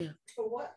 Yeah. For what?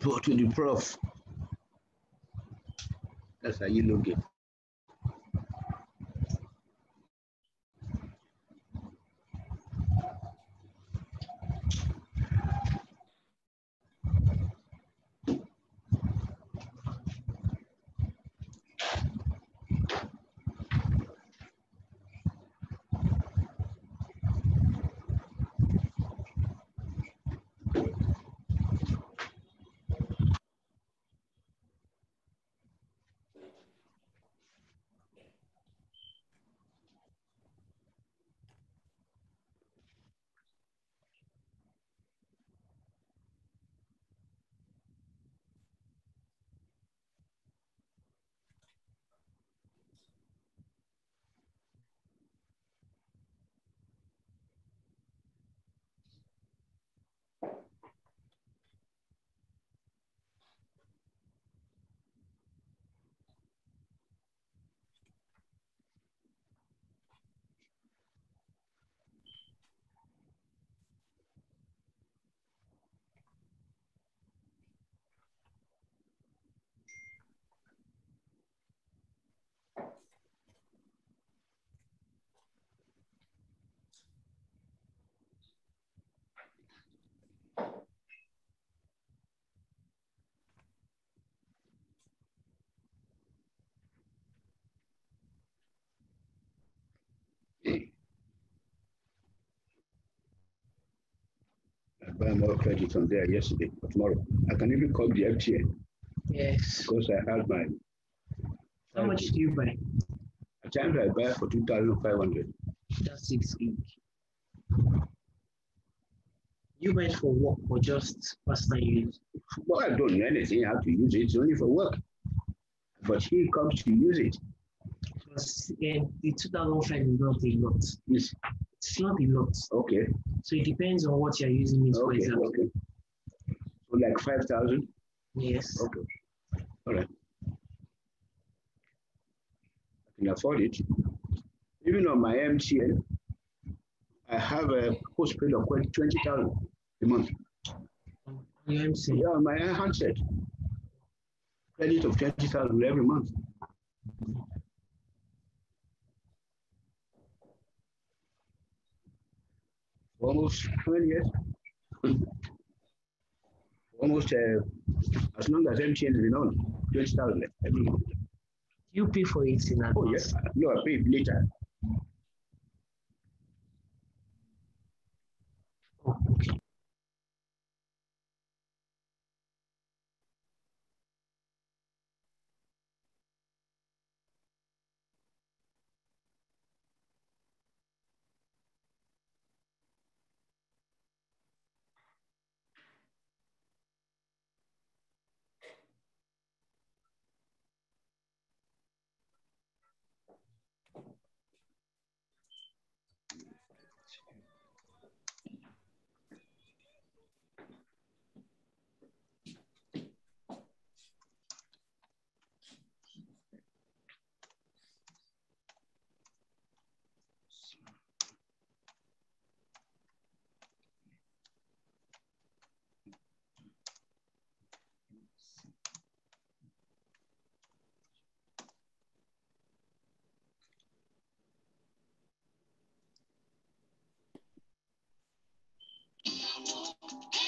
to the prof. That's how you look it. buy more credit on there yesterday or tomorrow. I can even call the FTA. Yes. Because I have my. How much do you buy? At times I buy for 2,500. That's six You buy it for work or just personal use? Well, I don't know anything. I have to use it. It's only for work. But he comes to use it. Because yeah, the 2,000 is not a lot. Yes. It's not a lot. Okay. So it depends on what you're using it for. example. okay. So like 5,000? Yes. Okay. All right. I can afford it. Even on my MTN, I have a postpaid of 20,000 a month. Your MTN? Yeah, my handset. Credit of 20,000 every month. almost 20 years. almost uh, eh, as long as MTN has been on, 20,000 every month. You pay for it in advance? Oh, yes. you No, I pay later. Oh, okay. Thank you.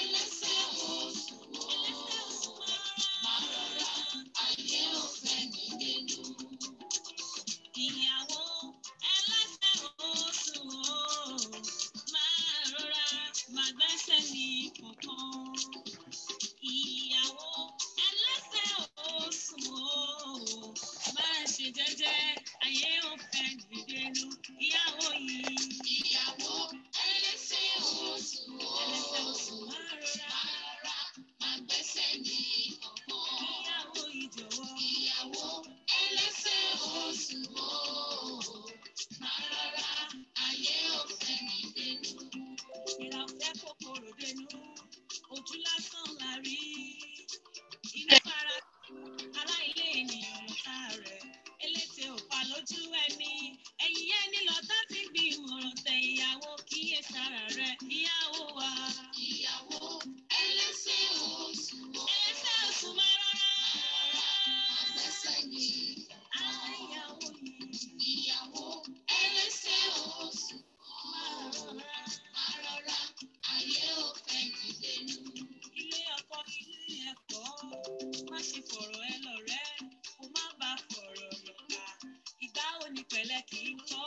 pẹ̀lẹ́ kì í tọ́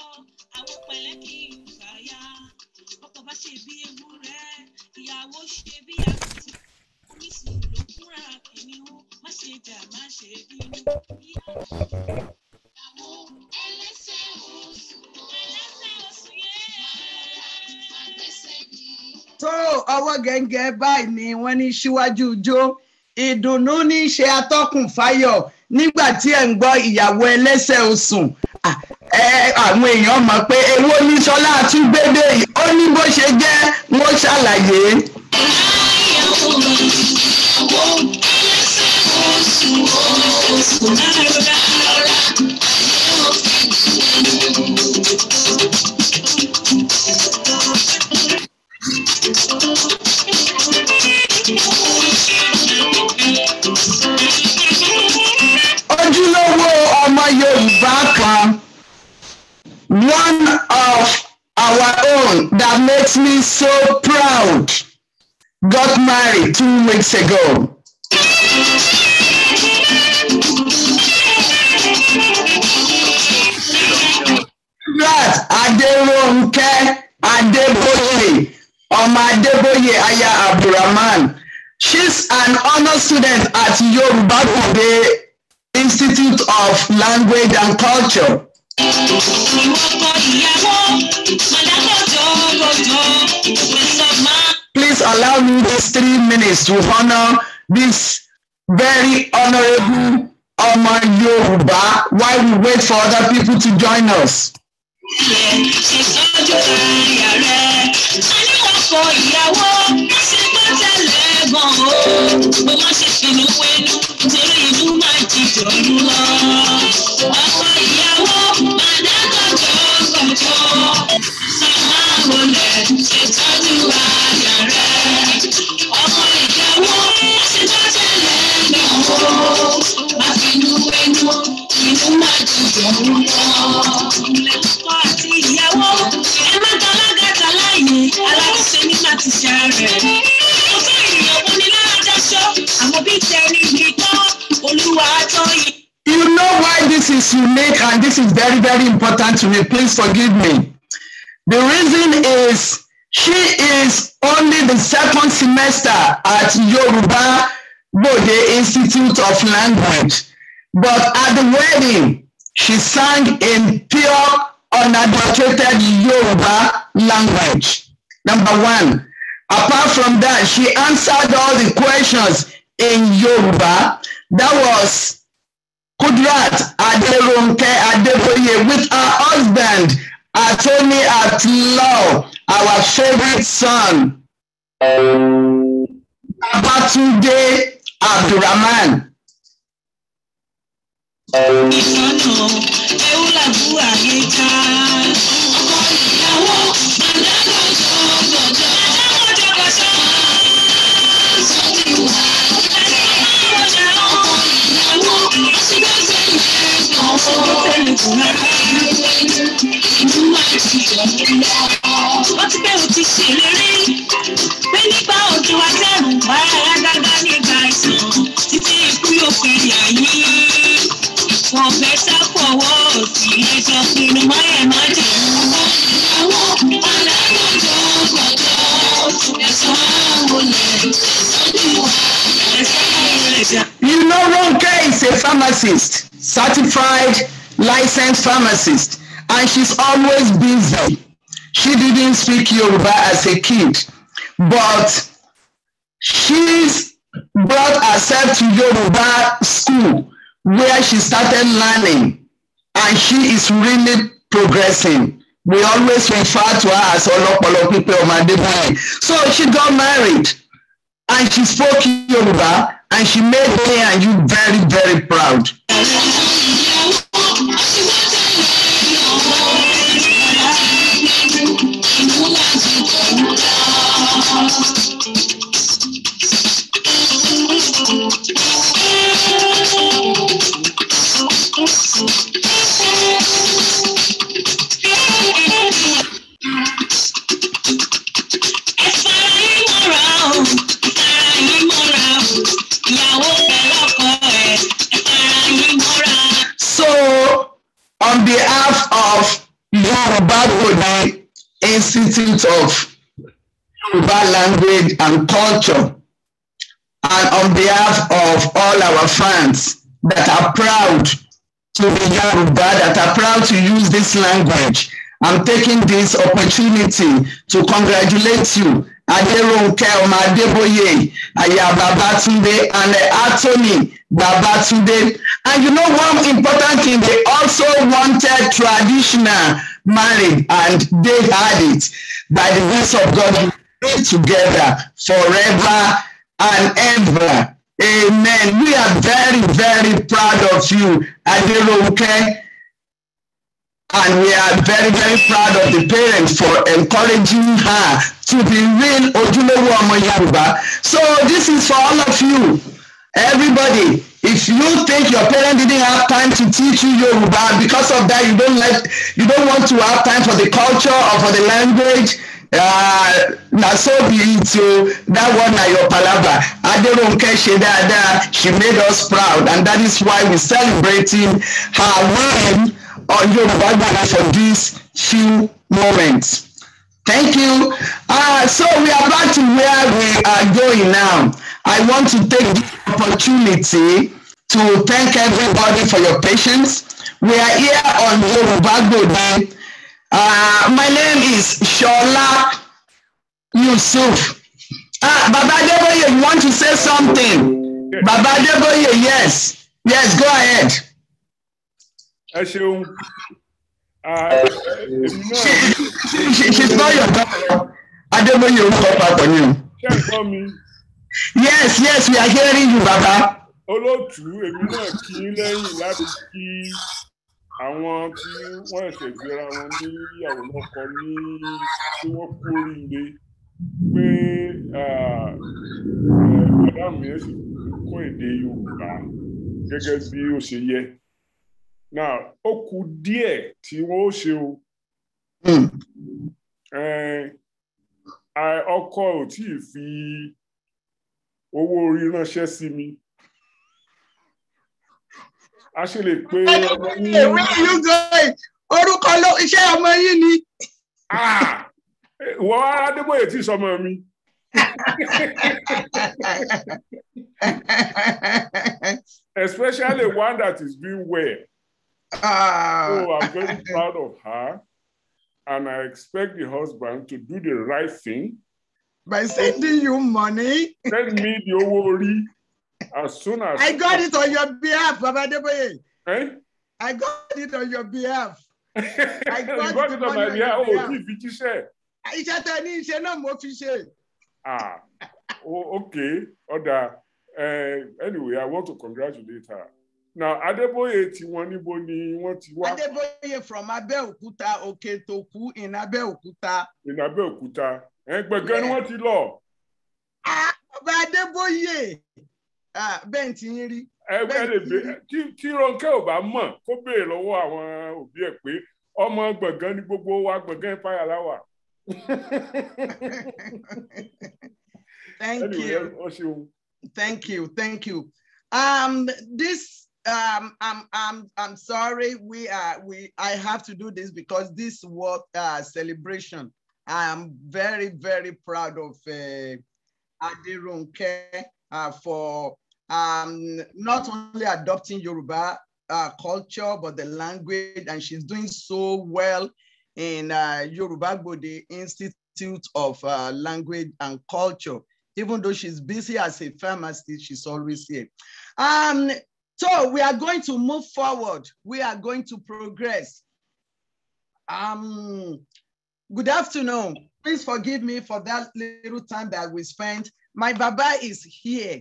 àwọn pẹ̀lẹ́ kì í fàyà ọkọ bá ṣe bí ewúrẹ́ ìyàwó ṣe bí àkùtì omi sùn ló kúnra kìnìún má ṣe jà má ṣe bínú ọwọ́ gẹ́gẹ́ báyìí ni wọ́n ní síwájú jó ìdùnnú ní í ṣe atọ́kùn fáyọ̀ nígbà tí ẹ̀ ń gbọ́ ìyàwó ẹlẹ́sẹ̀ osùn àwọn èèyàn mọ̀ pé èwo ní Ṣọlá Túndé yìí ó ní bó ṣe jẹ́ wọ́n ṣàlàyé. Thank you. culture. Please allow me these three minutes to honor this very honorable Ọmọ Yoruba. while we wait for other people to join us. Ṣètọ́jú mo má ṣe fìlú wẹnu nítorí inú máa ti dọ̀rùn lọ. ọkọ ìyàwó màdàgọ́jọ́ gbọ̀jọ́ sábà wọlé ṣètọ́jú àyà rẹ̀. ọkọ ìyàwó ṣètọ́jẹ̀lẹ̀ lọ́wọ́ má fìlú wẹnu inú máa ti dọ̀rùn lọ. ọkọ àti ìyàwó ẹ má galágàtà láàyè aláṣẹ ní láti ṣe àárẹ̀. You know why this is unique and this is very, very important to me. Please forgive me. The reason is she is only the second semester at Yoruba Bode Institute of Language. But at the wedding, she sang in pure, unadulterated Yoruba language. Number one. Apart from that, she answered all the questions in Yoruba. That was Kudrat Aderonke Adeboye with her husband, Attorney at Law, our favorite son, Abatunde Abdurrahman. Ìsọ̀tò Ewúlàbúwà ní ká. ìyàwó Màdánù. wọ́n ti bẹ̀rù ti ṣèlérí pé nígbà òjò àtẹ̀rù wàhálà gágá nígbà ìsàn títí ikú yóò fi yà yín. wọ́n fẹ́ sápọ̀wọ́ òtí ẹjọ́ pinnu mọ́yẹ̀ má jẹ̀mú. àwọn alágbèjọ́ gbọ́dọ̀ ẹ̀sán olè ẹ̀sán ìwà. You know, Ronke is a pharmacist, certified, licensed pharmacist, and she's always busy. She didn't speak Yoruba as a kid, but she's brought herself to Yoruba school where she started learning, and she is really progressing. We always refer to her as Olopolo Pipe Omadebayi. So she got married and she spoke Yoruba and she made me and you very, very proud. Yoruba to the Institute of Yoruba Language and Culture and on behalf of all our fans that are proud to be Yoruba, that are proud to use this language, I'm taking this opportunity to congratulate you, Aderonke Adeboye, Aya Babatunde, and Atoni Babatunde. And you know one important thing, they also wanted traditional married, and they had it. By the grace of God, Be together forever and ever. Amen. We are very, very proud of you, Aderoke. And we are very, very proud of the parents for encouraging her to be real Ojulowo Omo So this is for all of you, everybody if you think your parents didn't have time to teach you Yoruba because of that you don't like you don't want to have time for the culture or for the language uh, na so be it o that one na your palava Aderonke ṣe dáadáa she made us proud and that is why we celebrating her win on Yoruba Gbagbagba for this few moments thank you uh, so we are back to where we are going now. I want to take this opportunity to thank everybody for your patience. We are here on Yoruba Gode. Uh, my name is Shola Yusuf. Ah, Baba Deboye, you want to say something? Yes. Baba Deboye, yes. Yes, go ahead. Ah, eh, eh, she, she, She's not your daughter. don't know you. o. Ṣé ẹ̀gbọ́n mi? yes yes we are hearing you baba. olóòtú èmi náà kí í lẹ́yìn láti kí àwọn tí wọ́n ẹ̀sẹ̀ gbéra wọn ní ìyàwó lọ́kọ ní tí wọ́n kú oríire pé madam yẹn sì kún èdè Yorùbá gẹ́gẹ́ bí ó ṣe yẹ. Now ó kù díẹ̀ tí wọ́n ó ṣe o hmm. ọkọ ò tí ì fi owó orí ránṣẹ́ sí mi a ṣe lè pé ọmọ yín. where are you going orúkọ ló iṣẹ́ ọmọ yín ni. Ah! wọ́n adébóyè tí sọmọ mi. Especially one that is being well. Ah. So I'm very proud of her, and I expect the husband to do the right thing by sending you money. Send me the owó orí as soon as. I got it on your behalf, Baba Adeboye. Eh? I got it on your behalf. I got, you got it on my behalf. O ò tí ì fi Iṣẹ́ tẹ ní iṣẹ́ náà mo fi ṣe. Ah, oh, okay, ọ̀dà. Uh, anyway, I want to congratulate her. Now, Adeboye tí wọ́n níbo ni wọ́n ti wá. Adeboye from Abeokuta. Òkè Tòkú in Abeokuta. In Abeokuta ẹgbẹ̀gẹ́ ni wọ́n ti lọ. Ah, bàbá adébóyè ah, bẹ́ẹ̀ ti ń rí. ẹgbẹ́ lè gbé tí Rónkẹ́ ò bá mọ̀ kó béèrè lọ́wọ́ àwọn òbí ẹ̀ pé ọmọ gbọ̀ngàn ni gbogbo wa gbọ̀ngàn fáyà láwà. thank you thank you thank you um, this um, I'm, I'm, I'm sorry. We are, we, I have to do this because this was uh, celebration I am very, very proud of uh, Adirunke uh, for um, not only adopting Yoruba uh, culture, but the language, and she's doing so well in uh, Yoruba Bode Institute of uh, Language and Culture. Even though she's busy as a pharmacist, she's always here. Um, so we are going to move forward. We are going to progress. Um, Good afternoon. Please forgive me for that little time that we spent. My Baba is here.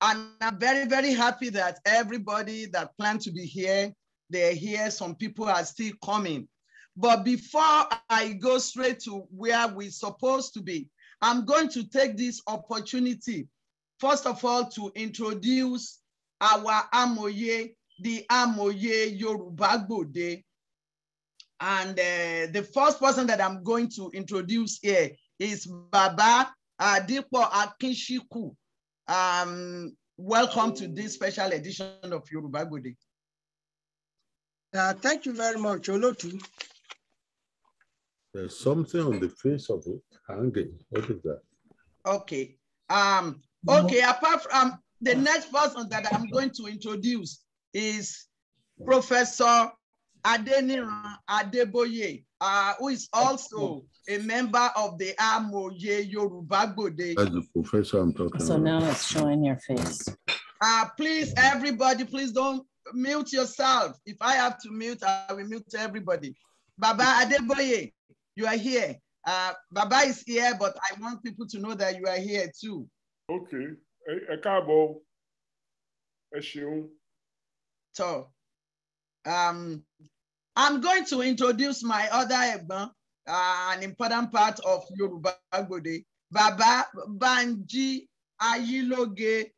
And I'm very, very happy that everybody that planned to be here, they're here. Some people are still coming. But before I go straight to where we're supposed to be, I'm going to take this opportunity, first of all, to introduce our Amoye, the Amoye Yoruba Gbode and uh, the first person that I'm going to introduce here is Baba Adipo Akinshiku. Um, welcome to this special edition of Yoruba Gode. Uh, thank you very much, Olotu. There's something on the face of it hanging. What is that? Okay. Um, okay, apart from the next person that I'm going to introduce is Professor Adeniran Adeboye, uh, who is also a member of the Amoye Yoruba Gbode. That's the professor I'm talking So about. now it's showing your face. Uh, please, everybody, please don't mute yourself. If I have to mute, I will mute everybody. Baba Adeboye, you are here. Uh, Baba is here, but I want people to know that you are here too. Okay. Ẹ káàbọ̀, So, um, I'm going to introduce my other Eban, uh, an important part of Yoruba Agbode, Baba Banji Ayiloge.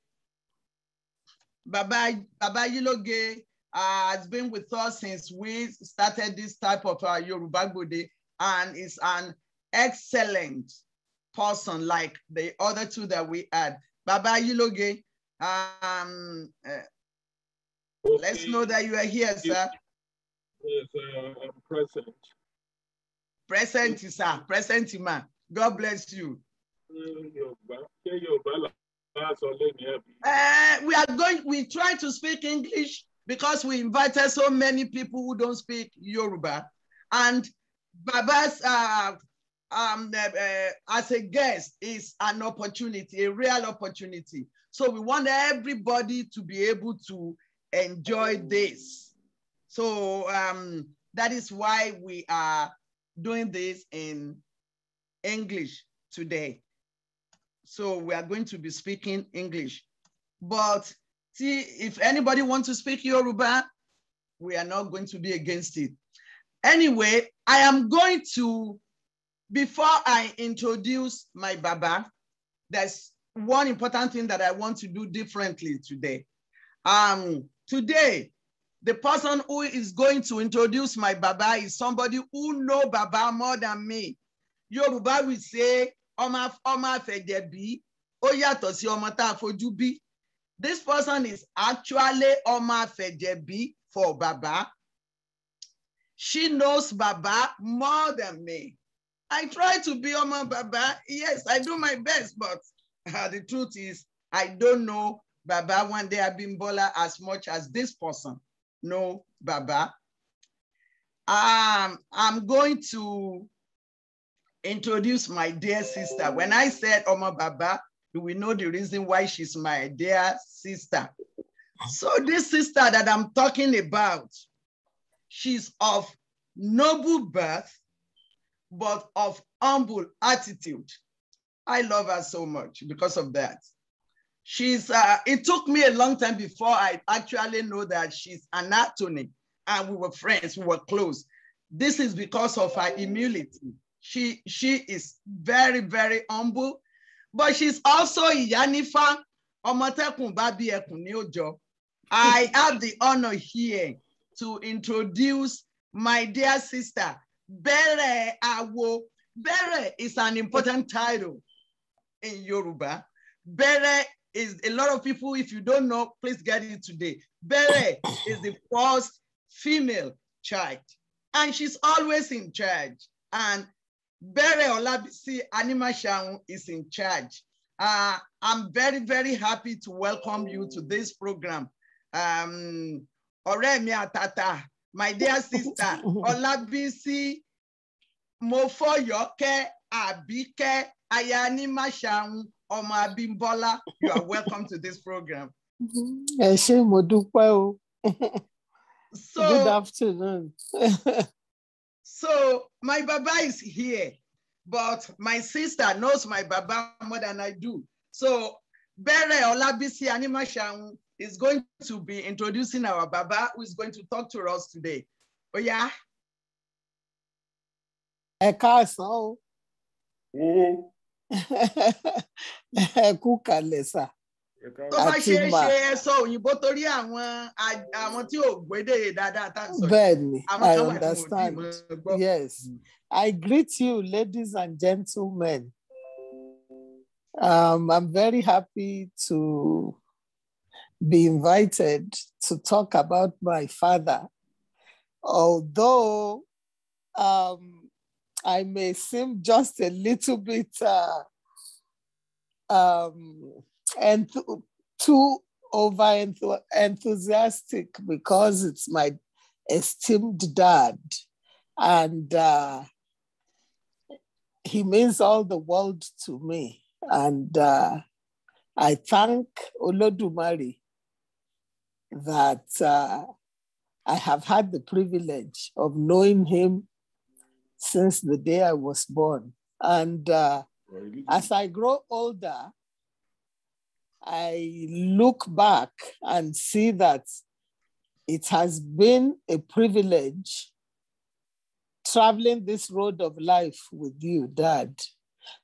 Baba, Baba Ayiloge uh, has been with us since we started this type of uh, Yoruba Agbode and is an excellent person like the other two that we had. Baba Ayiloge, um, uh, okay. let's know that you are here, sir is uh, um, present. Present, sir. Present, man. God bless you. Uh, we are going, we try to speak English because we invited so many people who don't speak Yoruba. And Baba's uh, um, uh, uh, as a guest is an opportunity, a real opportunity. So we want everybody to be able to enjoy this. So um, that is why we are doing this in English today. So we are going to be speaking English. But see, if anybody wants to speak Yoruba, we are not going to be against it. Anyway, I am going to, before I introduce my Baba, there's one important thing that I want to do differently today. Um, today, the person who is going to introduce my Baba is somebody who know Baba more than me. Yoruba will say, Oma, Oma Fedebi, Oyato si Omata Fojubi. This person is actually Oma Fedebi for Baba. She knows Baba more than me. I try to be Oma Baba. Yes, I do my best, but uh, the truth is, I don't know Baba been bola as much as this person no Baba. Um, I'm going to introduce my dear sister. When I said Oma Baba, do we know the reason why she's my dear sister? So this sister that I'm talking about, she's of noble birth, but of humble attitude. I love her so much because of that. She's, uh, it took me a long time before I actually know that she's an attorney and we were friends, we were close. This is because of her humility. She, she is very, very humble, but she's also Yanifa Omotekun Babi Ekuniojo. I have the honor here to introduce my dear sister, Bere Awo. Bere is an important title in Yoruba. Bere is a lot of people, if you don't know, please get it today. Bere is the first female child, and she's always in charge. And Bere Olabisi Animashan is in charge. Uh, I'm very, very happy to welcome you to this program. Um, Oremi Atata, my dear sister, Olabisi Mofoyoke Abike Ayani Mashan Oma Bimbola, you are welcome to this program. Mm-hmm. so, Good afternoon. so my Baba is here, but my sister knows my Baba more than I do. So Bere Olabisi Animashan is going to be introducing our Baba who is going to talk to us today. Oh yeah. Ẹ káàsán kú sà. tó bá ṣeé ṣe ẹ sọ òyìnbó torí àwọn àwọn tí ò gbédè dáadáa tá à ń yìí. bẹ́ẹ̀ni i understand yes mm. i greet you ladies and gentlemen um, i'm very happy to be invited to talk about my father although um, I may seem just a little bit uh, um, and enth- too over enth- enthusiastic because it's my esteemed dad, and uh, he means all the world to me. And uh, I thank Olodumari that uh, I have had the privilege of knowing him since the day I was born. And uh, as I grow older, I look back and see that it has been a privilege traveling this road of life with you, Dad.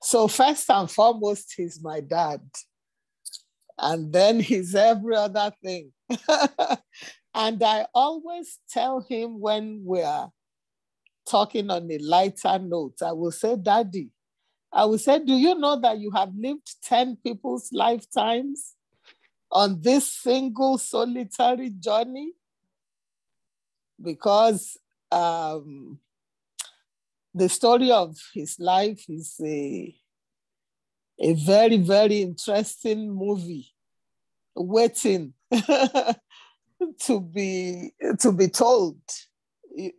So, first and foremost, he's my dad. And then he's every other thing. and I always tell him when we're talking on a lighter note, I will say, Daddy, I will say, Do you know that you have lived 10 people's lifetimes on this single solitary journey? Because um, the story of his life is a, a very, very interesting movie waiting to be to be told.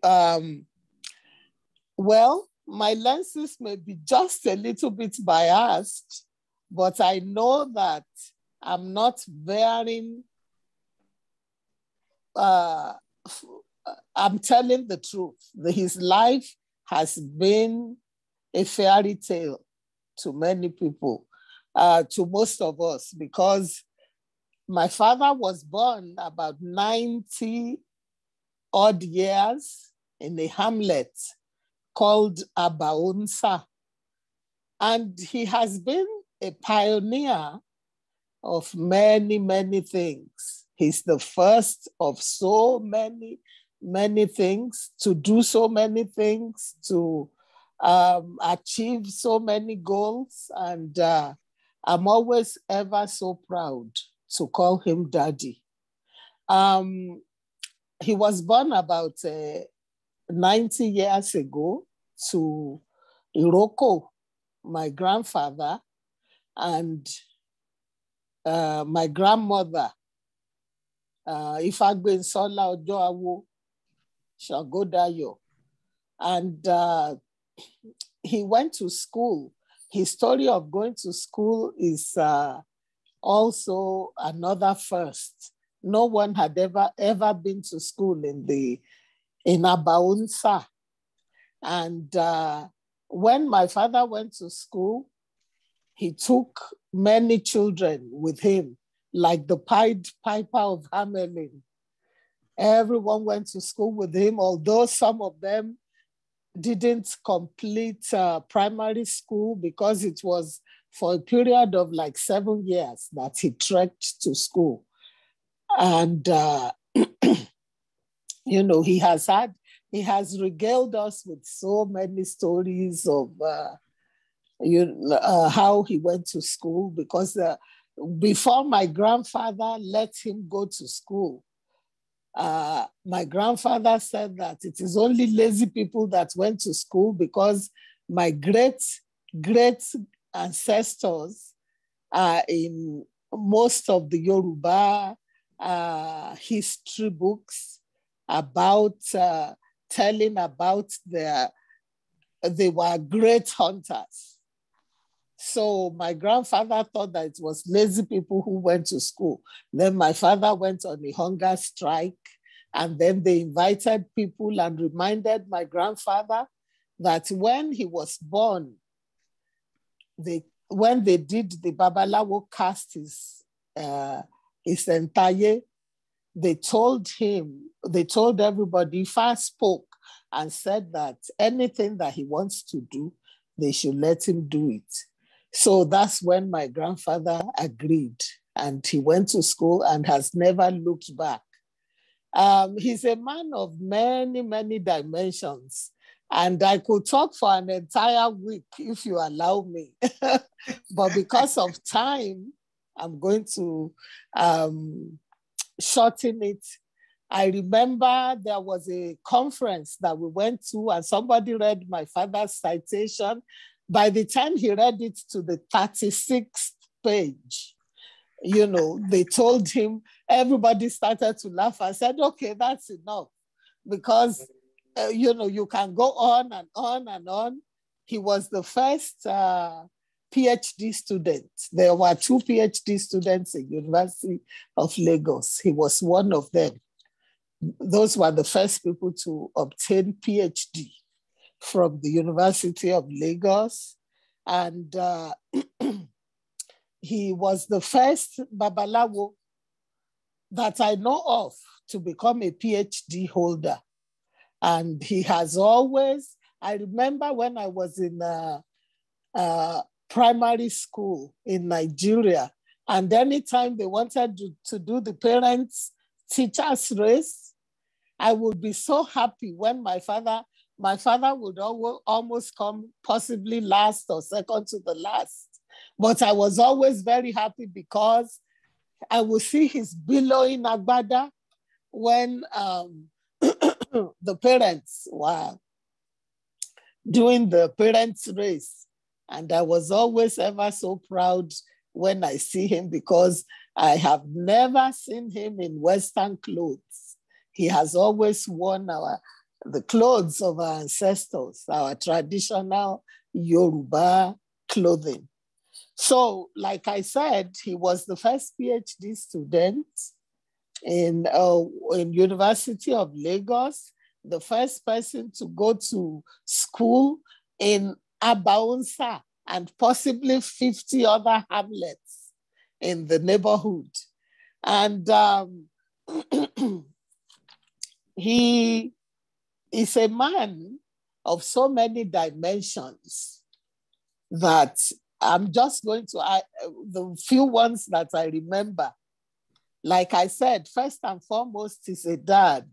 Um, well, my lenses may be just a little bit biased, but I know that I'm not bearing, uh, uh, I'm telling the truth. His life has been a fairy tale to many people, uh, to most of us, because my father was born about 90 odd years in a hamlet called Abaunsa, And he has been a pioneer of many, many things. He's the first of so many, many things to do so many things, to um, achieve so many goals. And uh, I'm always ever so proud to call him daddy. Um, he was born about uh, 90 years ago to Iroko, my grandfather, and uh, my grandmother, If I go uh, shall Ojoawo there. And uh, he went to school. His story of going to school is uh, also another first. No one had ever ever been to school in the in Abaunsa. And uh, when my father went to school, he took many children with him, like the Pied Piper of Hamelin. Everyone went to school with him, although some of them didn't complete uh, primary school because it was for a period of like seven years that he trekked to school. And uh, you know, he has had, he has regaled us with so many stories of uh, you, uh, how he went to school because uh, before my grandfather let him go to school, uh, my grandfather said that it is only lazy people that went to school because my great great ancestors are uh, in most of the Yoruba uh, history books about uh, telling about their, they were great hunters. So my grandfather thought that it was lazy people who went to school. Then my father went on a hunger strike. And then they invited people and reminded my grandfather that when he was born, they, when they did the Babalawo cast his, uh, his entire they told him, they told everybody, if I spoke and said that anything that he wants to do, they should let him do it. So that's when my grandfather agreed and he went to school and has never looked back. Um, he's a man of many, many dimensions. And I could talk for an entire week if you allow me. but because of time, I'm going to um, shorten it. I remember there was a conference that we went to, and somebody read my father's citation. By the time he read it to the 36th page, you know, they told him, everybody started to laugh. I said, okay, that's enough. Because, uh, you know, you can go on and on and on. He was the first uh, PhD student. There were two PhD students in University of Lagos. He was one of them. Those were the first people to obtain PhD from the University of Lagos. And uh, he was the first Babalawo that I know of to become a PhD holder. And he has always, I remember when I was in uh, uh, primary school in Nigeria. And anytime they wanted to, to do the parents teachers race, I would be so happy when my father, my father would almost come possibly last or second to the last. But I was always very happy because I would see his billowing agbada when um, the parents were doing the parents race. And I was always ever so proud when I see him because I have never seen him in Western clothes. He has always worn our the clothes of our ancestors, our traditional Yoruba clothing. So, like I said, he was the first PhD student in, uh, in University of Lagos, the first person to go to school in Abaunsa, and possibly 50 other hamlets in the neighborhood. And um, he is a man of so many dimensions that I'm just going to, I, the few ones that I remember. Like I said, first and foremost, he's a dad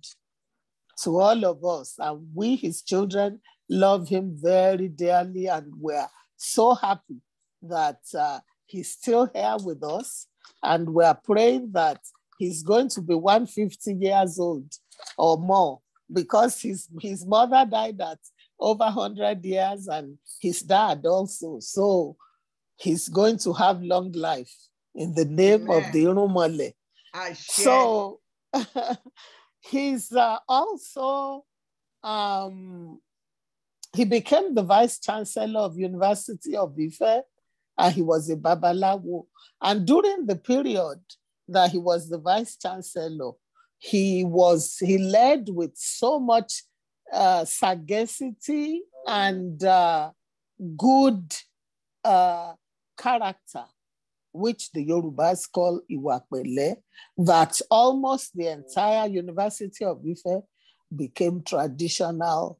to all of us, and we, his children, love him very dearly, and we're so happy that uh, he's still here with us. And we're praying that he's going to be 150 years old or more because his, his mother died at over 100 years and his dad also. So he's going to have long life in the name Amen. of the Unumale, So he's uh, also um, he became the vice chancellor of University of Ife, and he was a Babalawo. And during the period that he was the vice chancellor, he was he led with so much uh, sagacity and uh, good uh, character, which the Yorubas call Iwapele, that almost the entire University of Ife became traditional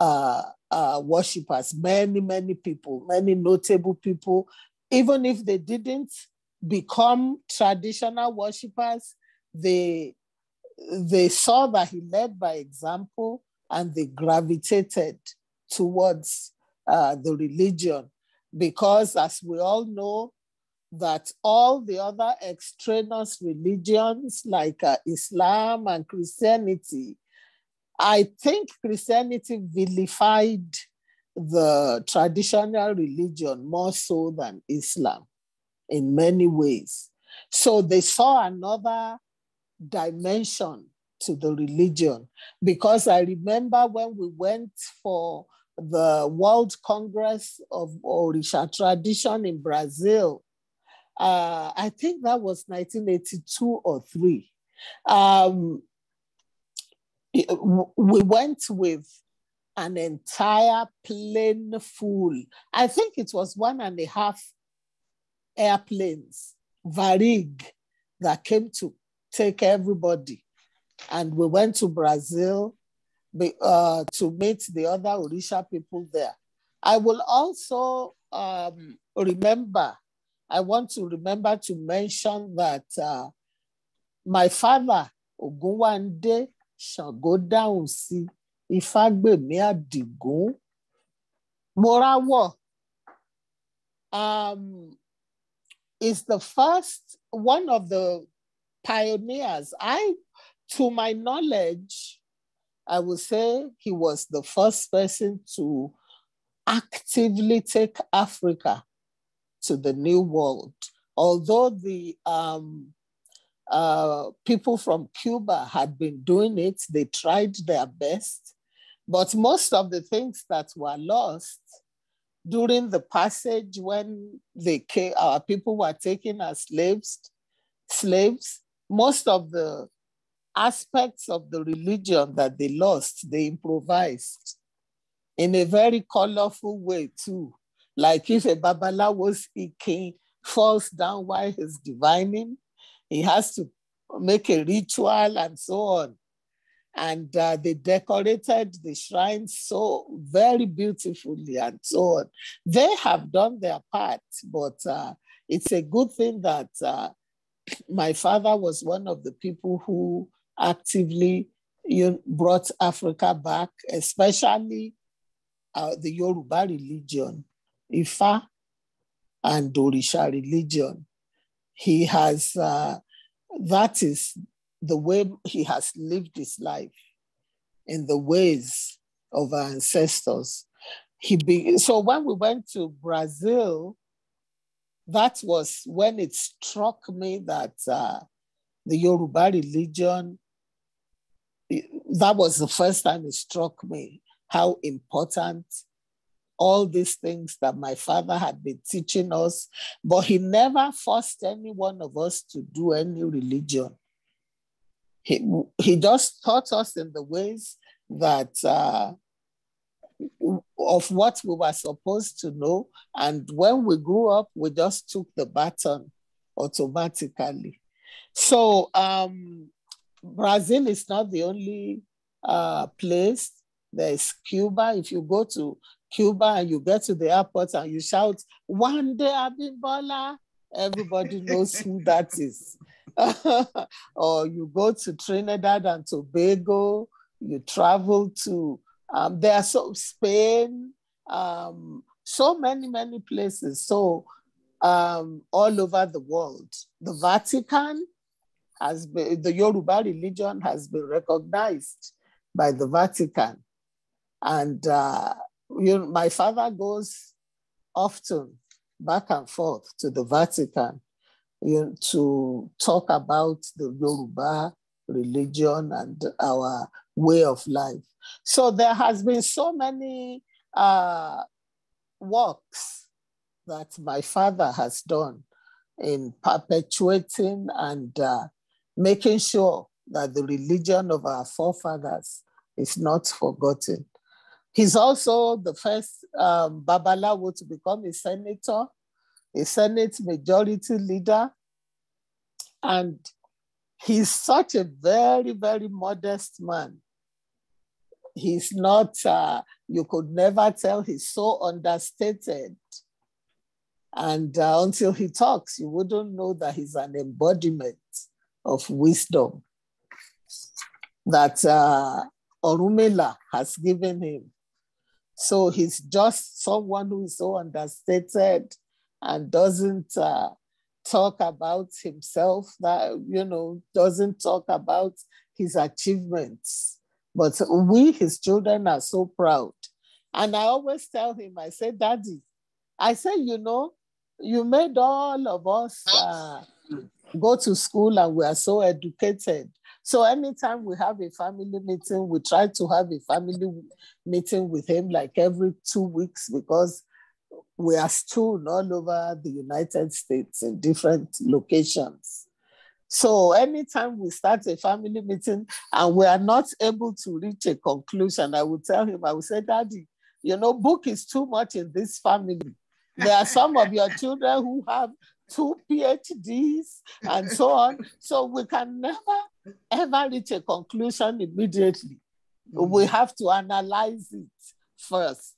uh, uh, worshippers, many, many people, many notable people, even if they didn't become traditional worshippers, they they saw that he led by example and they gravitated towards uh, the religion because as we all know that all the other extraneous religions like uh, islam and christianity I think Christianity vilified the traditional religion more so than Islam in many ways. So they saw another dimension to the religion because I remember when we went for the World Congress of Orisha Tradition in Brazil. Uh, I think that was 1982 or three. Um, we went with an entire plane full. I think it was one and a half airplanes, Varig, that came to take everybody. And we went to Brazil uh, to meet the other Orisha people there. I will also um, remember, I want to remember to mention that uh, my father, Ogunwande, ṣàngó dáhùn sí ìfágbèmí àdìgún morawo um, is the first one of the pioneers i to my knowledge i would say he was the first person to actively take africa to the new world although the um, uh, people from Cuba had been doing it. They tried their best. But most of the things that were lost during the passage when they came, our people were taken as slaves, slaves, most of the aspects of the religion that they lost, they improvised in a very colorful way too. Like if a Babalawo's king falls down while he's divining, he has to make a ritual and so on. And uh, they decorated the shrine so very beautifully and so on. They have done their part, but uh, it's a good thing that uh, my father was one of the people who actively you brought Africa back, especially uh, the Yoruba religion, Ifa, and Orisha religion. He has, uh, that is the way he has lived his life in the ways of our ancestors. He be, so when we went to Brazil, that was when it struck me that uh, the Yoruba religion, that was the first time it struck me how important all these things that my father had been teaching us, but he never forced any one of us to do any religion. He, he just taught us in the ways that uh, of what we were supposed to know. And when we grew up, we just took the baton automatically. So um, Brazil is not the only uh, place. There's Cuba. If you go to Cuba and you get to the airport and you shout, One day Abimbola, everybody knows who that is. or you go to Trinidad and Tobago, you travel to, um, there are so Spain, um, so many, many places. So um, all over the world. The Vatican has been, the Yoruba religion has been recognized by the Vatican. And uh, you know, my father goes often back and forth to the Vatican you know, to talk about the Yoruba religion and our way of life. So there has been so many uh, works that my father has done in perpetuating and uh, making sure that the religion of our forefathers is not forgotten. He's also the first um, Babalawo to become a senator, a Senate majority leader. And he's such a very, very modest man. He's not, uh, you could never tell, he's so understated. And uh, until he talks, you wouldn't know that he's an embodiment of wisdom that uh, Orumela has given him. So he's just someone who is so understated and doesn't uh, talk about himself, that, you know, doesn't talk about his achievements. But we, his children, are so proud. And I always tell him, I say, Daddy, I say, you know, you made all of us uh, go to school and we are so educated. So anytime we have a family meeting, we try to have a family meeting with him like every two weeks because we are strewn all over the United States in different locations. So anytime we start a family meeting and we are not able to reach a conclusion, I will tell him, I will say, Daddy, you know, book is too much in this family. There are some of your children who have two PhDs and so on. So we can never ever reach a conclusion immediately. Mm. We have to analyze it first.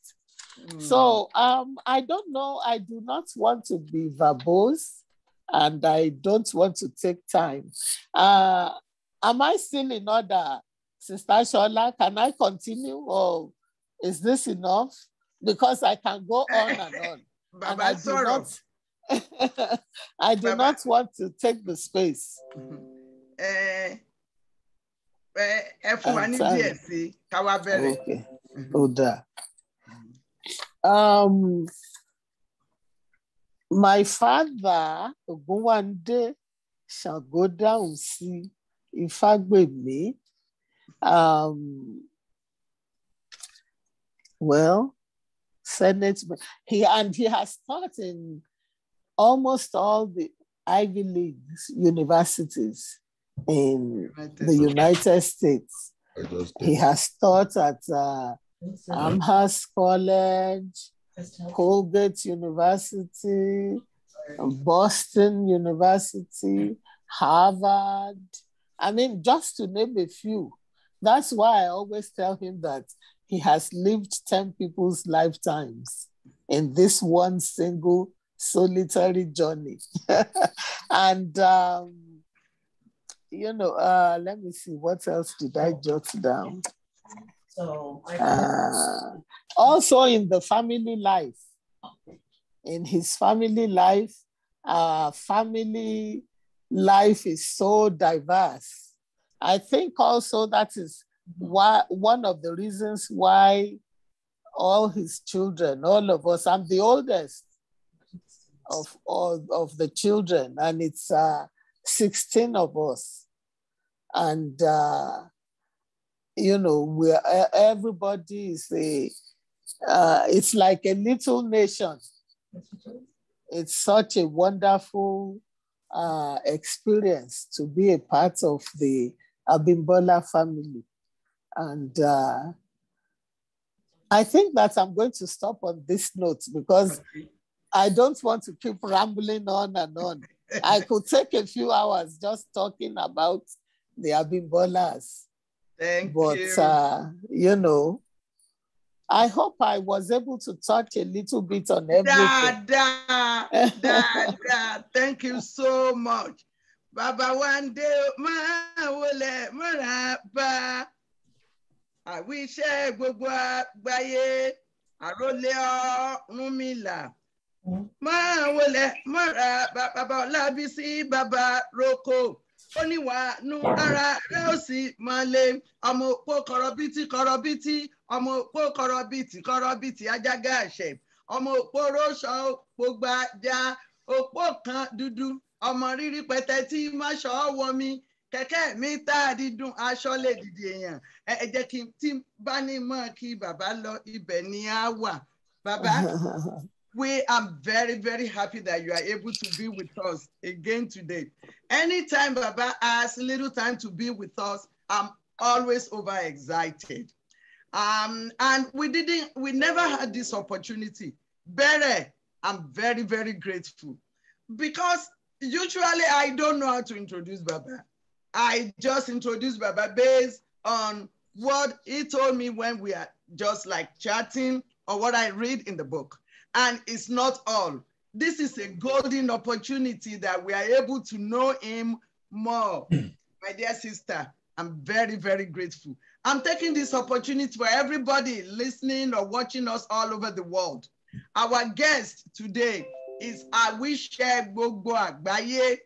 Mm. So um, I don't know. I do not want to be verbose and I don't want to take time. Uh, am I still in order, Sister Shola? Can I continue or is this enough? Because I can go on and on. but and I do, not, I do not want to take the space. Mm-hmm ẹ eh, eh, eh, fún wa ní ah, díẹ̀ sí ká wá bẹ̀rẹ̀. Mhm. ó dáa. Um, my father see, Ṣàngó dáhùn with me. Um, well, Senate, he and he has taught in almost all the Ivy Leagues universities in the United States. He has taught at uh, Amherst College, Colgate University, Boston University, Harvard. I mean, just to name a few. That's why I always tell him that he has lived 10 people's lifetimes in this one single solitary journey. and um, you know, uh, let me see, what else did I oh. jot down? So, uh, also in the family life, in his family life, uh, family life is so diverse. I think also that is mm-hmm. why, one of the reasons why all his children, all of us, I'm the oldest of all of the children, and it's uh, 16 of us. And, uh, you know, we're, everybody is a, uh, it's like a little nation. It's such a wonderful uh, experience to be a part of the Abimbola family. And uh, I think that I'm going to stop on this note because I don't want to keep rambling on and on. I could take a few hours just talking about the Abimbolas. Thank but, you. But, uh, you know, I hope I was able to touch a little bit on everything. Da, da, da, da. Thank you so much. Baba one day, ma I wish I would work by it. I roll máa wọlé mọ́ra bàbá Ọlábísí bàbá roko ó níwà nu ara rẹ ó sì máa lé ọmọ òpó kọrọbìtì kọrọbìtì ọmọ òpó kọrọbìtì kọrọbìtì ajágá àṣẹ ọmọ òpó róṣọ òpó gbajà òpó kan dúdú ọmọ rírí pẹtẹ tí máṣọ wọmi kẹ̀kẹ́ mi tá a dídùn aṣọ lè dìde èèyàn ẹ jẹ́ kí n tí bá ní mọ́ kí bàbá lọ ibẹ̀ ni á wà bàbá We are very, very happy that you are able to be with us again today. Anytime Baba has little time to be with us, I'm always overexcited. Um, and we didn't, we never had this opportunity. Bere, I'm very, very grateful because usually I don't know how to introduce Baba. I just introduce Baba based on what he told me when we are just like chatting or what I read in the book and it's not all. This is a golden opportunity that we are able to know him more. Hmm. My dear sister, I'm very, very grateful. I'm taking this opportunity for everybody listening or watching us all over the world. Our guest today is Awishe Gbogbo Agbaye,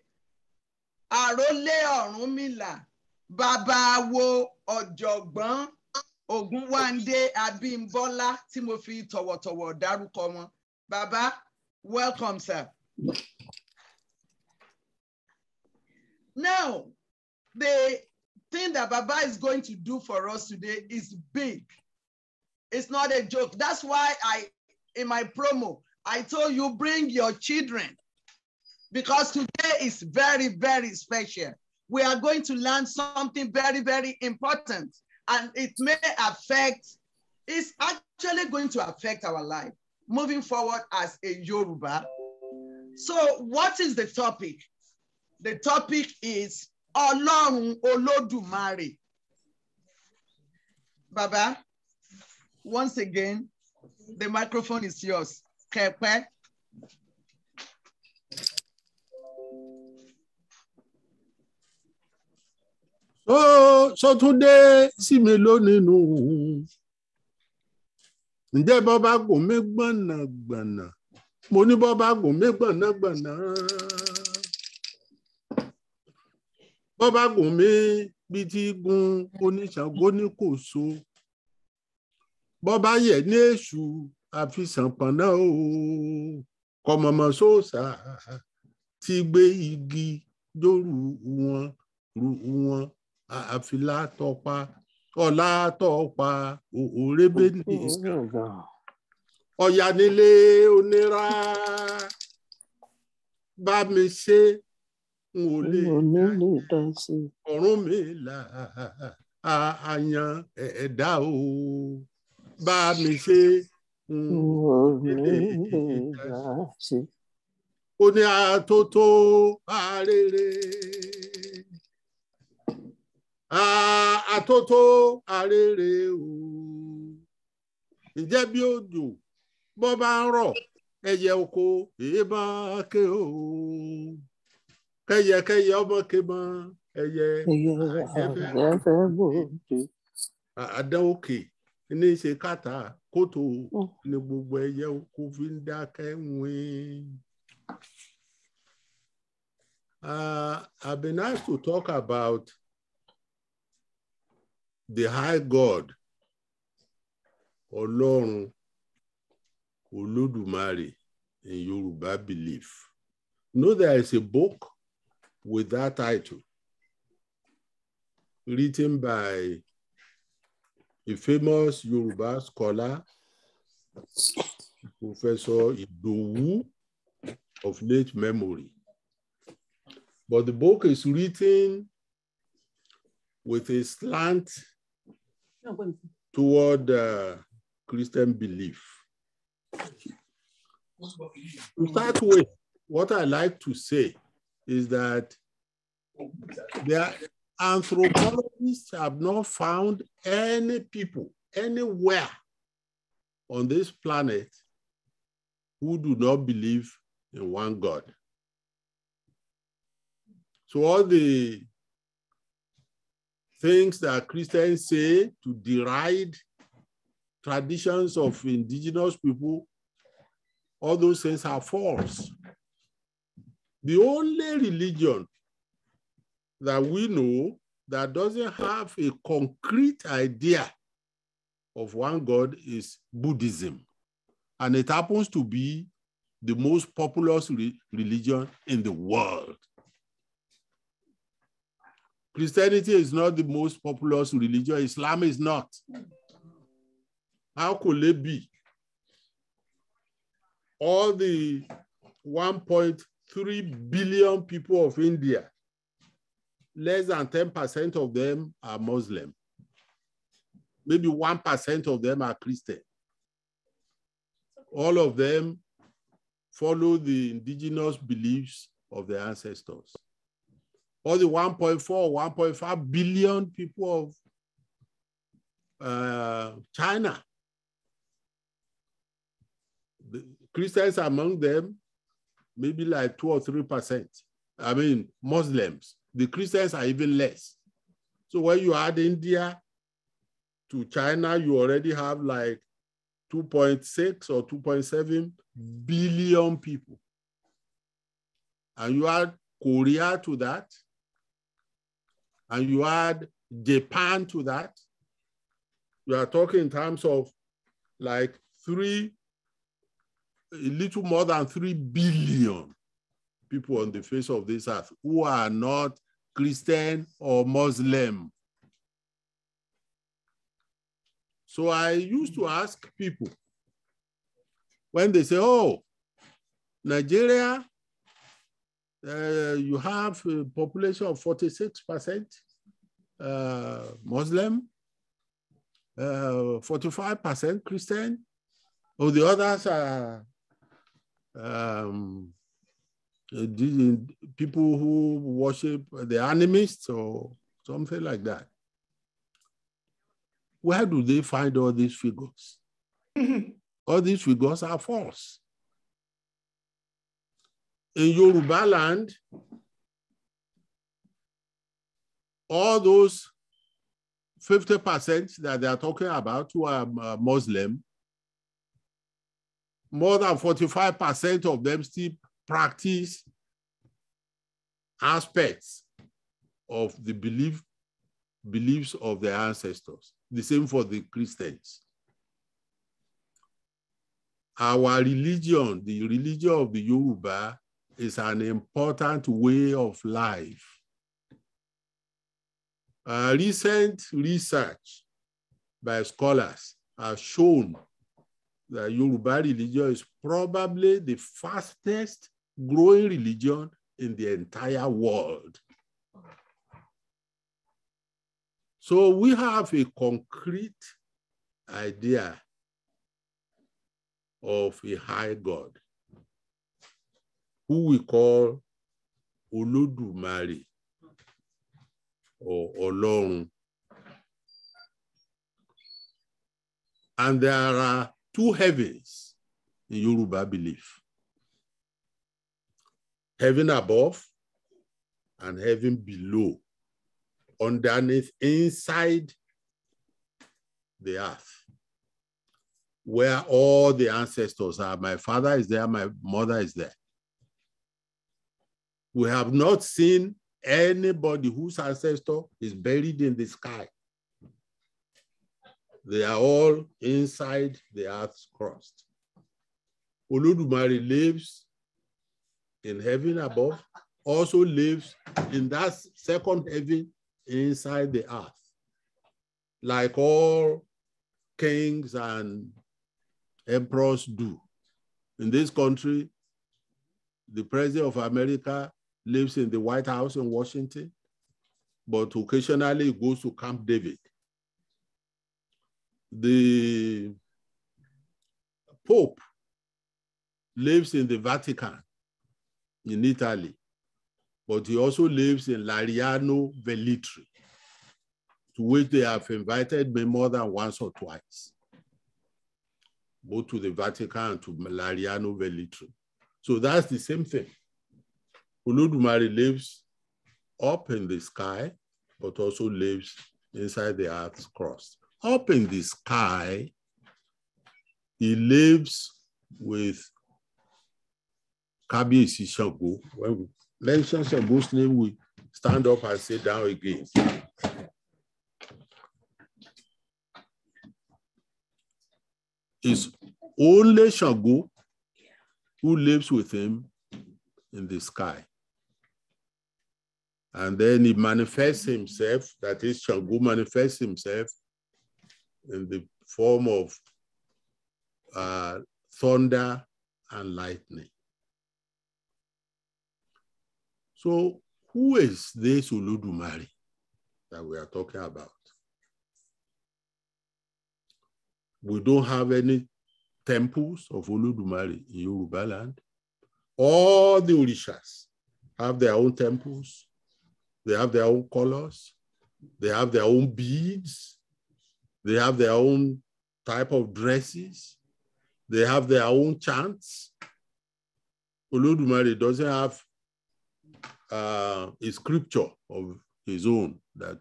Arole Orunmila, Baba Wo Ojogbon Ogunwande Abimbola tí mo fi tọ̀wọ̀tọ̀wọ̀ dárúkọ wọn. Bàbá, welcome sir. Now, the thing that Baba is going to do for us today is big. It's not a joke. That's why I, in my promo, I told you bring your children because today is very, very special. We are going to learn something very, very important and it may affect, it's actually going to affect our life moving forward as a Yoruba. So what is the topic? The topic is Ọlọ́run Olódùmarè. Baba, once again, the microphone is yours. Kepe. tó sọtúndé sí mi lónìí nù ǹjẹ́ bọ́bá kò mí gbọ̀nàgbọ̀nà mo ní bọ́bá kò mí gbọ̀nàgbọ̀nà bọ́bá kò mí bíi ti gun oníṣàngó ní kò so bọ́bá yẹ̀ ní èṣù àfisàn pọ̀nà o kọ̀mọ̀mọ̀ sóòsà ti gbé igi dóru wọn ru wọn àfilátọpa ọlátọpa òrébénì ọ̀yánilé onírà bá mi ṣe n ò lè dá sí ọ̀run mi là àyàn ẹ̀dá o bá mi ṣe n ò lè dá sí. ó ní àtótó arére àtótó arére o ǹjẹ́ bí òjò bọ́ bá ń rọ̀ ẹyẹ oko èébá ké o kẹyẹkẹyẹ ọmọ ké mọ ẹyẹ ẹfẹ ní í ṣe kàtà kótó ni gbogbo ẹyẹ oko fi ń dákẹ́ wín. Uh, I've been asked to talk about the high God ọlọ́run olódùmarè in Yorùbá belief know there is a book with that title written by a famous Yorùbá scholar Professor Idowu of late memory. But the book is written with a slant toward uh, Christian belief. To start with, what I like to say is that the anthropologists have not found any people anywhere on this planet who do not believe in one God. So all the things that Christians say to deride traditions of indigenous people, all those things are false. The only religion that we know that doesn't have a concrete idea of one God is Buddhism. And it happens to be the most populous re religion in the world. Christianity is not the most populous religion. Islam is not. How could it be? All the 1.3 billion people of India, less than 10% of them are Muslim. Maybe 1% of them are Christian. All of them follow the indigenous beliefs of their ancestors all the 1.4, 1.5 billion people of uh, China. The Christians among them, maybe like two or three percent. I mean, Muslims. The Christians are even less. So when you add India to China, you already have like 2.6 or 2.7 billion people. And you add Korea to that, and you add Japan to that, you are talking in terms of like three, a little more than three billion people on the face of this earth who are not Christian or Muslim. So I used to ask people when they say, oh, Nigeria uh, you have a population of 46% uh, Muslim, 45% uh, Christian, all oh, the others are um, people who worship the animists or something like that. Where do they find all these figures? all these figures are false in Yoruba land, all those 50% that they are talking about who are uh, Muslim, more than 45% of them still practice aspects of the belief, beliefs of their ancestors. The same for the Christians. Our religion, the religion of the Yoruba, is an important way of life. Uh, recent research by scholars has shown that Yoruba religion is probably the fastest growing religion in the entire world. So we have a concrete idea of a high God who we call Olodumare or Olong. And there are two heavens in Yoruba belief. Heaven above and heaven below, underneath, inside the earth, where all the ancestors are. My father is there, my mother is there. We have not seen anybody whose ancestor is buried in the sky. They are all inside the earth's crust. Uludumari lives in heaven above, also lives in that second heaven inside the earth. Like all kings and emperors do. In this country, the president of America lives in the White House in Washington, but occasionally goes to Camp David. The Pope lives in the Vatican in Italy, but he also lives in Lariano Velitri, to which they have invited me more than once or twice, both to the Vatican and to Lariano Velitri. So that's the same thing. Olodumare lives up in the sky, but also lives inside the earth's crust. Up in the sky, he lives with Kabiyesi Shango. When we mention Shango's name, we stand up and sit down again. It's only Shagoo who lives with him in the sky. And then he manifests himself, that is, Shangu manifests himself in the form of uh, thunder and lightning. So, who is this Uludumari that we are talking about? We don't have any temples of Uludumari in Yoruba land. All the Orishas have their own temples they have their own colors. They have their own beads. They have their own type of dresses. They have their own chants. Olodumare doesn't have uh, a scripture of his own that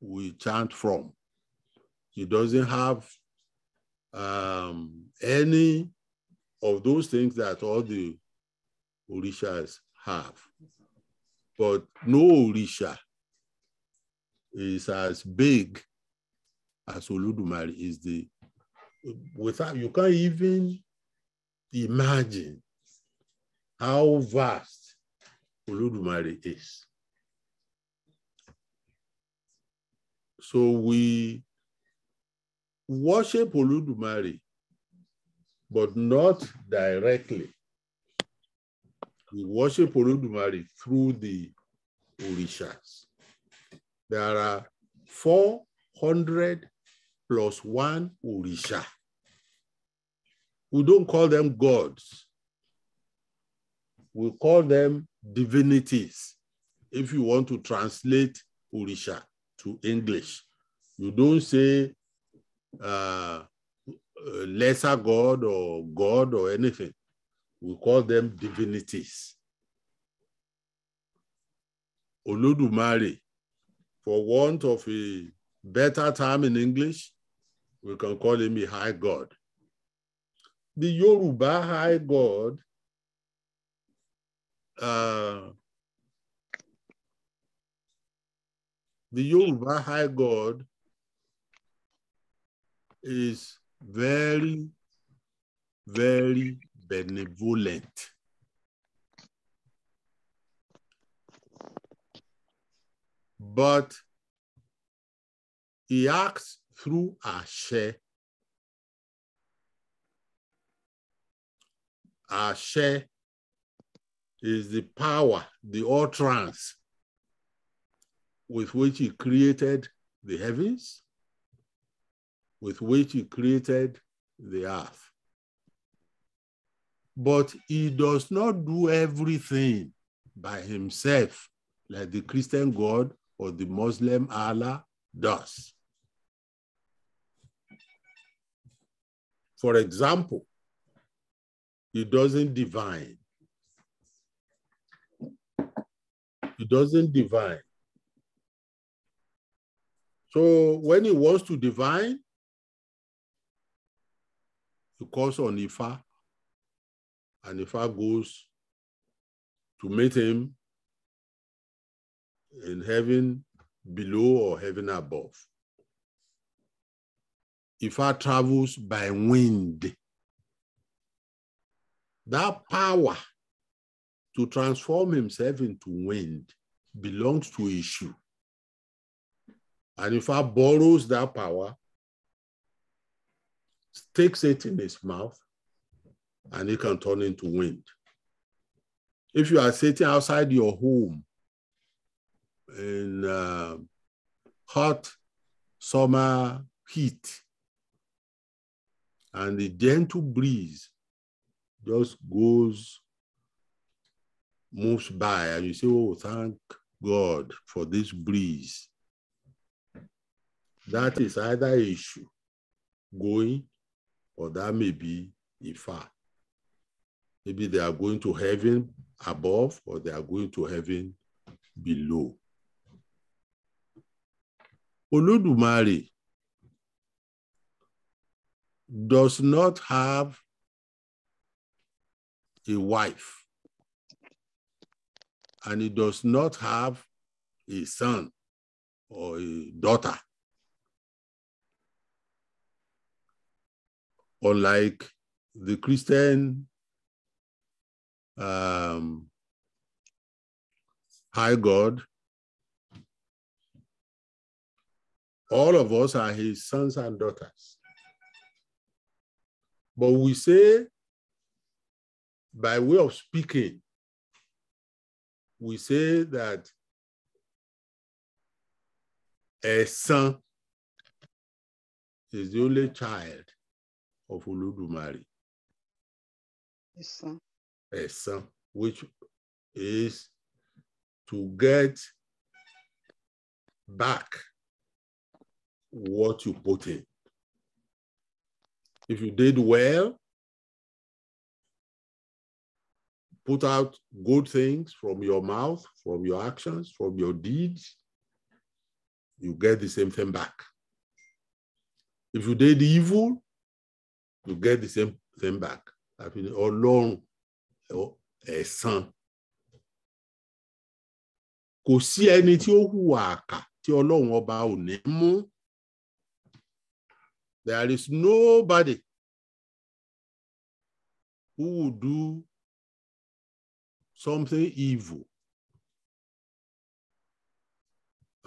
we chant from. He doesn't have um, any of those things that all the Orishas have but no Orisha is as big as Oludumare is the without you can't even imagine how vast Oludumare is. So we worship Oludumare, but not directly we worship Olodumare through the Orishas. There are 400 plus one Orisha. We don't call them gods. We call them divinities. If you want to translate Orisha to English, you don't say uh, uh lesser god or god or anything we call them divinities. Oludumari, for want of a better term in English, we can call him a high god. The Yoruba high god uh, the Yoruba high god is very, very benevolent. But he acts through a A share is the power, the utterance with which he created the heavens, with which he created the earth but he does not do everything by himself like the Christian God or the Muslim Allah does. For example, he doesn't divine. He doesn't divine. So when he wants to divine, he calls on Ifa and if I goes to meet him in heaven below or heaven above. if I travels by wind. That power to transform himself into wind belongs to Ishu. And if I borrows that power, sticks it in his mouth, and it can turn into wind. If you are sitting outside your home in uh, hot summer heat and the gentle breeze just goes, moves by, and you say, Oh, thank God for this breeze. That is either issue going or that may be a fact. Maybe they are going to heaven above or they are going to heaven below. Olodumare does not have a wife and he does not have a son or a daughter. Unlike the Christian um, high God. All of us are his sons and daughters. But we say, by way of speaking, we say that a son is the only child of Uludumari. Yes, sir exam, which is to get back what you put in. If you did well, put out good things from your mouth, from your actions, from your deeds, you get the same thing back. If you did evil, you get the same thing back. I mean, all along san kò sí ẹni tí ó hùwà àkà tí ọlọ́run ọba ò ní mú there is nobody who would do something evil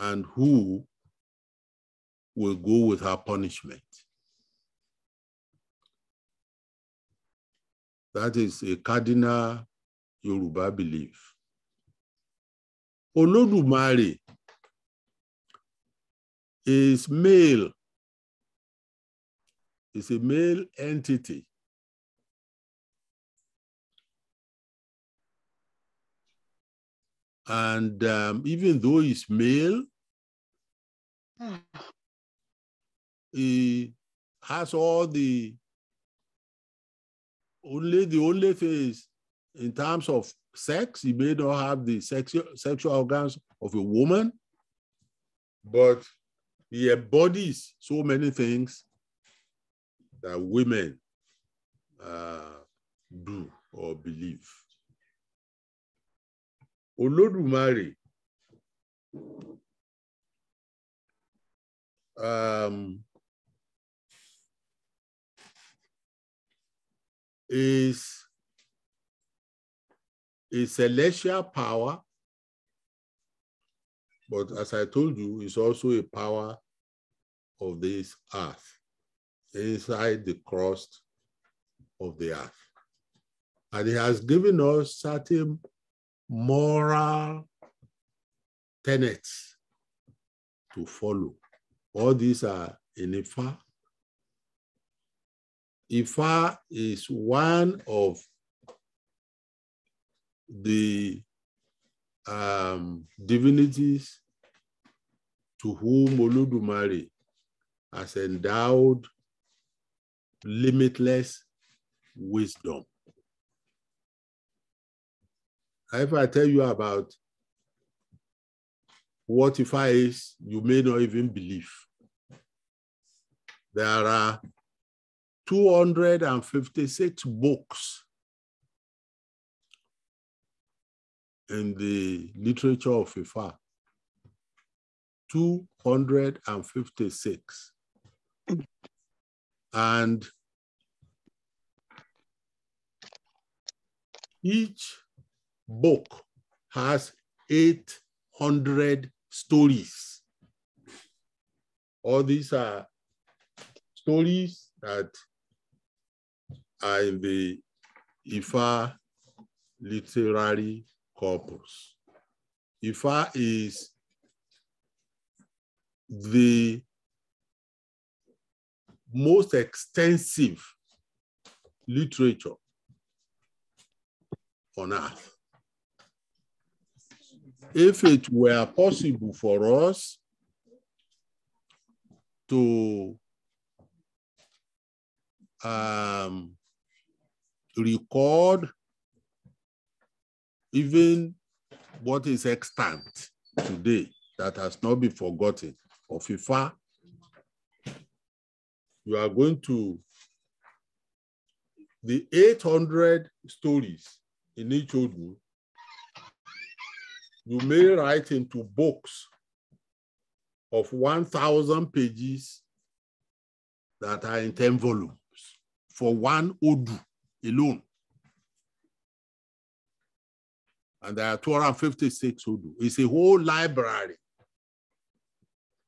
and who will go with her punishment. That is a cardinal Yoruba belief. Olodumare is male. It's a male entity. And um, even though he's male, hmm. he has all the only the only thing is in terms of sex, he may not have the sexual sexual organs of a woman, but he embodies so many things that women uh, do or believe. Olodumare um, is a celestial power, but as I told you, it's also a power of this earth, inside the crust of the earth. And it has given us certain moral tenets to follow. All these are in Ifa, Ifa is one of the um, divinities to whom Oludumare has endowed limitless wisdom. If I tell you about what Ifa is, you may not even believe. There are 256 books in the literature of Ifa. 256. And each book has 800 stories. All these are stories that are in the IFA literary corpus. IFA is the most extensive literature on earth. If it were possible for us to um, record even what is extant today that has not been forgotten of Ifa. You are going to the 800 stories in each Odu, you may write into books of 1,000 pages that are in 10 volumes for one Odu alone. And there are 256 who do. It's a whole library.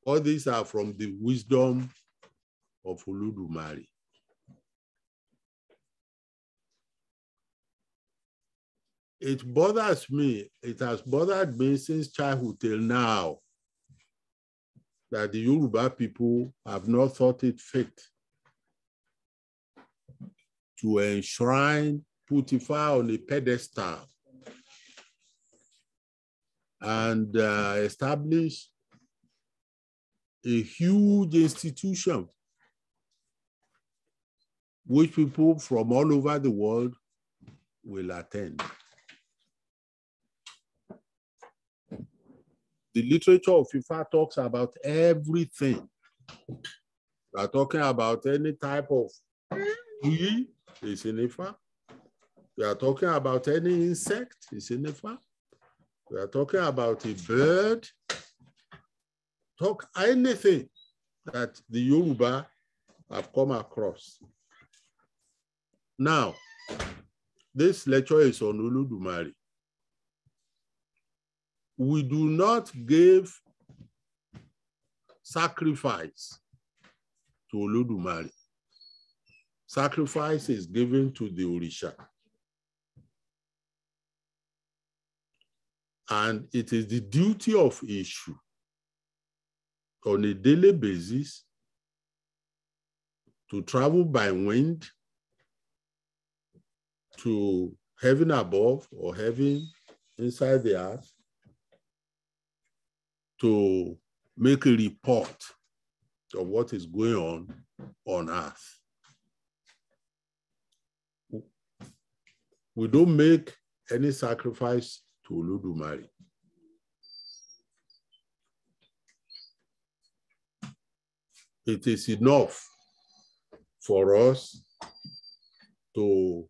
All these are from the wisdom of Uludumari. It bothers me, it has bothered me since childhood till now that the Yoruba people have not thought it fit to enshrine putify on a pedestal and uh, establish a huge institution which people from all over the world will attend. The literature of FIFA talks about everything. We are talking about any type of tree, is in Ifa. We are talking about any insect. is in Ifa. We are talking about a bird. Talk anything that the Yoruba have come across. Now, this lecture is on Uludumari. We do not give sacrifice to Uludumari. Sacrifice is given to the Orisha. And it is the duty of Ishu on a daily basis to travel by wind to heaven above or heaven inside the earth to make a report of what is going on on earth. we don't make any sacrifice to Oludumari. It is enough for us to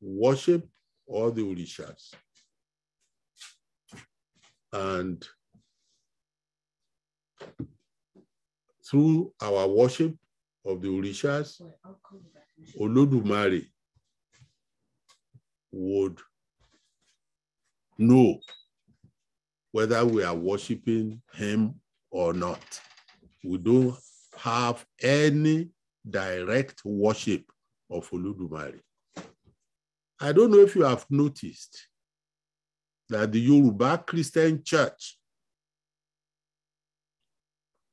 worship all the Orishas and through our worship of the Orishas, Olodumare would know whether we are worshiping him or not. We don't have any direct worship of Oludumari. I don't know if you have noticed that the Yoruba Christian Church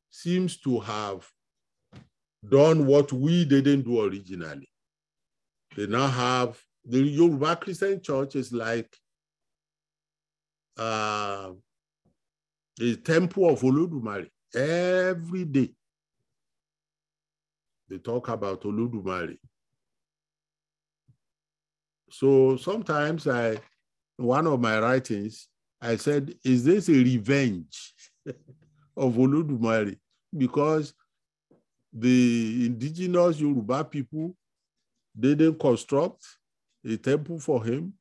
seems to have done what we didn't do originally. They now have the Yoruba Christian church is like uh, the temple of Oludumare. Every day they talk about Oludumare. So sometimes I, one of my writings, I said, is this a revenge of Oludumare? Because the indigenous Yoruba people didn't construct a temple for him.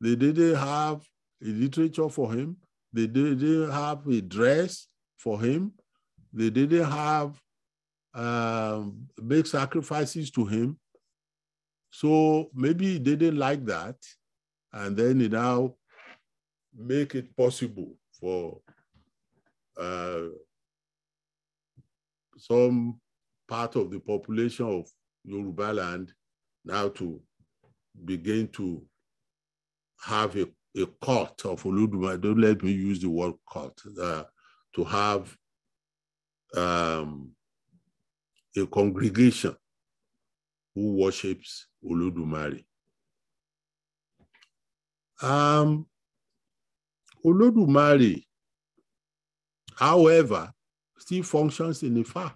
They didn't have a literature for him. They didn't have a dress for him. They didn't have um, make sacrifices to him. So maybe he didn't like that. And then he now make it possible for uh, some part of the population of Yoruba land now to begin to have a, a cult of Oludumare. Don't let me use the word cult. Uh, to have um, a congregation who worships Oludumare. Um, Olodumare, however, still functions in Ifa.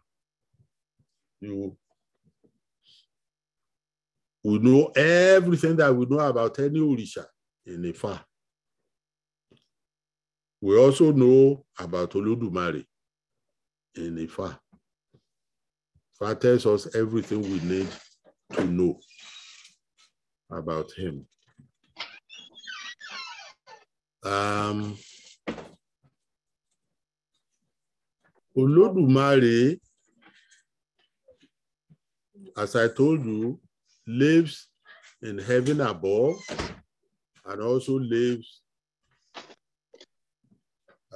You we know everything that we know about any Orisha in Ifa. We also know about Olodumare in Ifa. Ifa tells us everything we need to know about him. Um, Olodumare, as I told you, lives in heaven above and also lives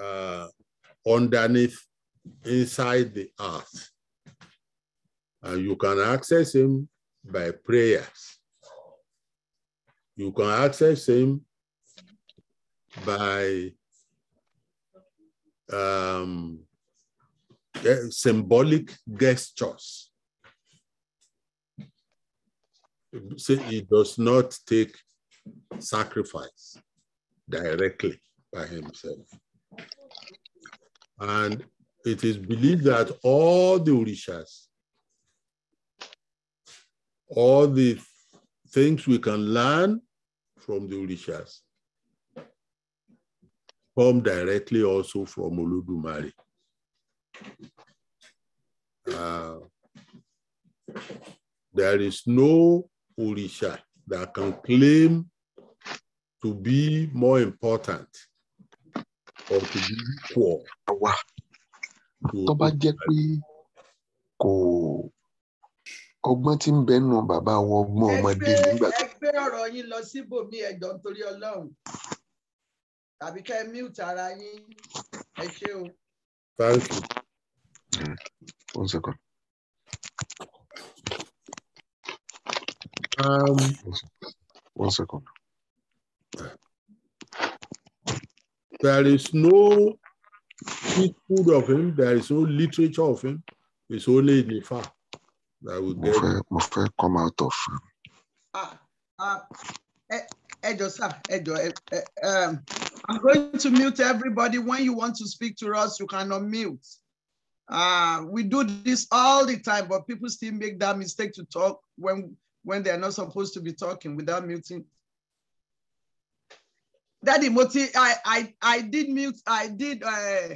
uh, underneath inside the earth. And you can access him by prayers. You can access him by um, symbolic gestures he does not take sacrifice directly by himself. And it is believed that all the orishas, all the things we can learn from the orishas, come directly also from Oludumare. Uh, there is no Orisha that can claim to be more important or to be equal. tó bá jẹ́ pé kò ọgbọ́n tí ń bẹ nù bàbá wọ ọgbọ́n ọmọdé nígbà tó. ẹ gbé ọ̀rọ̀ yín lọ ọlọ́run tàbí ẹ mute ara yín ẹ ṣé o. thank you. one second. Um, one second. There is no food of him. There is no literature of him. It's only in Ifa that will get. Mo come out of. Ah, ah, ẹ sir, Edo, Um, I'm going to mute everybody. When you want to speak to us, you cannot mute. Uh, ah, we do this all the time, but people still make that mistake to talk when when they are not supposed to be talking without muting. Daddy Moti, I, I, I did mute, I did, uh,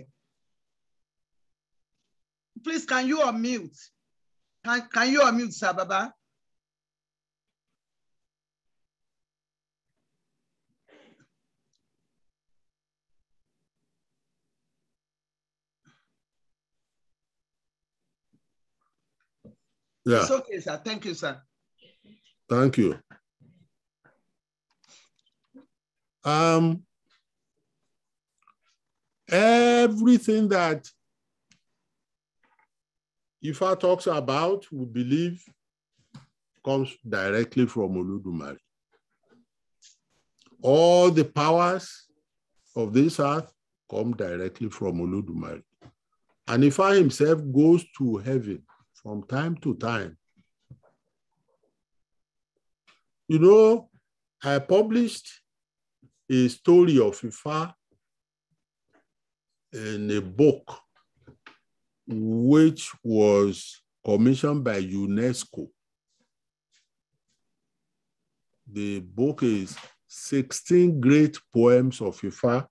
please can you unmute? Can, can you unmute, Sababa? Yeah. It's okay, sir. Thank you, sir. Thank you. Um, everything that Ifa talks about, we believe, comes directly from Oludumare. All the powers of this earth come directly from Oludumare. And Ifa himself goes to heaven from time to time you know, I published a story of Ifa in a book which was commissioned by UNESCO. The book is 16 Great Poems of Ifa.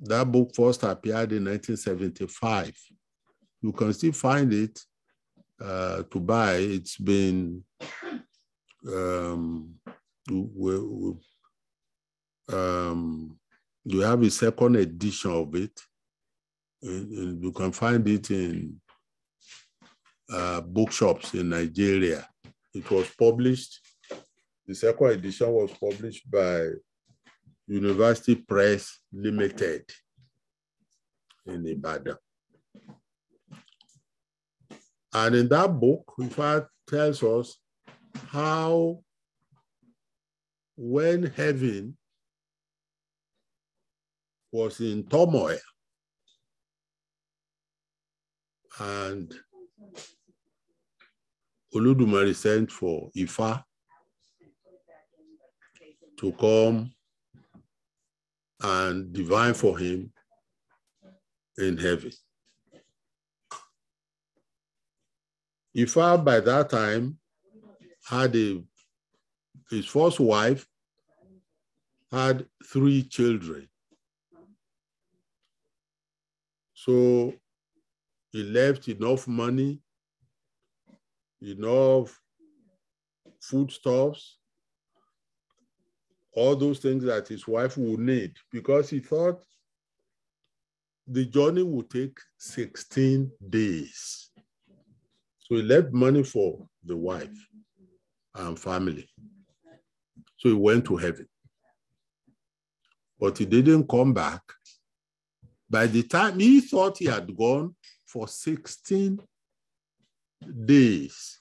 That book first appeared in 1975. You can still find it uh, to buy. It's been um, we, um, you have a second edition of it. you can find it in uh, bookshops in Nigeria. It was published, the second edition was published by University Press Limited in Ibadan. And in that book, in fact, tells us how when heaven was in turmoil and Oludumare sent for Ifa to come and divine for him in heaven. Ifa by that time had a, his first wife had three children. So he left enough money, enough foodstuffs, all those things that his wife would need because he thought the journey would take 16 days. So he left money for the wife and family. So he went to heaven. But he didn't come back. By the time he thought he had gone for 16 days,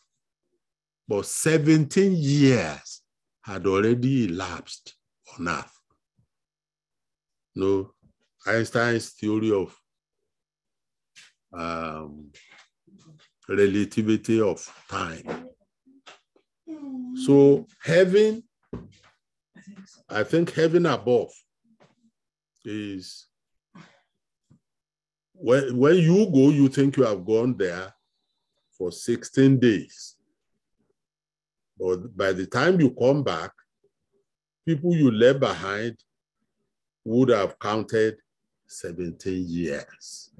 but 17 years had already elapsed on earth. No, Einstein's theory of um, relativity of time so heaven, I think heaven above is when, when you go, you think you have gone there for 16 days. But by the time you come back, people you left behind would have counted 17 years.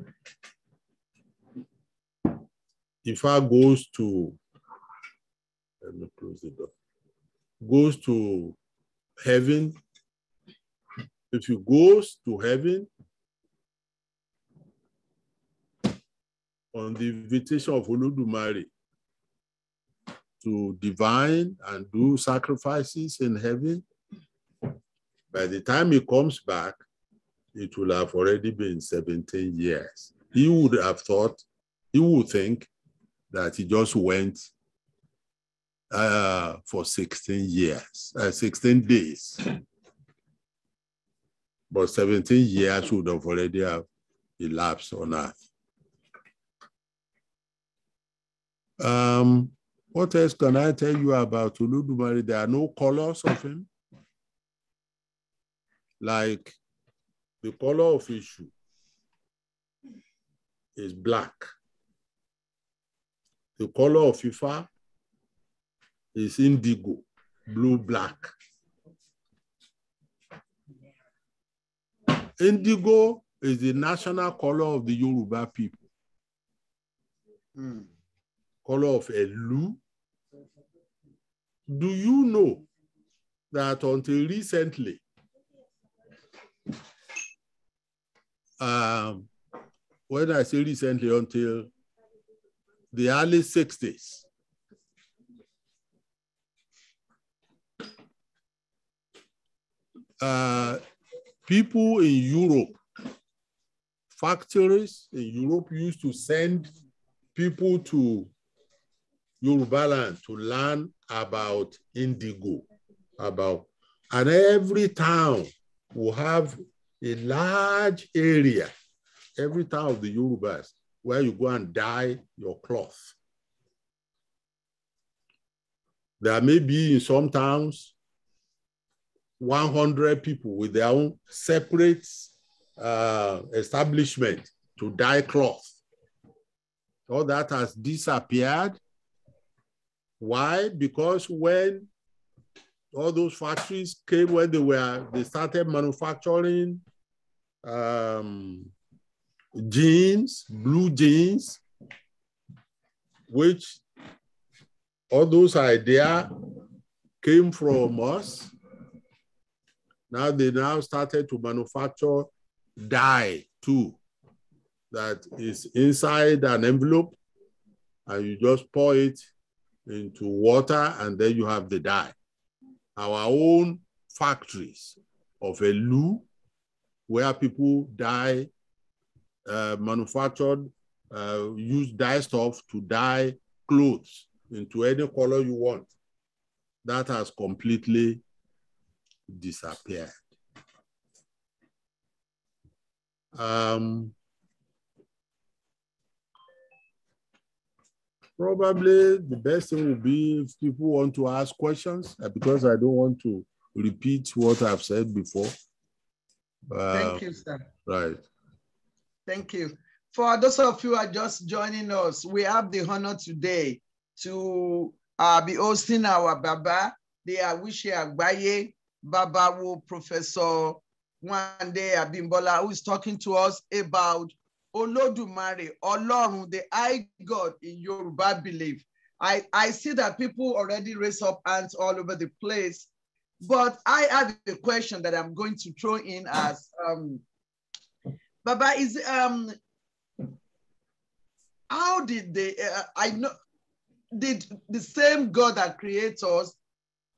If I goes to let me close the door. Goes to heaven. If he goes to heaven on the invitation of Oludumari to divine and do sacrifices in heaven, by the time he comes back, it will have already been 17 years. He would have thought, he would think that he just went uh, for 16 years, uh, 16 days. But 17 years would have already have elapsed on earth. Um, what else can I tell you about Uludumare? There are no colors of him. Like the color of his shoe is black. The color of Ifa is indigo, blue, black. Indigo is the national color of the Yoruba people. Mm. Color of Elu. Do you know that until recently, um, when I say recently, until the early 60s, uh, people in Europe, factories in Europe used to send people to Yorubaland to learn about indigo, about, and every town will have a large area, every town of the Yorubas, where you go and dye your cloth. There may be in some towns 100 people with their own separate uh, establishment to dye cloth. All that has disappeared. Why? Because when all those factories came, when they were, they started manufacturing um, jeans, blue jeans, which all those idea came from us now they now started to manufacture dye too, that is inside an envelope, and you just pour it into water, and then you have the dye. Our own factories of a loo, where people dye, uh, manufactured, uh, use dye stuff to dye clothes into any color you want. That has completely disappeared. Um, probably the best thing would be if people want to ask questions uh, because I don't want to repeat what I've said before. Uh, Thank you, sir. Right. Thank you. For those of you who are just joining us, we have the honor today to uh, be hosting our Baba, the Awishi Agbaye, Babawo Professor One Day Abimbola, who is talking to us about Olodumare, Olorun, the high God in Yoruba belief. I, I see that people already raise up hands all over the place, but I have a question that I'm going to throw in as um, Baba is um, how did they? Uh, I know did the same God that creates us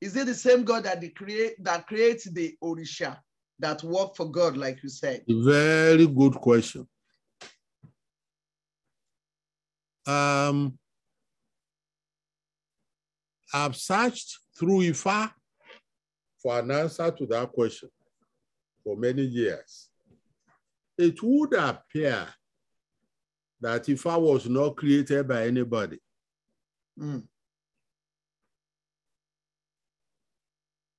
is it the same God that create that creates the Orisha that work for God, like you said? Very good question. Um, I've searched through IFA for an answer to that question for many years. It would appear that IFA was not created by anybody. Mm.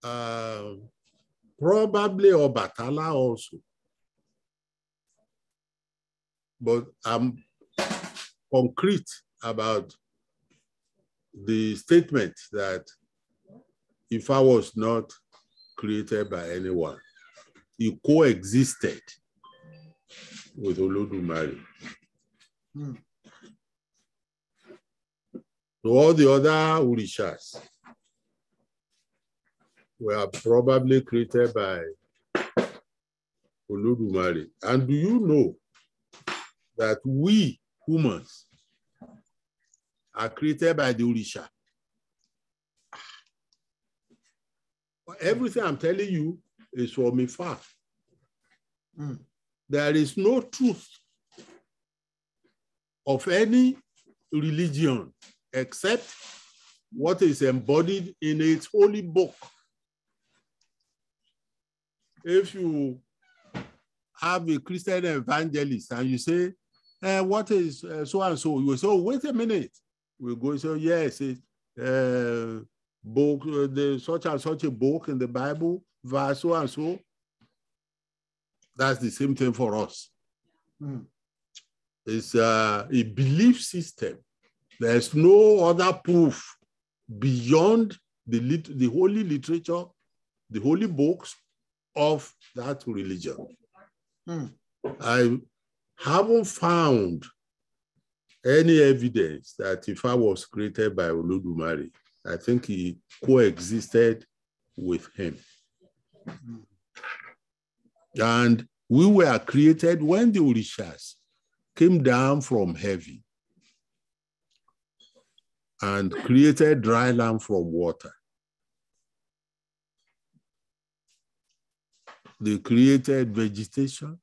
uh, probably Obatala also. But I'm concrete about the statement that if I was not created by anyone, he coexisted with Olodumare. Hmm. So all the other Orishas were probably created by Olodumare. And do you know that we humans are created by the Orisha? Everything I'm telling you is from me fact. Mm. There is no truth of any religion except what is embodied in its holy book if you have a Christian evangelist and you say, eh, what is uh, eh, so and so? You say, oh, wait a minute. we go "So say, yes, it's uh, book, uh, the, such and such a book in the Bible, verse so and so. That's the same thing for us. Mm. It's uh, a belief system. There's no other proof beyond the, the holy literature, the holy books, of that religion. Mm. I haven't found any evidence that if I was created by Oludumare, I think he coexisted with him. Mm. And we were created when the Orishas came down from heaven and created dry land from water. They created vegetation.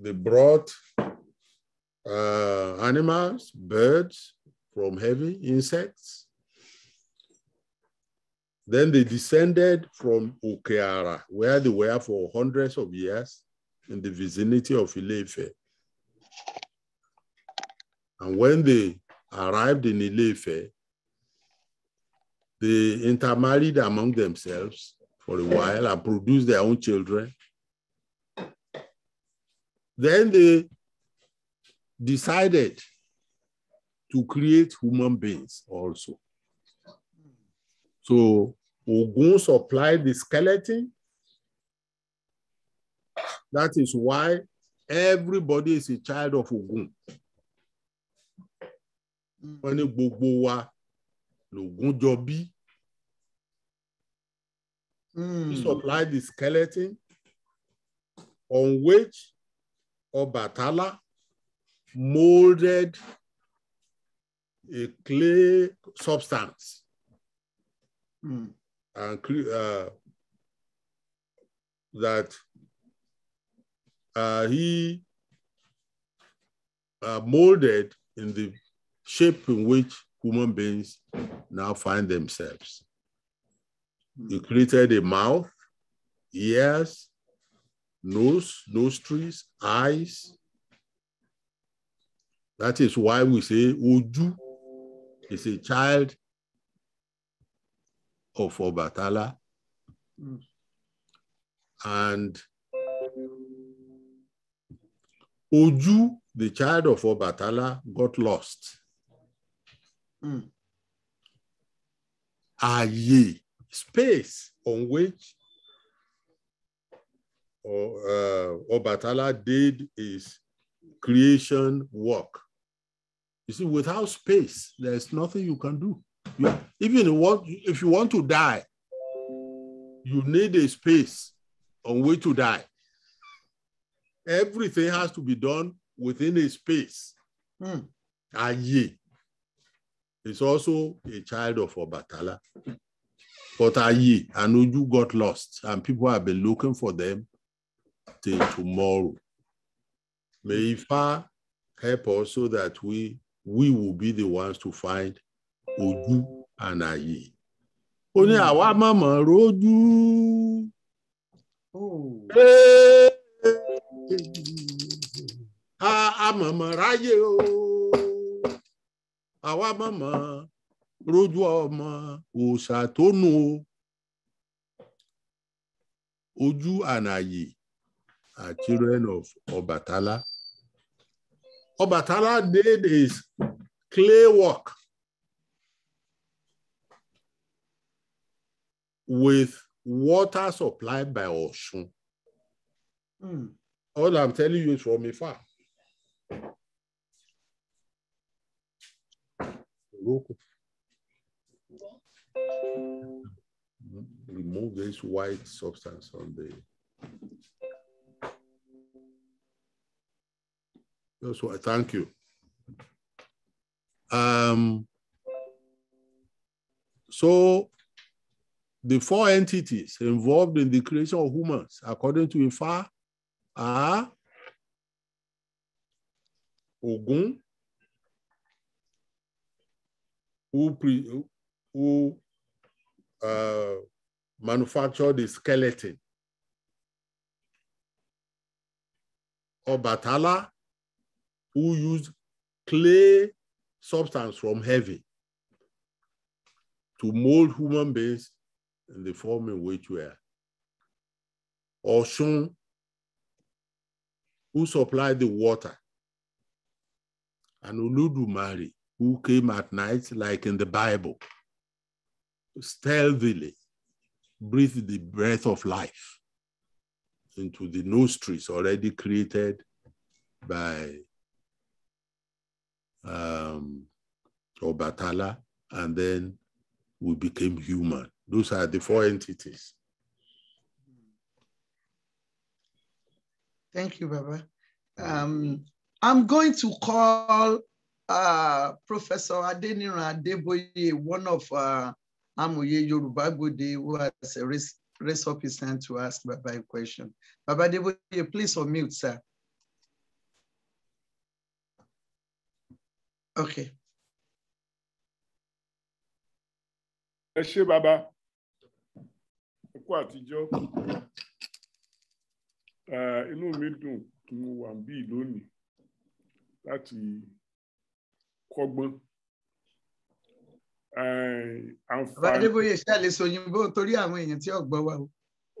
They brought uh, animals, birds from heaven, insects. Then they descended from Okeara, where they were for hundreds of years in the vicinity of Ilefe. And when they arrived in Ilefe, they intermarried among themselves for a while and produce their own children. Then they decided to create human beings also. So Ogun supplied the skeleton. That is why everybody is a child of Ogun. Wọ́n ní gbogbo wa lògùn jọ Mm. He supplied the skeleton on which Obatala molded a clay substance mm. and uh, that uh, he uh, molded in the shape in which human beings now find themselves. You created a mouth, ears, nose, nostrils, eyes. That is why we say Oju is a child of Obatala. And Oju, the child of Obatala, got lost. Mm. Aye space on which or, uh, Obatala did his creation work. You see, without space, there's nothing you can do. even if you want to die, you need a space on which to die. Everything has to be done within a space. Hmm. Aye. It's also a child of Obatala. But Aye and Uju got lost, and people have been looking for them till tomorrow. May Ifa help us so that we we will be the ones to find Oju and Aye. Ó ní àwa hmm. mọ̀mọ́ rojú. Oh. A mọ̀mọ́ ráyè o. Àwa mọ̀mọ́ rójú ọmọ òòṣà tó nù o ojú ànàyè are children of Ọbàtálá Ọbàtálá did his clay work with water supplied by Ọ̀ṣun. Mm. All I'm telling you is from afar. Roku. remove this white substance on the That's why, thank you. Um, so the four entities involved in the creation of humans, according to Ifa, are Ogun, who, pre, who uh, manufacture the skeleton. Obatala, who used clay substance from heavy to mold human beings in the form in which we are. Oshun, who supplied the water, and Uludumari, who came at night, like in the Bible stealthily breathe the breath of life into the nostrils already created by um, Obatala, and then we became human. Those are the four entities. Thank you, Baba. Um, I'm going to call uh, Professor Adeniran Adeboye, one of uh, amòye Yorùbá Gbòde who has raised, raised up his hand to ask Baba a question. Baba Deboye, please unmute, sir. Okay. Ẹ ṣé bàbá, ẹ kú àtijọ́, inú mi dùn mo wà ń bí lónìí láti kọ́gbọ́n. àǹfààní. Eh, bàbá ṣàlè sòyìnbó torí àwọn èèyàn tí wa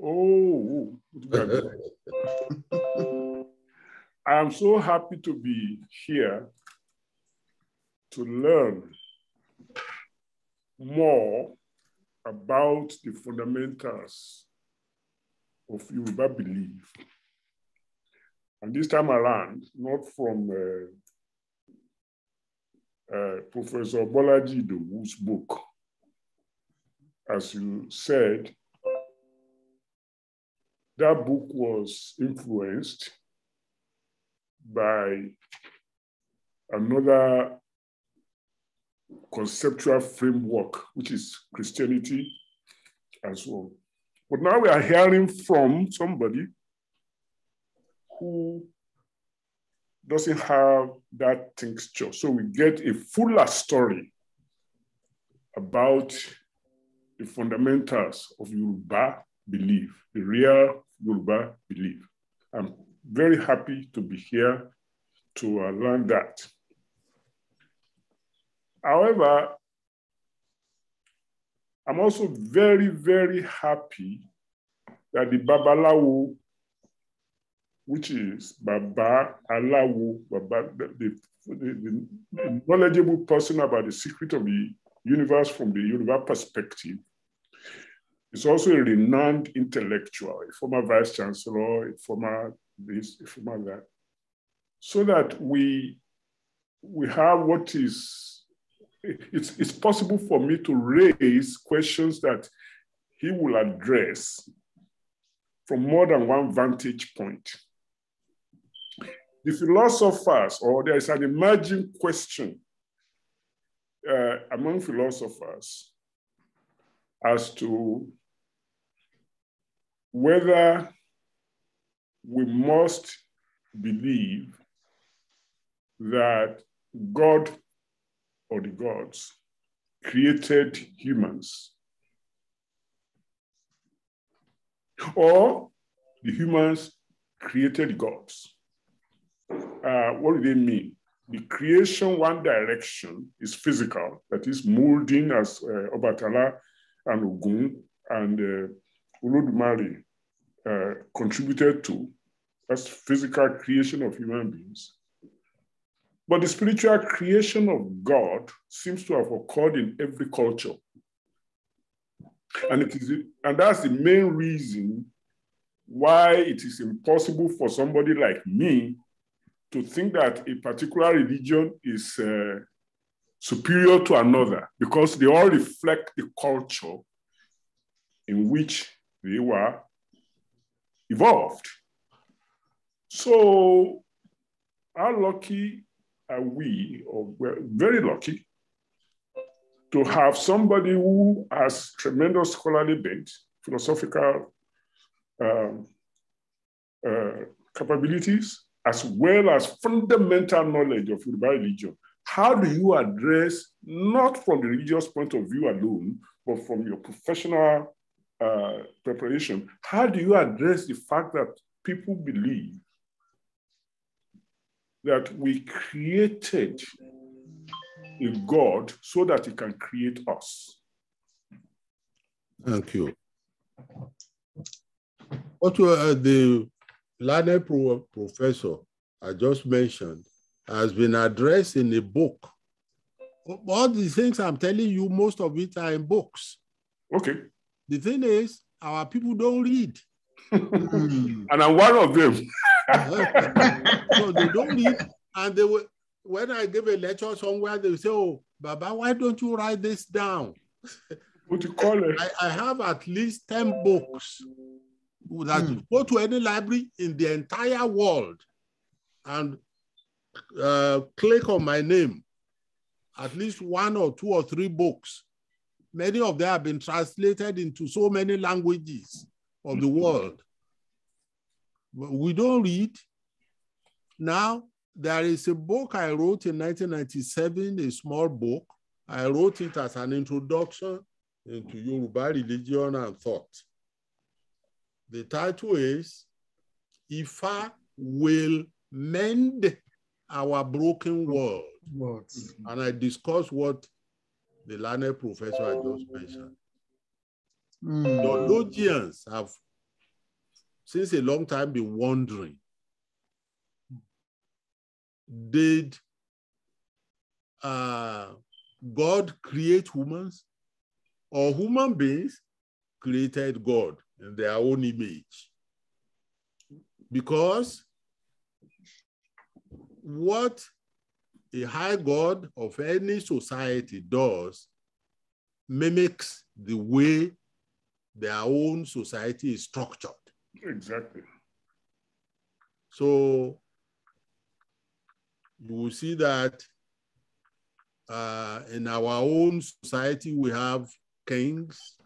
oh, oh, oh, I am so happy to be here to learn more about the fundamentals of Yoruba belief. And this time around, not from uh, uh, Professor Bolaji book. As you said, that book was influenced by another conceptual framework, which is Christianity as well. But now we are hearing from somebody who doesn't have that texture. So we get a fuller story about the fundamentals of Yoruba belief, the real Yoruba belief. I'm very happy to be here to uh, learn that. However, I'm also very, very happy that the Babalawo which is Baba Alawu, Baba, the, the, the, knowledgeable person about the secret of the universe from the universe perspective, He's also a renowned intellectual, a former vice chancellor, a former this, a former that. So that we, we have what is, it's, it's possible for me to raise questions that he will address from more than one vantage point the philosophers, or there is an emerging question uh, among philosophers as to whether we must believe that God or the gods created humans. Or the humans created gods uh, what do they mean? The creation one direction is physical, that is molding as uh, Obatala and Ogun and uh, Uludumari uh, contributed to. That's physical creation of human beings. But the spiritual creation of God seems to have occurred in every culture. And, it is, and that's the main reason why it is impossible for somebody like me to think that a particular religion is uh, superior to another because they all reflect the culture in which they were evolved. So, how lucky are we, or we're very lucky, to have somebody who has tremendous scholarly bent, philosophical um, uh, capabilities, as well as fundamental knowledge of Yoruba religion. How do you address, not from the religious point of view alone, but from your professional uh, preparation, how do you address the fact that people believe that we created a God so that he can create us? Thank you. What were the learned pro professor I just mentioned has been addressed in a book. All the things I'm telling you, most of it are in books. Okay. The thing is, our people don't read. and I'm one of them. so they don't read. And they will, when I give a lecture somewhere, they say, Oh, Baba, why don't you write this down? What you call it? I, I have at least 10 books that mm. go to any library in the entire world and uh, click on my name, at least one or two or three books. Many of them have been translated into so many languages of the hmm. world. But we don't read. Now, there is a book I wrote in 1997, a small book. I wrote it as an introduction into Yoruba religion and thought. The title is Ifa Will Mend Our Broken World. Mm-hmm. And I discuss what the learned professor I just mentioned. Mm. have, since a long time, been wondering did uh, God create humans or human beings created God? in their own image. Because what a high god of any society does mimics the way their own society is structured. Exactly. So you will see that uh, in our own society we have kings,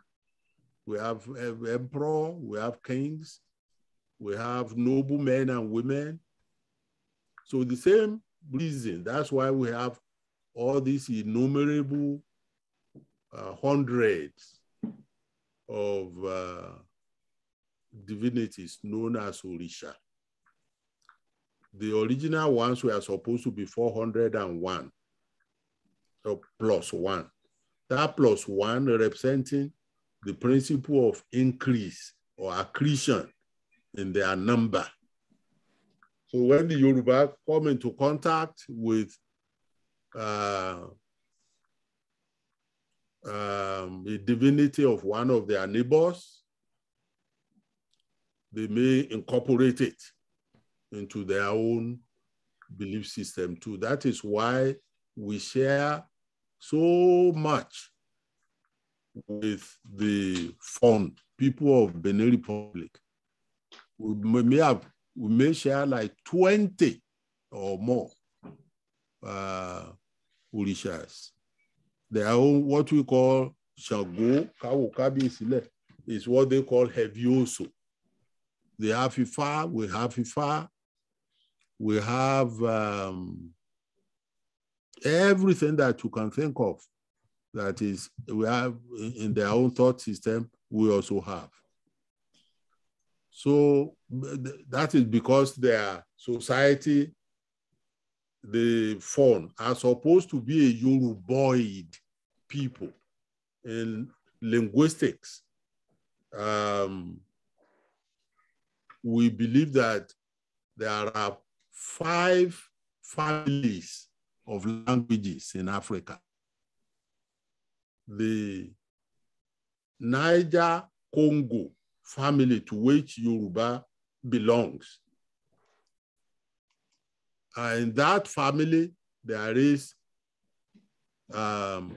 we have eh, emperor, we have kings, we have noble men and women. So the same reason, that's why we have all these innumerable uh, hundreds of uh, divinities known as Orisha. The original ones were supposed to be 401 so plus one. That plus one representing the principle of increase or accretion in their number. So when the Yoruba come into contact with uh, um, the divinity of one of their neighbors, they may incorporate it into their own belief system too. That is why we share so much with the fund people of Benin Republic. We may have we may share like 20 or more uh, orishas. are what we call shago, kawo kabi is what they call hevioso. They have ifa, we have ifa, we have um, everything that you can think of that is we have in their own thought system we also have so that is because their society the phone are supposed to be a yoruboid people in linguistics um, we believe that there are five families of languages in africa the Niger Congo family to which Yoruba belongs. Uh, in that family, there is um,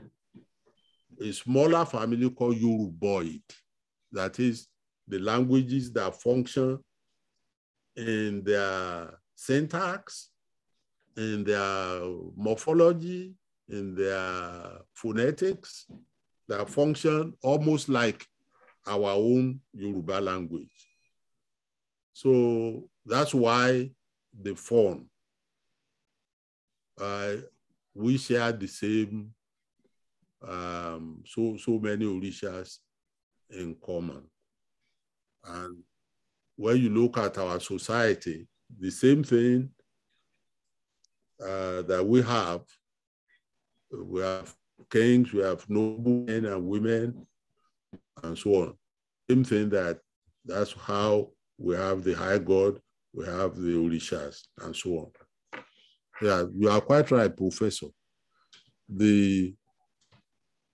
a smaller family called Yoruboid. That is the languages that function in their syntax, in their morphology, in their phonetics, that function, almost like our own Yoruba language. So that's why the form. Uh, we share the same, um, so, so many Orishas in common. And when you look at our society, the same thing uh, that we have we have kings, we have noble men and women, and so on. Same thing that that's how we have the high god, we have the orishas, and so on. Yeah, you are quite right, Professor. The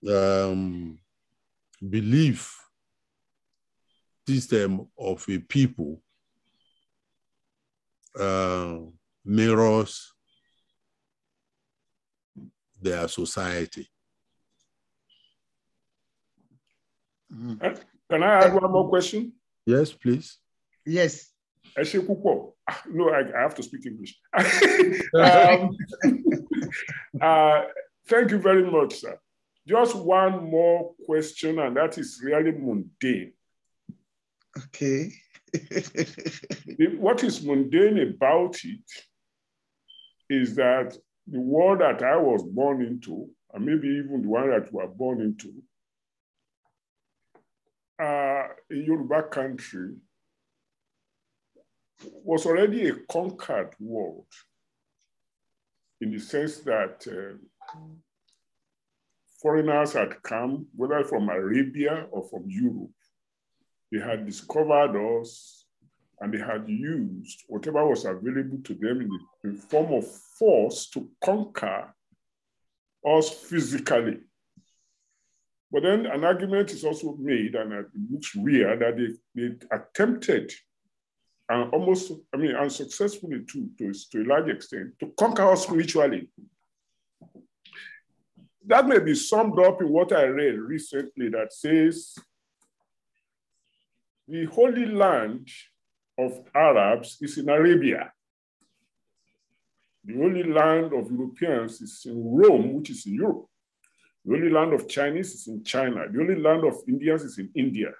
um, belief system of a people uh, mirrors their society. Mm. Can I add one more question? Yes, please. Yes. Eshe ah, No, I, have to speak English. um, uh, thank you very much, sir. Just one more question, and that is really mundane. Okay. what is mundane about it is that the world that I was born into, and maybe even the one that we were born into, uh, in Yoruba country, was already a conquered world in the sense that uh, foreigners had come, whether from Arabia or from Europe. They had discovered us, and they had used whatever was available to them in the in form of force to conquer us physically. But then an argument is also made, and it looks weird, that they, they attempted, and almost, I mean, unsuccessfully too, to, to a large extent, to conquer us spiritually. That may be summed up in what I read recently that says the Holy Land of Arabs is in Arabia. The only land of Europeans is in Rome, which is in Europe. The only land of Chinese is in China. The only land of Indians is in India.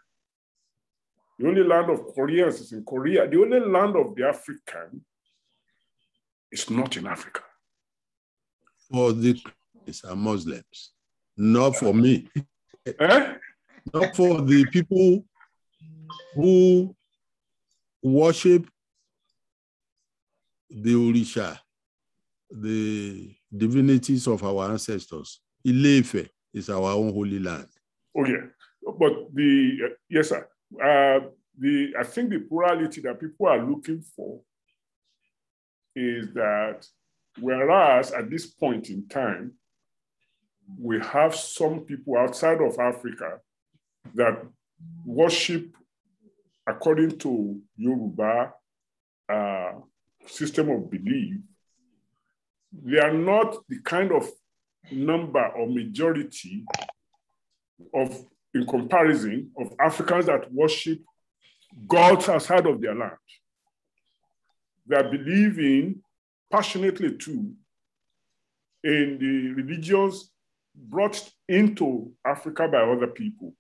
The only land of Koreans is in Korea. The only land of the African is not in Africa. For the Christians are Muslims, not for me. Eh? Not for the people who worship the Orisha, the divinities of our ancestors. Ilefe is our own holy land. Oh yeah, but the uh, yes, sir. Uh, the I think the plurality that people are looking for is that whereas at this point in time we have some people outside of Africa that worship according to Yoruba uh, system of belief, they are not the kind of number or majority of, in comparison, of Africans that worship gods outside of their land. They are believing passionately too in the religions brought into Africa by other people.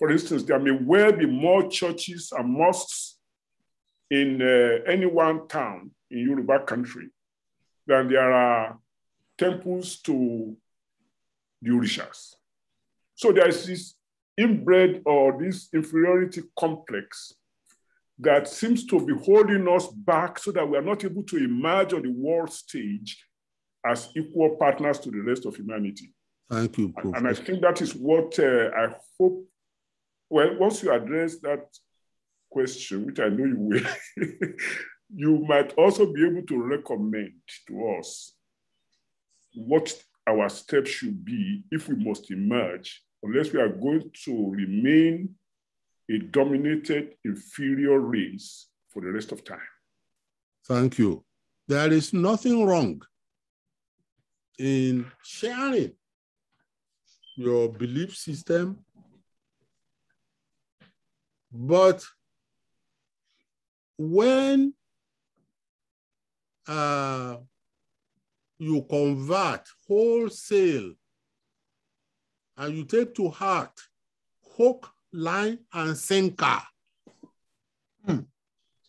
For instance, there may well be more churches and mosques in uh, any one town in Yoruba country than there are temples to the Orishas. So there is this inbred or this inferiority complex that seems to be holding us back so that we are not able to emerge on the world stage as equal partners to the rest of humanity. Thank you. Professor. And I think that is what uh, I hope well, once you address that question, which I know you will, you might also be able to recommend to us what our steps should be if we must emerge, unless we are going to remain a dominated inferior race for the rest of time. Thank you. There is nothing wrong in sharing your belief system but when uh, you convert wholesale and you take to heart hook, line, and sinker, hmm,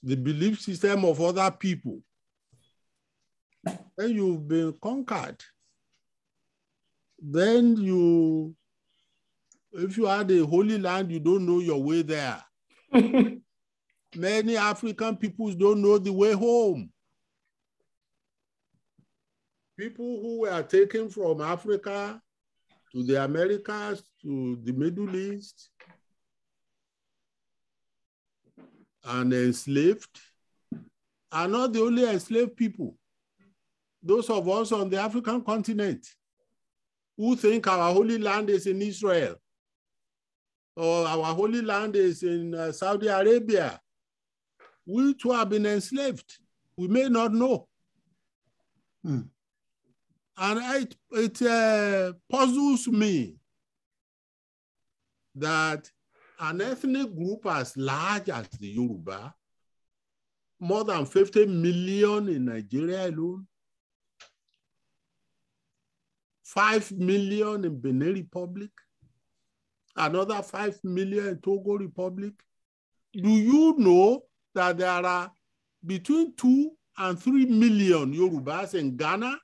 the belief system of other people, then you've been conquered. Then you, if you had a holy land, you don't know your way there. Many African peoples don't know the way home. People who were taken from Africa to the Americas, to the Middle East, and enslaved are not the only enslaved people. Those of us on the African continent who think our holy land is in Israel or our holy land is in uh, Saudi Arabia. We too have been enslaved. We may not know. Hmm. And it, it uh, puzzles me that an ethnic group as large as the Yoruba, more than 50 million in Nigeria alone, 5 million in Benin Republic, another 5 million in Togo Republic. Do you know that there are between 2 and 3 million Yorubas in Ghana?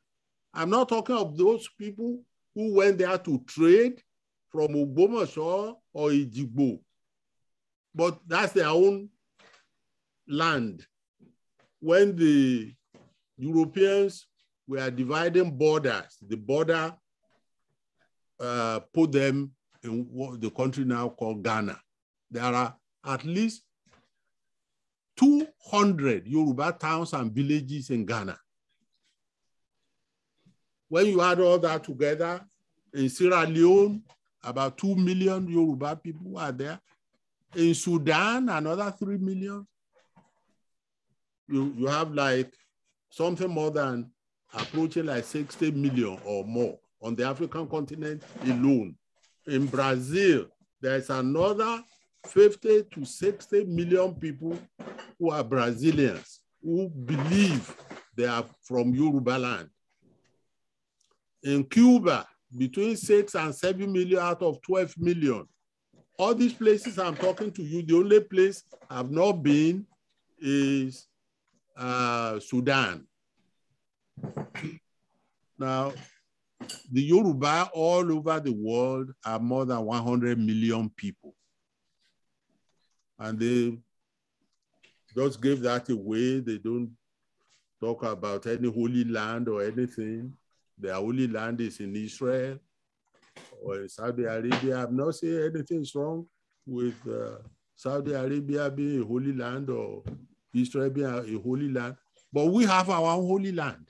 I'm not talking of those people who went there to trade from Ogbomoso or Ijibo, but that's their own land. When the Europeans were dividing borders, the border uh, put them in what the country now called Ghana, there are at least 200 Yoruba towns and villages in Ghana. When you add all that together, in Sierra Leone, about 2 million Yoruba people are there. In Sudan, another 3 million. You, you have like something more than approaching like 60 million or more on the African continent alone in Brazil, there's another 50 to 60 million people who are Brazilians, who believe they are from Yoruba land. In Cuba, between six and seven million out of 12 million. All these places I'm talking to you, the only place I've not been is uh, Sudan. Now, the Yoruba all over the world are more than 100 million people. And they just give that away. They don't talk about any holy land or anything. Their holy land is in Israel or in Saudi Arabia. I've not seen anything wrong with uh, Saudi Arabia being a holy land or Israel being a holy land. But we have our own holy land.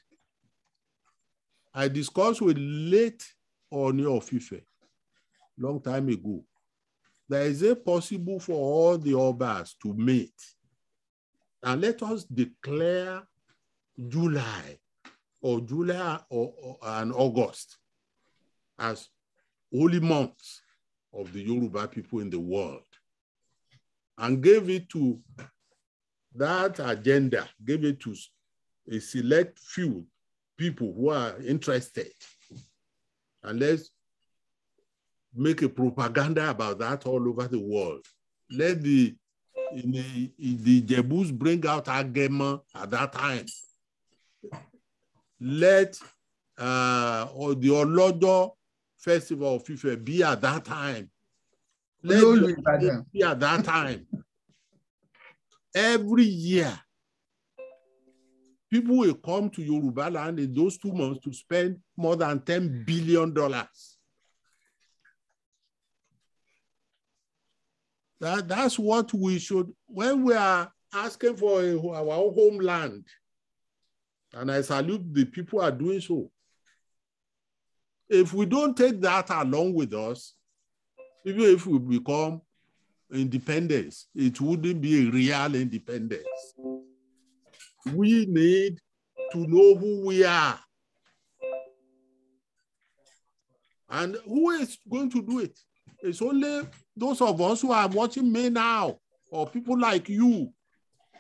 I discussed with late Oni of Ife long time ago. There is a possible for all the obas to meet. And let us declare July or July or, or, and August as holy months of the Yoruba people in the world and gave it to that agenda, gave it to a select few people who are interested and let's make a propaganda about that all over the world. Let the in the, in the Jebus bring out Agema at that time. Let uh, or the Olodo Festival of FIFA be at that time. Let be at that time. Every year, people will come to Yoruba land in those two months to spend more than $10 billion. That, that's what we should, when we are asking for a, our homeland, and I salute the people are doing so. If we don't take that along with us, even if we become independence, it wouldn't be a real independence we need to know who we are. And who is going to do it? It's only those of us who are watching me now, or people like you,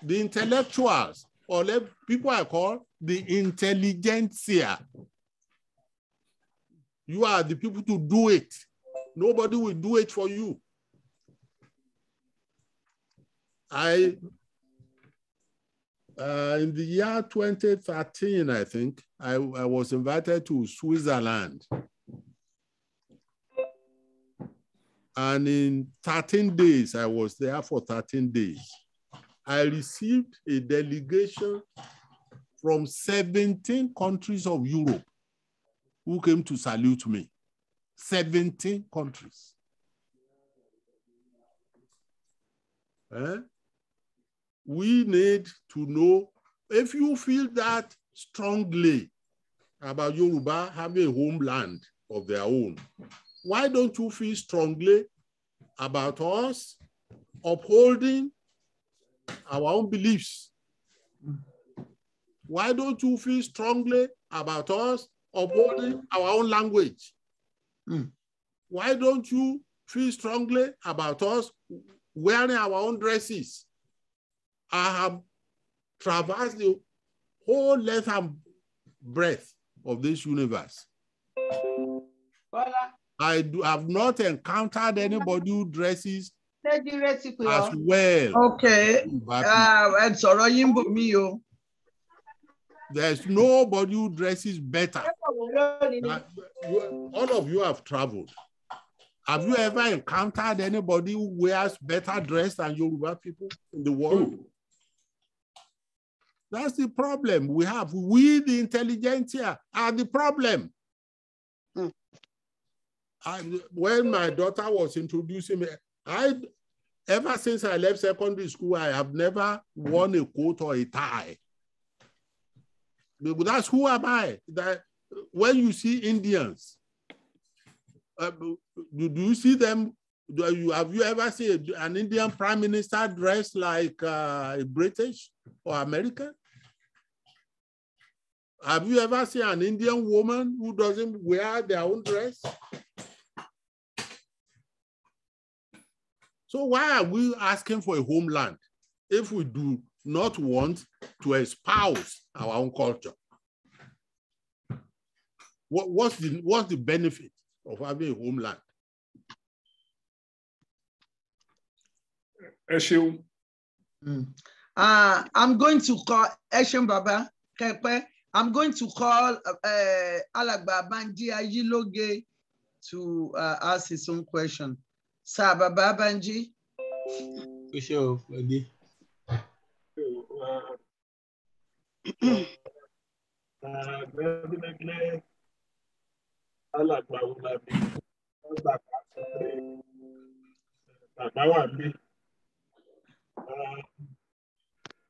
the intellectuals, or people I call the intelligentsia. You are the people to do it. Nobody will do it for you. I uh, in the year 2013, I think, I, I was invited to Switzerland. And in 13 days, I was there for 13 days. I received a delegation from 17 countries of Europe who came to salute me. 17 countries. Eh? we need to know if you feel that strongly about Yoruba having a homeland of their own, why don't you feel strongly about us upholding our own beliefs? Why don't you feel strongly about us upholding our own language? Hmm. Why don't you feel strongly about us wearing our own dresses? I have traversed the whole length and breadth of this universe. I do, have not encountered anybody who dresses as well. Okay. And ah, sọ̀rọ̀ yín bò mí There's nobody who dresses better. All of you have traveled. Have you ever encountered anybody who wears better dress than Yoruba people in the world? Hmm. That's the problem we have. We, the intelligentsia, are the problem. I, hmm. when my daughter was introducing me, I ever since I left secondary school, I have never worn a coat or a tie. that's who am I. That when you see Indians, uh, do, do, you see them? Do you, have you ever seen an Indian prime minister dressed like uh, a British or American? Have you ever seen an Indian woman who doesn't wear their own dress? So why are we asking for a homeland if we do not want to espouse our own culture? What, what's, the, what's the benefit of having a homeland? Eshim. Mm. Uh, I'm going to call Eshim Baba Kepe I'm going to call uh, Alagba Banji Ayiloge to uh, ask his own question. Sir Baba Banji. Question of Bàbá wà mí.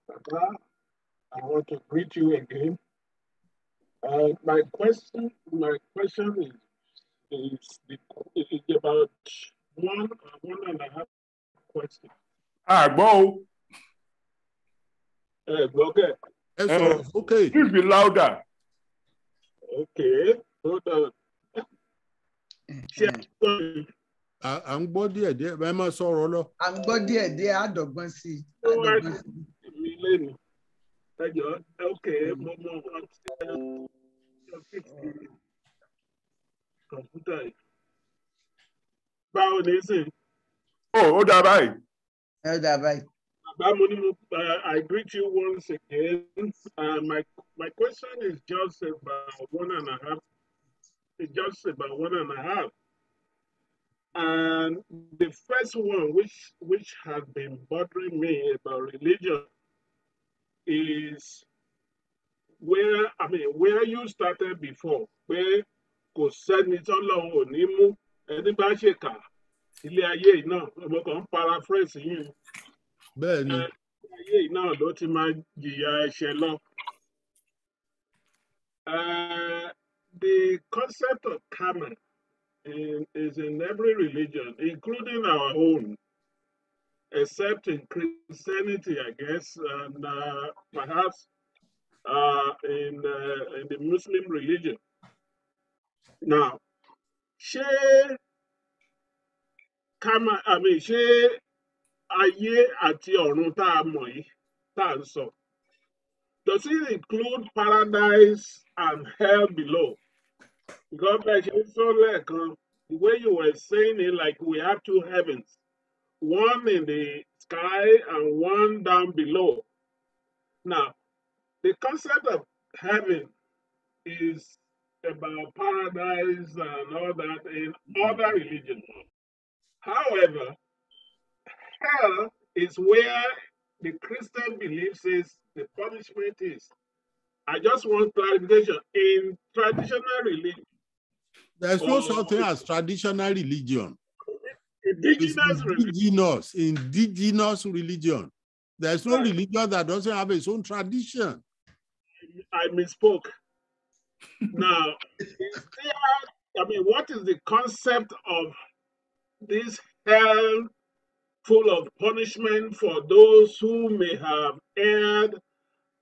Bàbá, I want to greet you again. Uh, my question, my question is, is, the, is about one, uh, one and a half question. Àgbọ̀ ah, o. Ẹ gbọ́ Okay. Ẹ sọ̀rọ̀ sókè. Please be louder. Okay, hold on. Ṣé ẹ gbọ́ mi? À ń gbọ́ díẹ̀ díẹ̀, i. don't want sí mi ẹjọ ok mo mọ nǹkan tí ẹ lọ fi ti báwo ni sè. ó ó dà báyìí. ó dà báyìí. bàbá mo ní mo uh, I greet you once again uh, my my question is just about one and a half it's just about one and a half. And the first one, which which has been bothering me about religion, is where I mean where you started before where kò sẹ́ni tọ́lọ́run ò ní mú ẹni bá ṣèkà ilé ayé yìí náà ọmọ kan paraphrase yín. bẹ́ẹ̀ni. ilé ayé yìí náà you ti máa jìyà ẹ̀ṣẹ̀ lọ. the concept of karma in, is in every religion including our own except in Christianity, I guess, and uh, perhaps uh, in, uh, in the Muslim religion. Now, come. I mean, she ayé àti onuta moi a ń sọ does it include paradise and hell below? Because bẹ́ẹ̀ ṣe sọ the way you were saying it like we have two heavens one in the sky and one down below. Now, the concept of heaven is about paradise and all that in other religions. However, hell is where the Christian belief says the punishment is. I just want clarification. In traditional religion, there's no such thing as traditional religion indigenous indigenous, indigenous religion. There's no right. religion that doesn't have its own tradition. I misspoke. now, there, I mean, what is the concept of this hell full of punishment for those who may have erred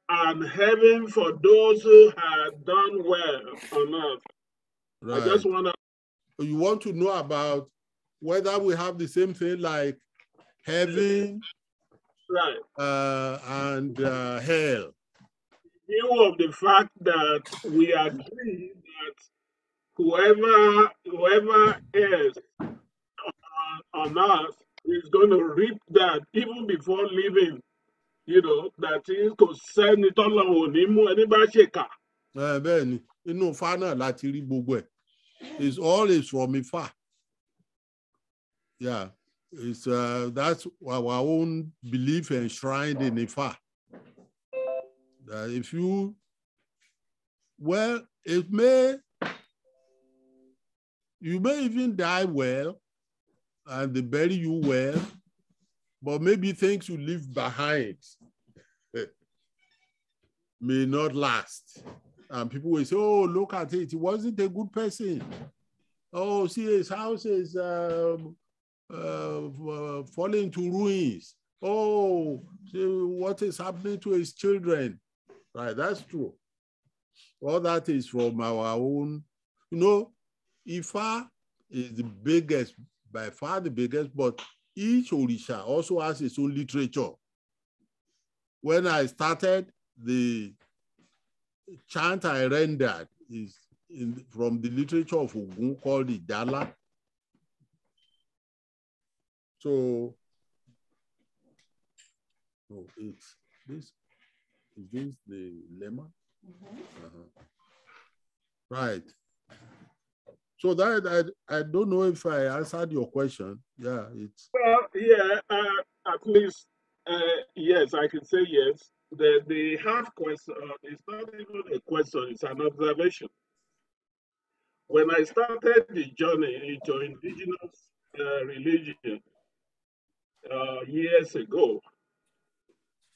and heaven for those who have done well on earth? Right. I just want to. You want to know about whether we have the same thing like heaven right. uh, and uh, hell. In view of the fact that we agree that whoever whoever is on earth is going to reap that even before leaving. You know, that is kò sẹ́ni tọ́lọ́run ò ní mú ẹni bá ṣèkà. Bẹ́ẹ̀ ni, inú Ifá náà láti rí It's all is from afar. Yeah, it's uh, that's our own belief enshrined in Ifa. That if you, well, it may, you may even die well, and they bury you well, but maybe things you leave behind may not last. And people will say, oh, look at it. He wasn't a good person. Oh, see, his house is um, uh, falling to ruins. Oh, what is happening to his children? Right, that's true. All that is from our own. You know, Ifa is the biggest, by far the biggest, but each Orisha also has its own literature. When I started, the chant I rendered is in, from the literature of Ogun called the Dala. So, so it's this. Is this the lemma? Mm -hmm. uh -huh. Right. So that I, I don't know if I answered your question. Yeah, it's. Well, yeah, uh, at least uh, yes, I can say yes. The the half question uh, is not even a question; it's an observation. When I started the journey into indigenous uh, religion, uh, years ago.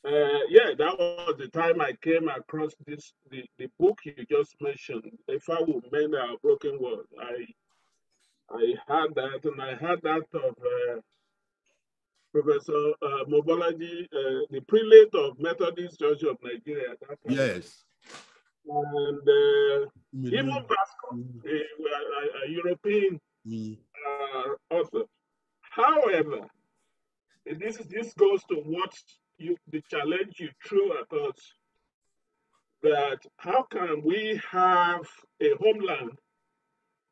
Uh, yeah, that was the time I came across this the, the book you just mentioned, If I Would Mend Our Broken World. I I had that, and I had that of uh, Professor uh, Mobology, uh, the prelate of Methodist Church of Nigeria. yes. And mm-hmm. even Vasco, mm-hmm. a, a, European mm-hmm. author. However, this is this goes to what you the challenge you threw at us that how can we have a homeland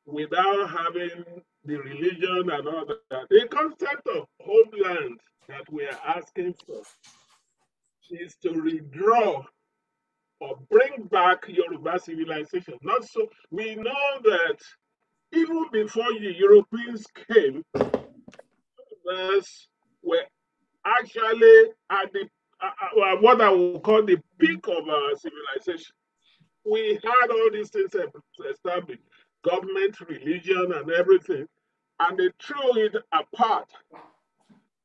without having the religion and all that the concept of homeland that we are asking for is to redraw or bring back Yoruba civilization. Not so we know that even before the Europeans came, Yorubas were actually at the uh, uh, uh, what I would call the peak of our civilization. We had all these things established government, religion, and everything, and they threw it apart.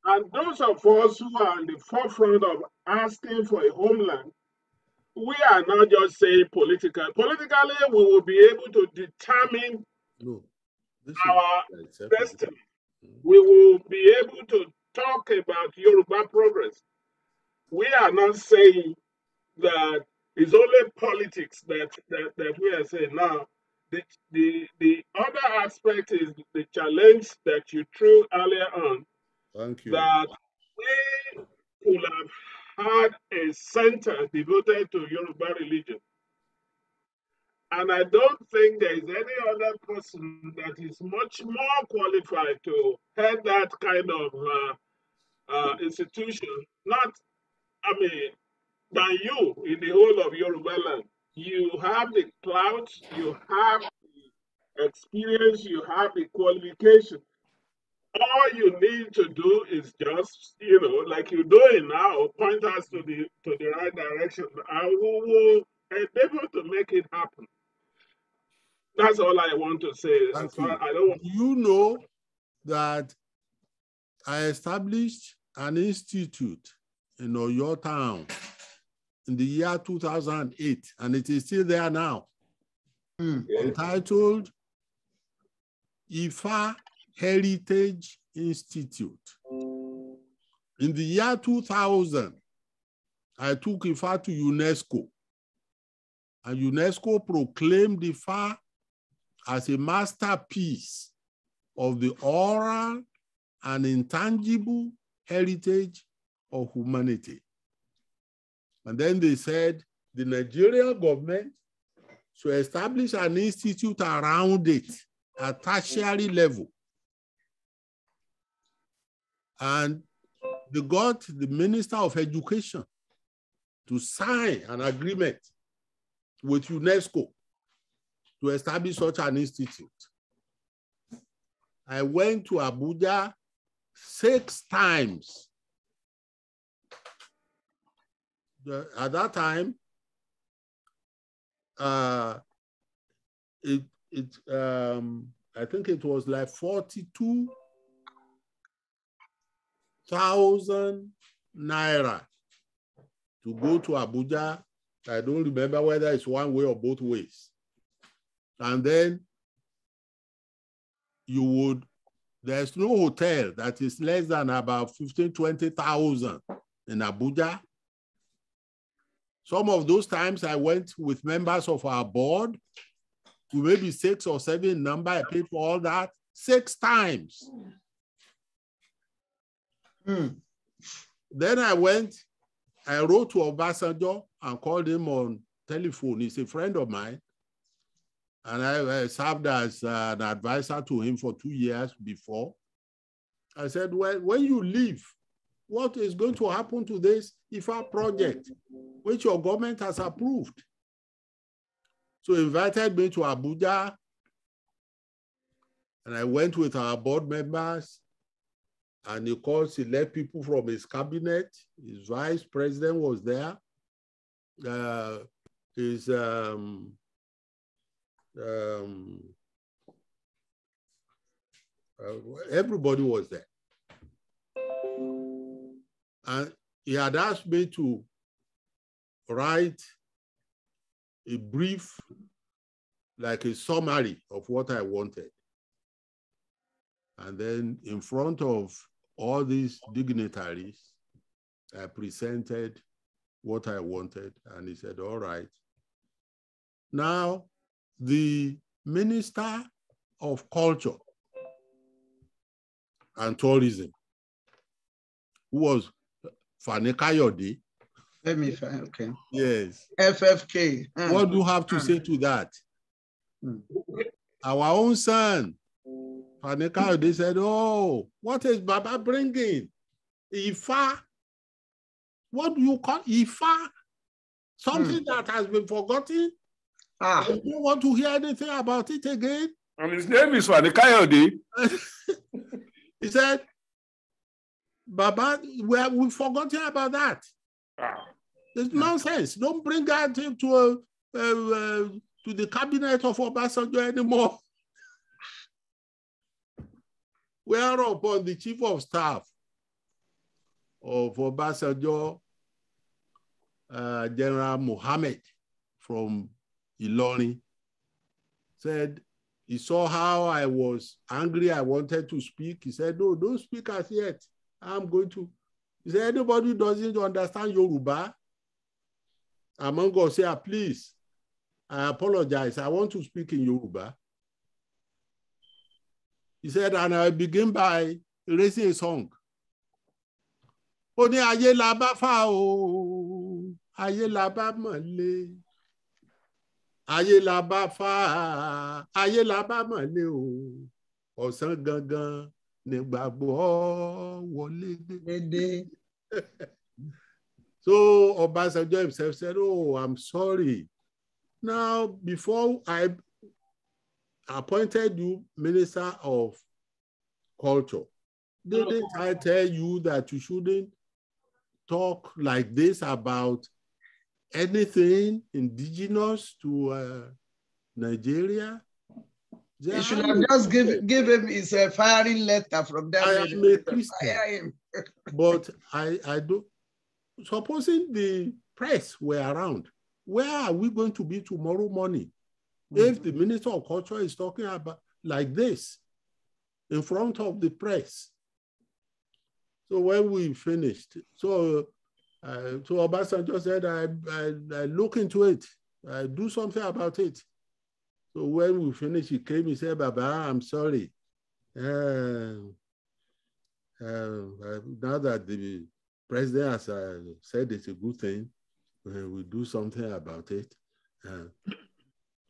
And those of us who are on the forefront of asking for a homeland, we are not just saying political. Politically, we will be able to determine no, our destiny. We will be able to talk about Yoruba progress. We are not saying that it's only politics that, that, that we are saying now. The, the, the other aspect is the challenge that you threw earlier on. Thank you. That we could have had a center devoted to Yoruba religion. And I don't think there is any other person that is much more qualified to head that kind of uh, uh, institution, not, I mean, than you in the whole of Yoruba land. You have the clout, you have the experience, you have the qualification. All you need to do is just, you know, like you're doing now, point us to the to the right direction, and we will endeavor to make it happen. That's all I want to say. I don't you know that I established an institute in your town in the year 2008, and it is still there now, mm. yeah. entitled IFA Heritage Institute. In the year 2000, I took IFA to UNESCO, and UNESCO proclaimed IFA as a masterpiece of the oral and intangible heritage of humanity. And then they said the Nigerian government should establish an institute around it at tertiary level. And they got the Minister of Education to sign an agreement with UNESCO to establish such an institute. I went to Abuja six times. The, at that time, uh, it, it, um, I think it was like 42,000 naira to go to Abuja. I don't remember whether it's one way or both ways. And then you would, there's no hotel that is less than about 15, 20,000 in Abuja. Some of those times I went with members of our board, we maybe six or seven number, I paid for all that six times. Hmm. Then I went, I wrote to Obasanjo and called him on telephone. He's a friend of mine and I, I served as uh, an advisor to him for two years before. I said, well, when you leave, what is going to happen to this IFA project, which your government has approved? So invited me to Abuja, and I went with our board members, and of course, he led people from his cabinet. His vice president was there. Uh, his um, um, uh, everybody was there. And he had asked me to write a brief, like a summary of what I wanted. And then in front of all these dignitaries, I presented what I wanted, and he said, all right. Now, the Minister of Culture and Tourism, who was Fani Kayode. Let me find, okay. Yes. FFK. Hmm. What do you have to hmm. say to that? Hmm. Our own son, Fani Kayode said, oh, what is Baba bringing? Ifa. What do you call Ifa? Something that has been forgotten? Ah. I don't want to hear anything about it again. And his name is coyote. he said, Baba, we, we forgotten about that. Ah. It's nonsense. Don't bring that to, a, a, a, to the cabinet of Obasanjo anymore. Whereupon the chief of staff of Obasanjo, uh, General Mohammed from Ilorin said he saw how I was angry. I wanted to speak. He said, No, don't speak as yet. I'm going to. He said, Anybody who doesn't understand Yoruba among us here, ah, please, I apologize. I want to speak in Yoruba. He said, and I begin by raising a song. Oni ní ayé la bá o, ayé la bá ayé la bá fà ayé la bá o ọ̀sán gangan wọlé so Obasanjo himself said oh I'm sorry now before I appointed you minister of culture didn't I tell you that you shouldn't talk like this about anything indigenous to uh, Nigeria? They should have just give, give him his uh, firing letter from that. I am a Christian, but I, I do. Supposing the press were around, where are we going to be tomorrow morning? Mm -hmm. If the Minister of Culture is talking about like this in front of the press. So when we finished, so uh, so Obasanjo said, I, I, I, look into it, I do something about it. So when we finished, he came, he said, Baba, I'm sorry. Uh, uh, uh now that the president has uh, said it's a good thing, uh, we do something about it.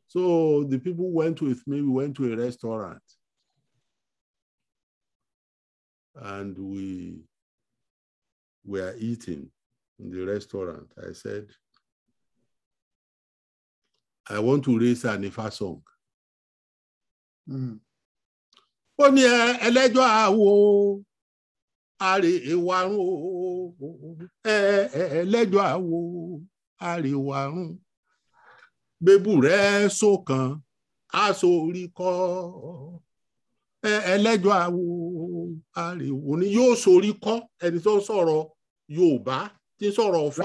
so the people went with me, we went to a restaurant. And we were eating in the restaurant. I said, I want to raise an Ifa song. Hmm. Ó ní ẹlẹ́jọ́ àwo àrèwárún ẹlẹ́jọ́ àwo àrèwárún bébù rẹ̀ sókan aṣọ orí ẹlẹ́jọ́ àwo àrèwò yóò sorí ẹni tó ń sọ̀rọ̀ Yorùbá. ti sọ̀rọ̀ ọ̀fà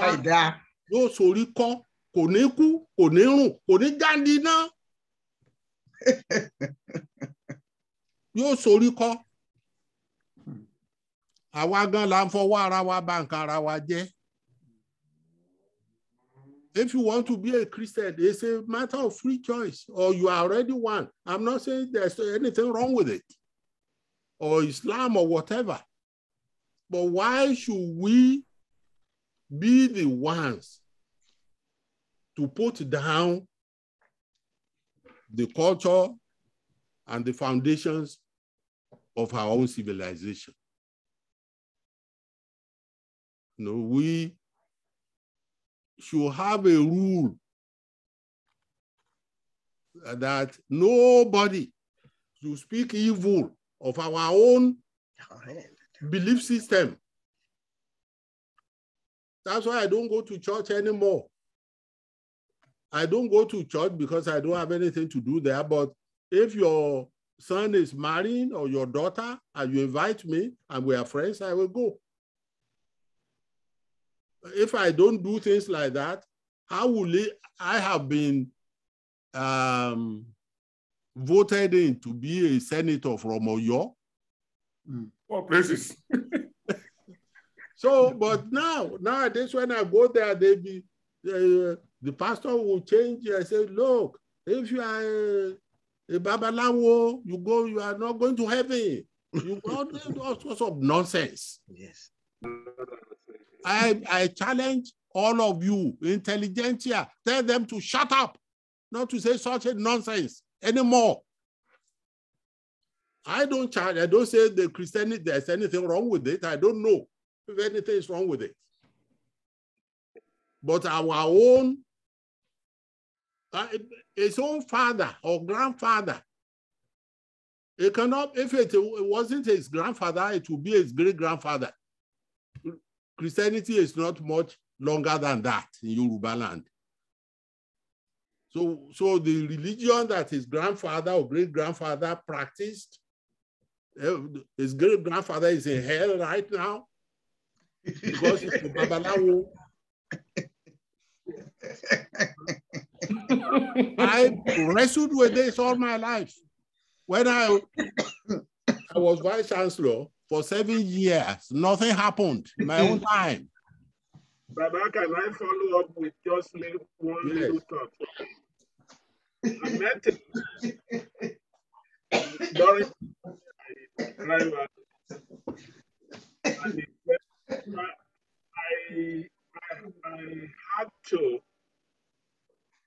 yóò sorí kọ́ kò ní kú kò ní rùn kò ní jáde náà yóò sorí kọ́ àwa gan la ń fọwọ́ ara wa bà nǹkan ara wa jẹ́ if you want to be a Christian it's a matter of free choice or you are already one I'm not saying there's anything wrong with it or Islam or whatever but why should we be the ones to put down the culture and the foundations of our own civilization. You know, we should have a rule that nobody should speak evil of our own belief system that's why I don't go to church anymore. I don't go to church because I don't have anything to do there. But if your son is marrying or your daughter and you invite me and we are friends, I will go. If I don't do things like that, I will. I have been um, voted in to be a senator from Oyo. Mm. What places? So, but now, nowadays, when I go there, they be, uh, the pastor will change. I say, look, if you are a, a babalawo, you go, you are not going to heaven. You got all sorts of nonsense. Yes. I, I challenge all of you, intelligentsia, tell them to shut up, not to say such a nonsense anymore. I don't charge, I don't say the Christianity, there's anything wrong with it. I don't know if anything is wrong with it. But our own, uh, his own father or grandfather, it cannot, if it wasn't his grandfather, it would be his great grandfather. Christianity is not much longer than that in Yoruba land. So, so the religion that his grandfather or great grandfather practiced, eh, his great grandfather is in hell right now because it's a babalawo. I wrestled with this all my life. When I, I was vice chancellor for seven years, nothing happened in my own time. Baba, can I follow up with just one yes. little thought? I met him during my I, I, I had to,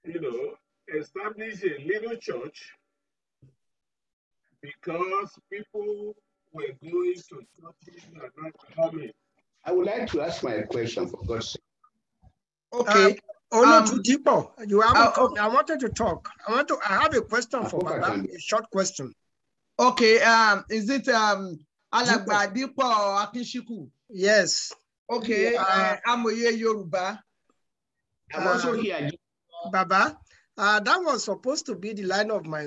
you know, establish a little church because people were going to churches and not coming. I would like to ask my question for God's sake. Okay. Um, Oh, no, um, you have uh, I wanted to talk. I want to. I have a question I for Baba. A short question. Okay. Um, is it um alàgbà dípọ̀ akínṣíkù. yes. okay eh, amòye yorùbá. Also here. baba uh, that was supposed to be the line of my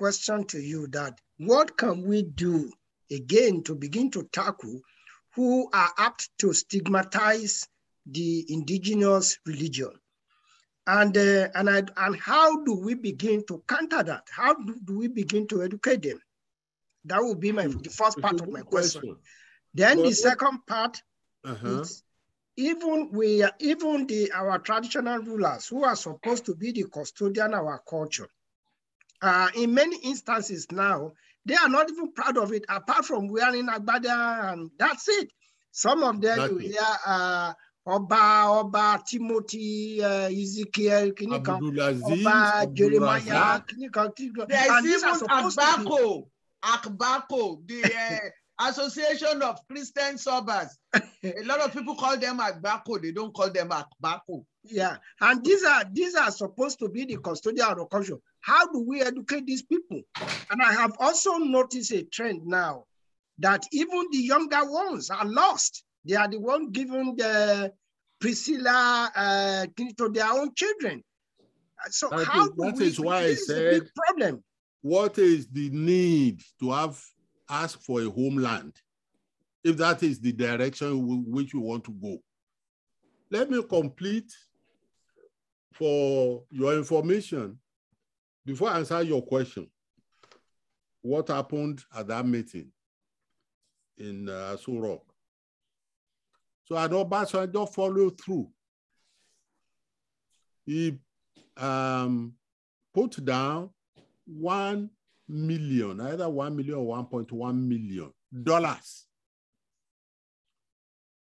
question to you That what can we do again to begin to tackle who are apt to stigmatize the indigenous religion and uh, and I, and how do we begin to counter that how do, do we begin to educate them that will be my hmm. the first part of my question. question. Then well, the second part uh -huh. is even we even the our traditional rulers who are supposed to be the custodian of our culture. Uh, in many instances now, they are not even proud of it, apart from wearing agbada, and that's it. Some of them you hear uh, Oba, Oba, Timothy, uh, Ezekiel, Kinikon, Oba, Jeremiah, Kinikon, and these are supposed tobacco. to be Akbako, the uh, Association of Christian Sobers. a lot of people call them Akbako. They don't call them Akbako. Yeah, and these are these are supposed to be the custodian of culture. How do we educate these people? And I have also noticed a trend now that even the younger ones are lost. They are the one given the Priscilla uh, to their own children. So that how is, that is why I said problem what is the need to have ask for a homeland if that is the direction which you want to go. Let me complete for your information before I answer your question. What happened at that meeting in uh, Surok? So I know Obasanjo followed through. He um, put down 1 million, either 1 million or 1.1 million dollars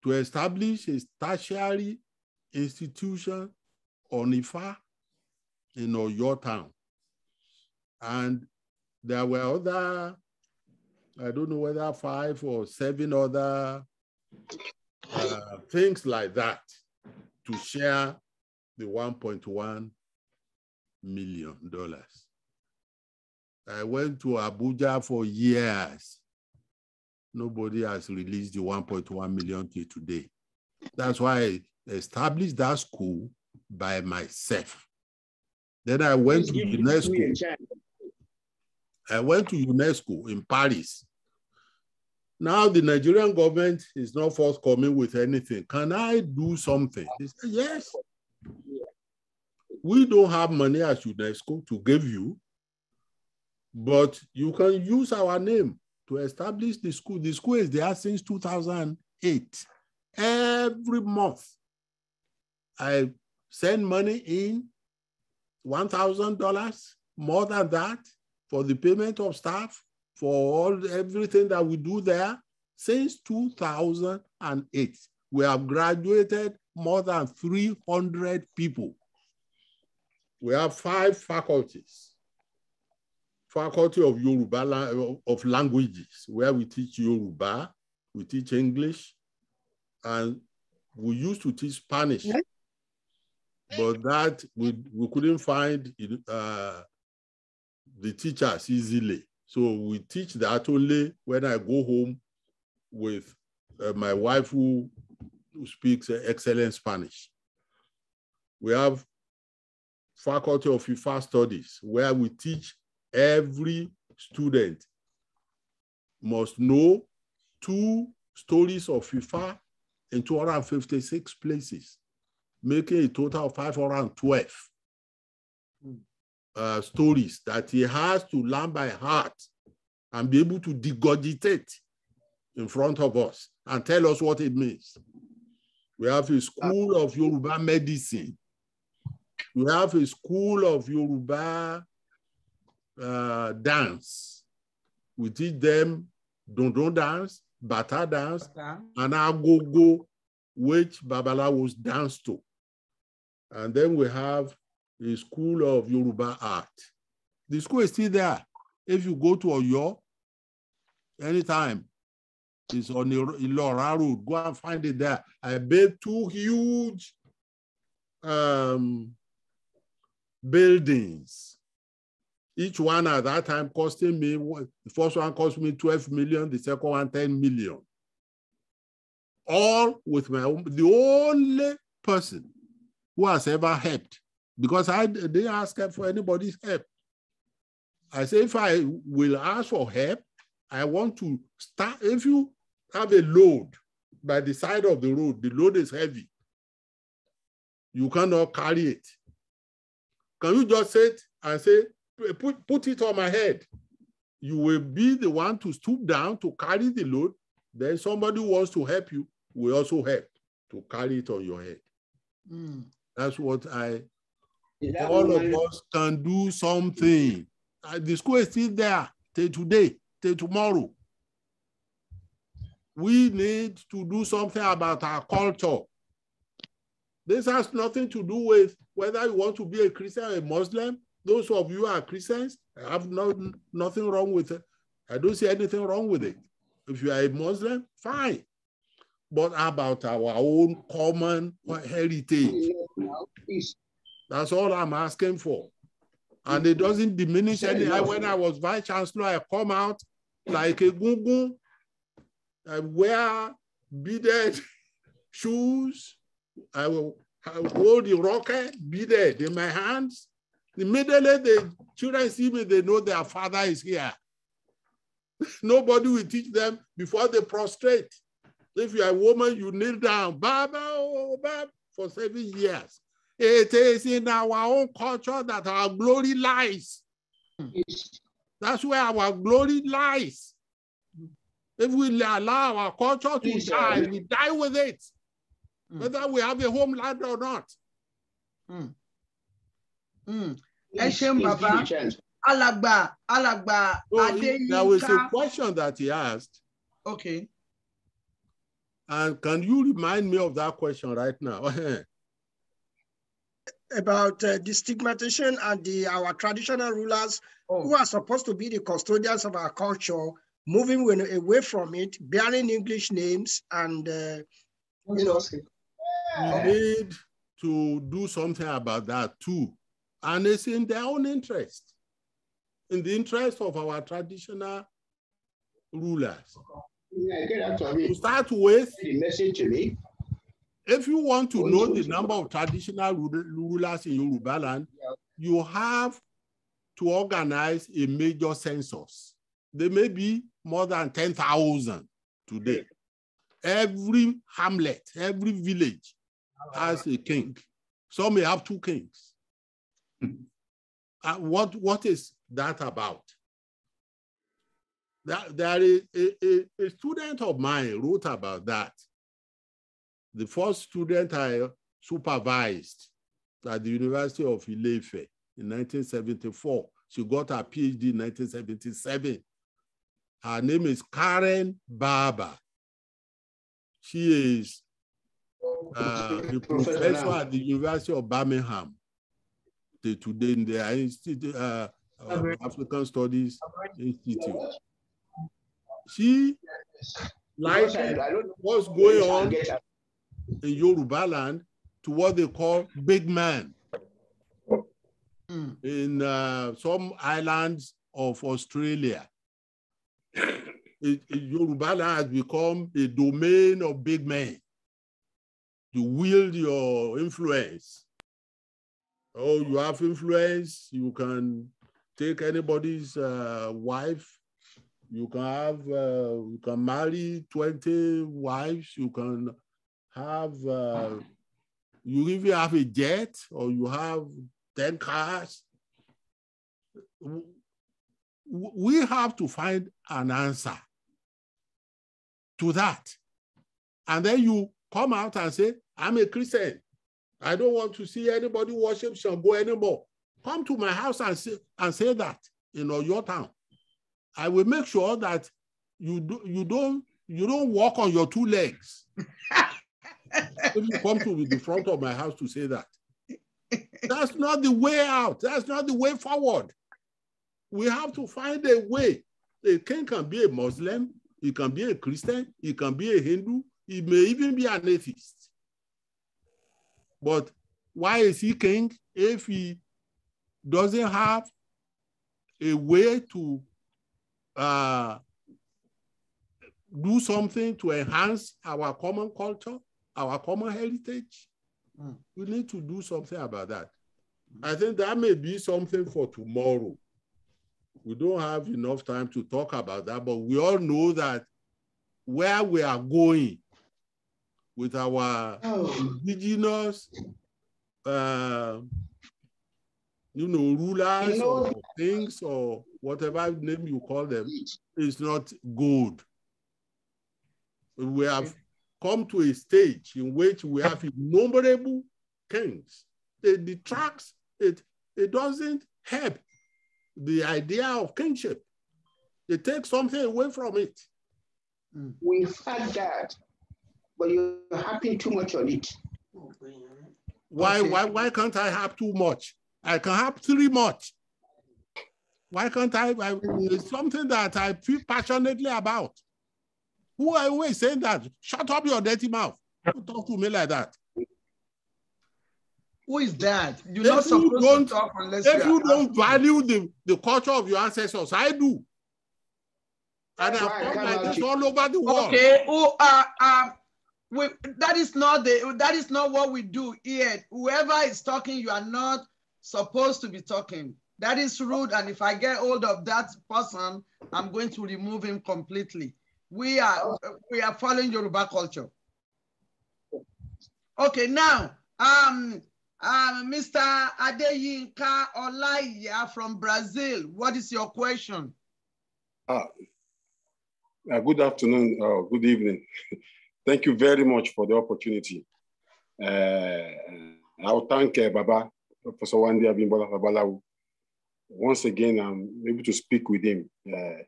to establish a tertiary institution on Ifa in Oyo town. And there were other, I don't know whether five or seven other uh, things like that to share the $1.1 million. I went to Abuja for years. Nobody has released the 1.1 million till today. That's why I established that school by myself. Then I went to UNESCO. I went to UNESCO in Paris. Now the Nigerian government is not forthcoming with anything. Can I do something? They said, yes. We don't have money as UNESCO to give you, but you can use our name to establish the school. The school is there since 2008. Every month, I send money in, $1,000, more than that, for the payment of staff, for all everything that we do there since 2008. We have graduated more than 300 people. We have five faculties. Faculty of Yoruba of languages, where we teach Yoruba, we teach English, and we used to teach Spanish, but that we, we couldn't find uh, the teachers easily. So we teach that only when I go home with uh, my wife who, who speaks excellent Spanish. We have Faculty of IFA Studies where we teach every student must know two stories of FIFA in 256 places, making a total of 512 hmm. uh, stories that he has to learn by heart and be able to degurgitate in front of us and tell us what it means. We have a school of Yoruba medicine. We have a school of Yoruba uh, dance. We teach them dondon dance, bata dance, and agogo, which was dance to. And then we have a school of Yoruba art. The school is still there. If you go to Oyo, anytime, it's on the Ilora Road. Go and find it there. I built two huge um, buildings each one at that time costing me, the first one cost me 12 million, the second one 10 million. All with my own, the only person who has ever helped, because I didn't ask for anybody's help. I say, if I will ask for help, I want to start. If you have a load by the side of the road, the load is heavy. You cannot carry it. Can you just sit and say, put, put it on my head. You will be the one to stoop down to carry the load. Then somebody wants to help you, will also help to carry it on your head. Mm. That's what I, that all of us can do something. Uh, the school is still there till today, till tomorrow. We need to do something about our culture. This has nothing to do with whether you want to be a Christian or a Muslim those of you are Christians, I have no, nothing wrong with it. I don't see anything wrong with it. If you are a Muslim, fine. But about our own common heritage? That's all I'm asking for. And it doesn't diminish any. When I was vice chancellor, I come out like a gungun. I wear beaded shoes. I will hold the rocket beaded in my hands. Immediately the children see me, they know their father is here. Nobody will teach them before they prostrate. If you are a woman, you kneel down, Baba, oh, oh, oh Baba, for seven years. It is in our own culture that our glory lies. That's where our glory lies. If we allow our culture to die, we die with it, mm. whether we have a homeland or not. Mm. Hmm. ẹ alàgbà alàgbà there was a question that he asked. okay. and can you remind me of that question right now. about uh, the stigmatization and the our traditional rulers oh. who are supposed to be the custodians of our culture moving away from it bearing english names and uh, you know we need to do something about that too and it's in their own interest, in the interest of our traditional rulers. Yeah, get to start with, the message to me. if you want to know the number of traditional rulers in Yoruba land, yeah. you have to organize a major census. There may be more than 10,000 today. Every hamlet, every village has a king. Some may have two kings. uh, what, what is that about? That, there is a, a, student of mine wrote about that. The first student I supervised at the University of Ilefe in 1974. She got her PhD in 1977. Her name is Karen Barber. She is uh, the professor at the University of Birmingham the, today in the uh, uh, African Studies Institute. She like what's going on in Yoruba land to what they call big man. Mm. In uh, some islands of Australia, Yoruba land has become a domain of big men. to wield your influence Oh, you have influence. You can take anybody's uh, wife. You can have, uh, you can marry 20 wives. You can have, uh, you even have a jet or you have 10 cars. We have to find an answer to that. And then you come out and say, I'm a Christian. I don't want to see anybody worship Shango anymore. Come to my house and say, and say that in your town. I will make sure that you do, you don't you don't walk on your two legs. if you come to the front of my house to say that. That's not the way out. That's not the way forward. We have to find a way. A king can be a Muslim, he can be a Christian, he can be a Hindu, he may even be an atheist. But why is he king if he doesn't have a way to uh, do something to enhance our common culture, our common heritage? Mm. We need to do something about that. Hmm. I think that may be something for tomorrow. We don't have enough time to talk about that, but we all know that where we are going with our oh. indigenous, uh, you know, rulers or things or whatever name you call them, is not good. We have come to a stage in which we have innumerable kings. It detracts, it, it doesn't help the idea of kingship. It takes something away from it. We had that but you're harping too much on it. Why, why, why can't I have too much? I can have too much. Why can't I? I it's something that I feel passionately about. Who are you saying that? Shut up your dirty mouth. Don't talk to me like that. Who is that? You're if not supposed you don't, to talk unless if you, you don't value the, the culture of your ancestors. I do. And I've come like this all over the world. Okay, oh, are uh, we, that is not the that is not what we do here. Whoever is talking, you are not supposed to be talking. That is rude. And if I get hold of that person, I'm going to remove him completely. We are we are following Yoruba culture. Okay, now um um, Mr. Adeyinka Olaiya from Brazil, what is your question? Uh, uh good afternoon uh, good evening. Thank you very much for the opportunity. Uh, I'll thank uh, Baba, Professor Wandi Abimbola Babalawu. Once again, I'm able to speak with him uh,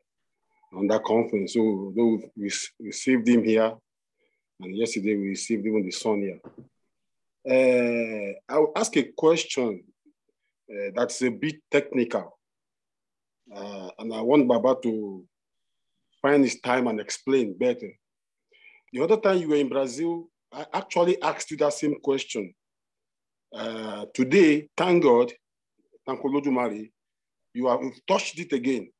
on that conference. So though we received him here, and yesterday we received him on the sun here. Uh, I'll ask a question uh, that's a bit technical. Uh, and I want Baba to find his time and explain better the other time you were in Brazil, I actually asked you that same question. Uh, today, thank God, thank Olodumare, you have touched it again,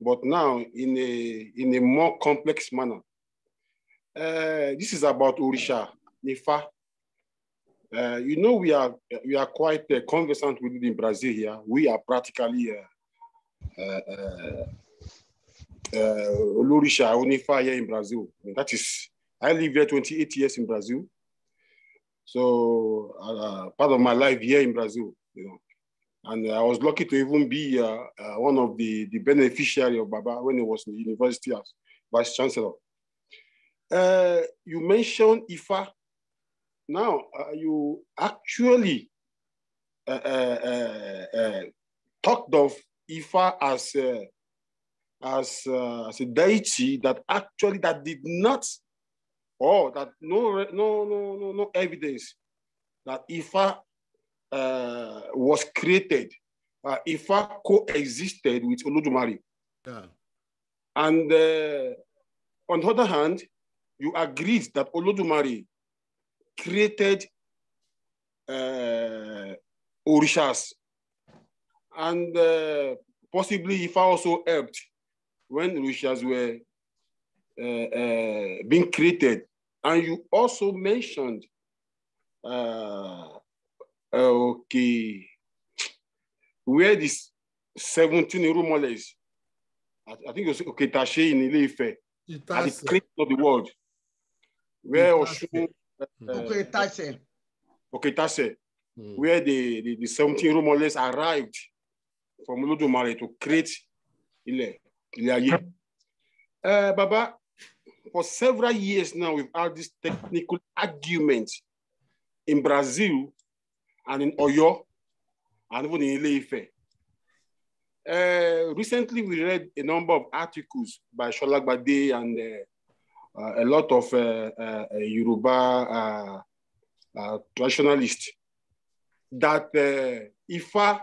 but now in a, in a more complex manner. Uh, this is about Orisha, Nifa. Uh, you know, we are, we are quite uh, conversant with it in Brazil here. We are practically uh, uh, uh, uh Orisha, here in Brazil. That is I live here 28 years in Brazil. So uh, uh, part of my life here in Brazil, you know. And I was lucky to even be uh, uh, one of the, the beneficiary of Baba when he was in the university as vice chancellor. Uh, you mentioned IFA. Now, uh, you actually talked of Ifa as as, as a deity that actually that did not or oh, that no, no, no, no, no evidence that Ifa uh, was created, uh, Ifa coexisted with Oludumari. Yeah. And uh, on the other hand, you agreed that Oludumari created uh, Orishas. And uh, possibly Ifa also helped when Orishas were uh, uh being created And you also mentioned, uh, okay, where this 17 Irumales, I, I think you say, okay, Tashe in Ilife, ife at the cliff of the world, where Oshun. Uh, okay, Tashe. Okay, Tashe, mm. where the, the, the 17 Irumales arrived from Olodumare to create Ile, Ile Uh, Baba, for several years now, we've had this technical argument in Brazil and in Oyo and even in Ileife. Uh, recently, we read a number of articles by Sholagbade and uh, uh, a lot of uh, uh, Yoruba uh, traditionalists that Ifa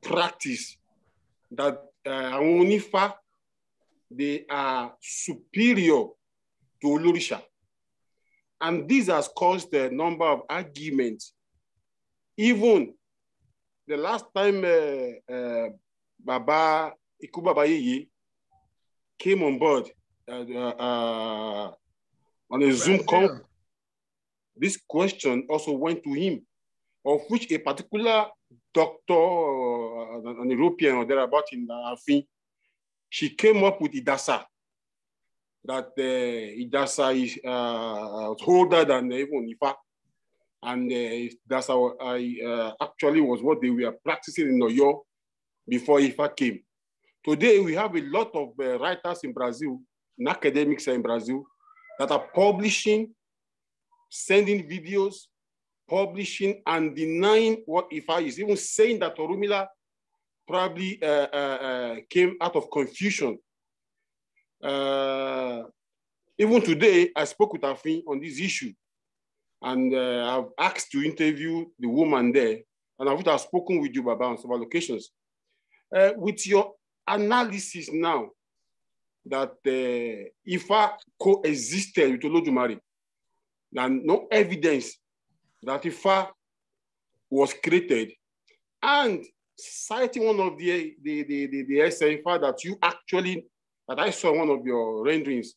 practice, that uh, Ifa, they are superior to Olurisha. And this has caused a number of arguments. Even the last time uh, uh, Baba Iku Baba Yeye came on board uh, uh, uh on a right Zoom call, this question also went to him, of which a particular doctor, uh, an European or thereabout in Afin, she came up with Idasa that uh, Idasa is uh, older than even Ifa. And that's uh, how I actually was what they were practicing in Oyo before Ifa came. Today, we have a lot of writers in Brazil, and academics in Brazil, that are publishing, sending videos, publishing, and denying what Ifa is, even saying that Orumila probably uh, uh, came out of confusion uh, even today, I spoke with Afin on this issue, and uh, I've asked to interview the woman there, and I've spoken with you, Baba, on several occasions. Uh, with your analysis now that uh, Ifa coexisted with Olodumare, and no evidence that Ifa was created, and citing one of the the the, the, the essay Ifa that you actually but I saw one of your renderings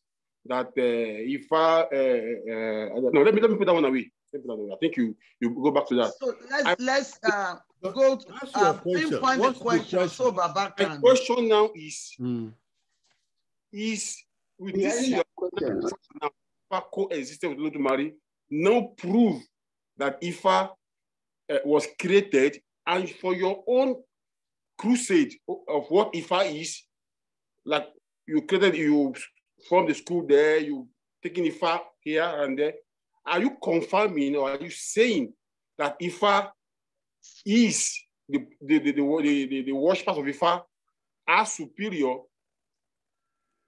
that uh, if I, uh, uh, no, let me, let me put that one away. I think you, you go back to that. So let's, I, let's uh, go to uh, question. What's the question. So Baba The question now is, mm. is with this Ifa coexisted with Lotumari, No proof that Ifa uh, was created and for your own crusade of what Ifa is, like you created, you from the school there, you taking IFA here and there. Are you confirming or are you saying that IFA is the, the, the, the, the, the worshippers of IFA are superior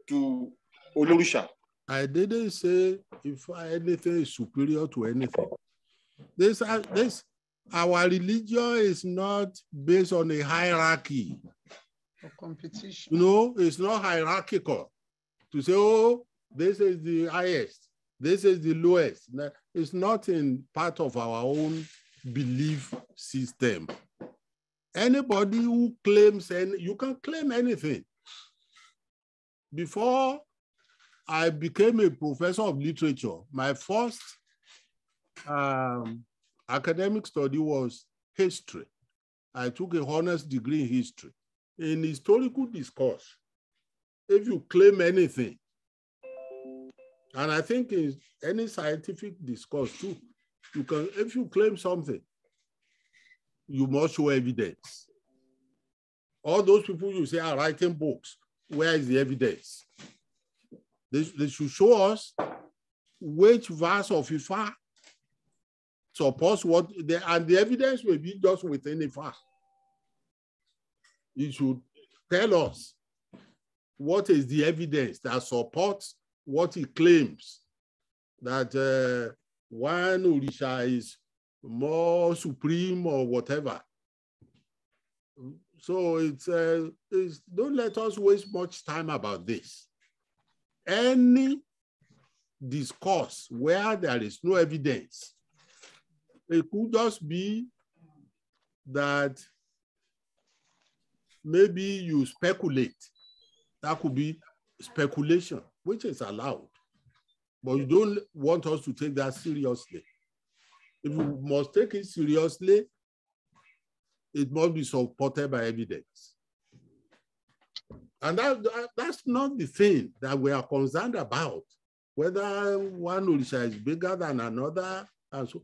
to Olorisha? I didn't say if anything is superior to anything. This, uh, this, our religion is not based on a hierarchy for competition. You know, it's not hierarchical to say, oh, this is the highest, this is the lowest. It's not in part of our own belief system. Anybody who claims, and you can claim anything. Before I became a professor of literature, my first um, academic study was history. I took a honors degree in history in historical discourse, if you claim anything, and I think in any scientific discourse too, you can if you claim something, you must show evidence. All those people you say are writing books, where is the evidence? They, they should show us which verse of Ifa supports what they, and the evidence will be just within Ifa you should tell us what is the evidence that supports what he claims that uh, one Orisha is more supreme or whatever. So it's, uh, it's don't let us waste much time about this. Any discourse where there is no evidence, it could just be that maybe you speculate. That could be speculation, which is allowed. But you don't want us to take that seriously. If you must take it seriously, it must be supported by evidence. And that, that, that's not the thing that we are concerned about, whether one Orisha is bigger than another. And so,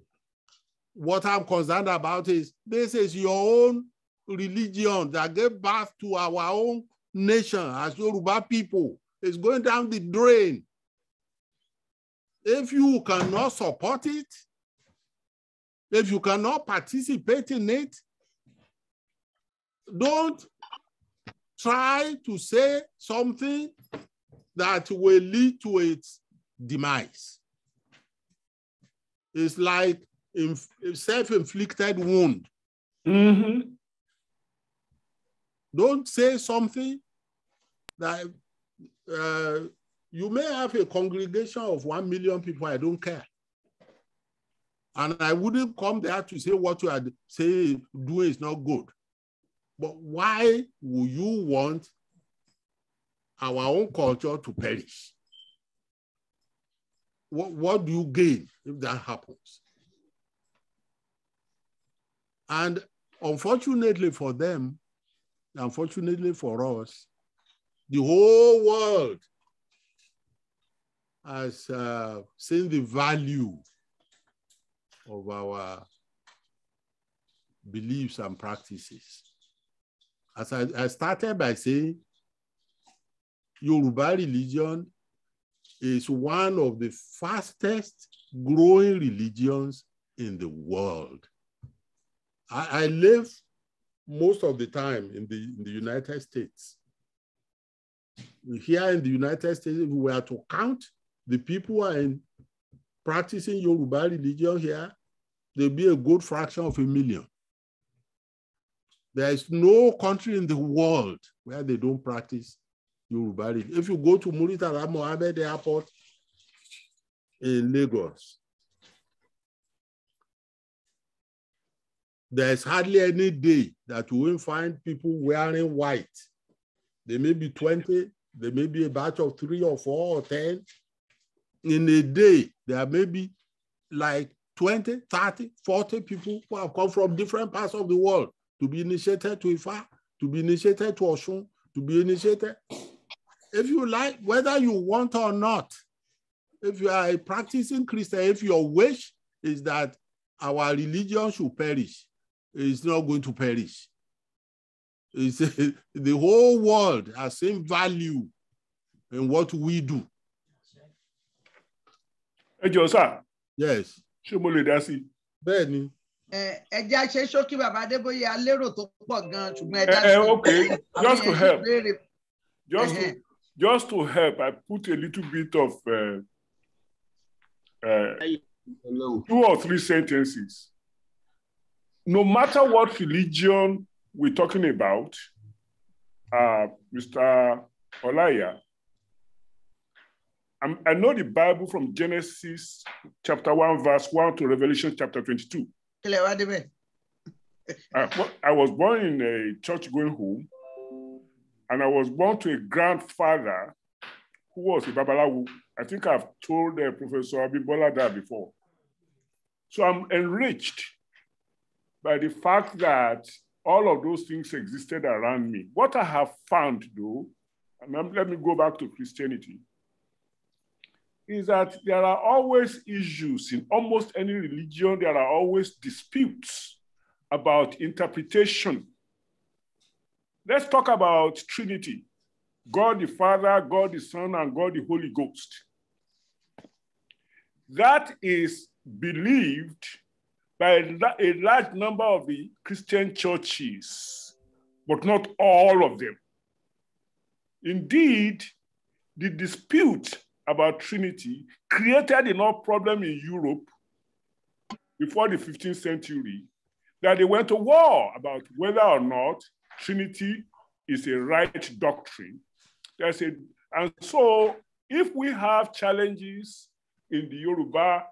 what I'm concerned about is this is your own religion that gave birth to our own nation as Yoruba people is going down the drain. If you cannot support it, if you cannot participate in it, don't try to say something that will lead to its demise. It's like self-inflicted wound. Mm -hmm. Don't say something that uh, you may have a congregation of 1 million people, I don't care. And I wouldn't come there to say what you are saying, doing is not good. But why would you want our own culture to perish? What, what do you gain if that happens? And unfortunately for them, unfortunately for us, the whole world has uh, seen the value of our beliefs and practices. As I, I started by saying, Yoruba religion is one of the fastest growing religions in the world. I, I live most of the time in the, in the United States. Here in the United States, if we are to count the people who are in practicing Yoruba religion here, there'll be a good fraction of a million. There is no country in the world where they don't practice Yoruba religion. If you go to Muritara Mohammed Airport in Lagos, There's hardly any day that you won't find people wearing white. There may be 20, there may be a batch of three or four or 10. In a day, there may be like 20, 30, 40 people who have come from different parts of the world to be initiated to Ifa, to be initiated to Oshun, to be initiated. If you like, whether you want or not, if you are a practicing Christian, if your wish is that our religion should perish, is not going to perish. It's, the whole world has same value in what we do. ẹ sá. yes. ṣé mo lè dá sí i. bẹ́ẹ̀ ẹ jẹ́ àṣẹ ṣókí bàbá Adébóyè alérò tó pọ̀ gan-an ṣùgbọ́n ẹ dá sí i. okay just to help just to just to help I put a little bit of uh, uh, two or three sentences. no matter what religion we're talking about, uh, Mr. Olaya, I'm, i know the Bible from Genesis chapter 1, verse 1 to Revelation chapter 22. I, uh, I was born in a church going home, and I was born to a grandfather who was a babalawu. I think I've told uh, Professor Abibola that before. So I'm enriched by the fact that all of those things existed around me. What I have found, though, and let me go back to Christianity, is that there are always issues in almost any religion, there are always disputes about interpretation. Let's talk about Trinity God the Father, God the Son, and God the Holy Ghost. That is believed by a large number of the Christian churches, but not all of them. Indeed, the dispute about Trinity created enough problem in Europe before the 15th century that they went to war about whether or not Trinity is a right doctrine. That's it. And so if we have challenges in the Yoruba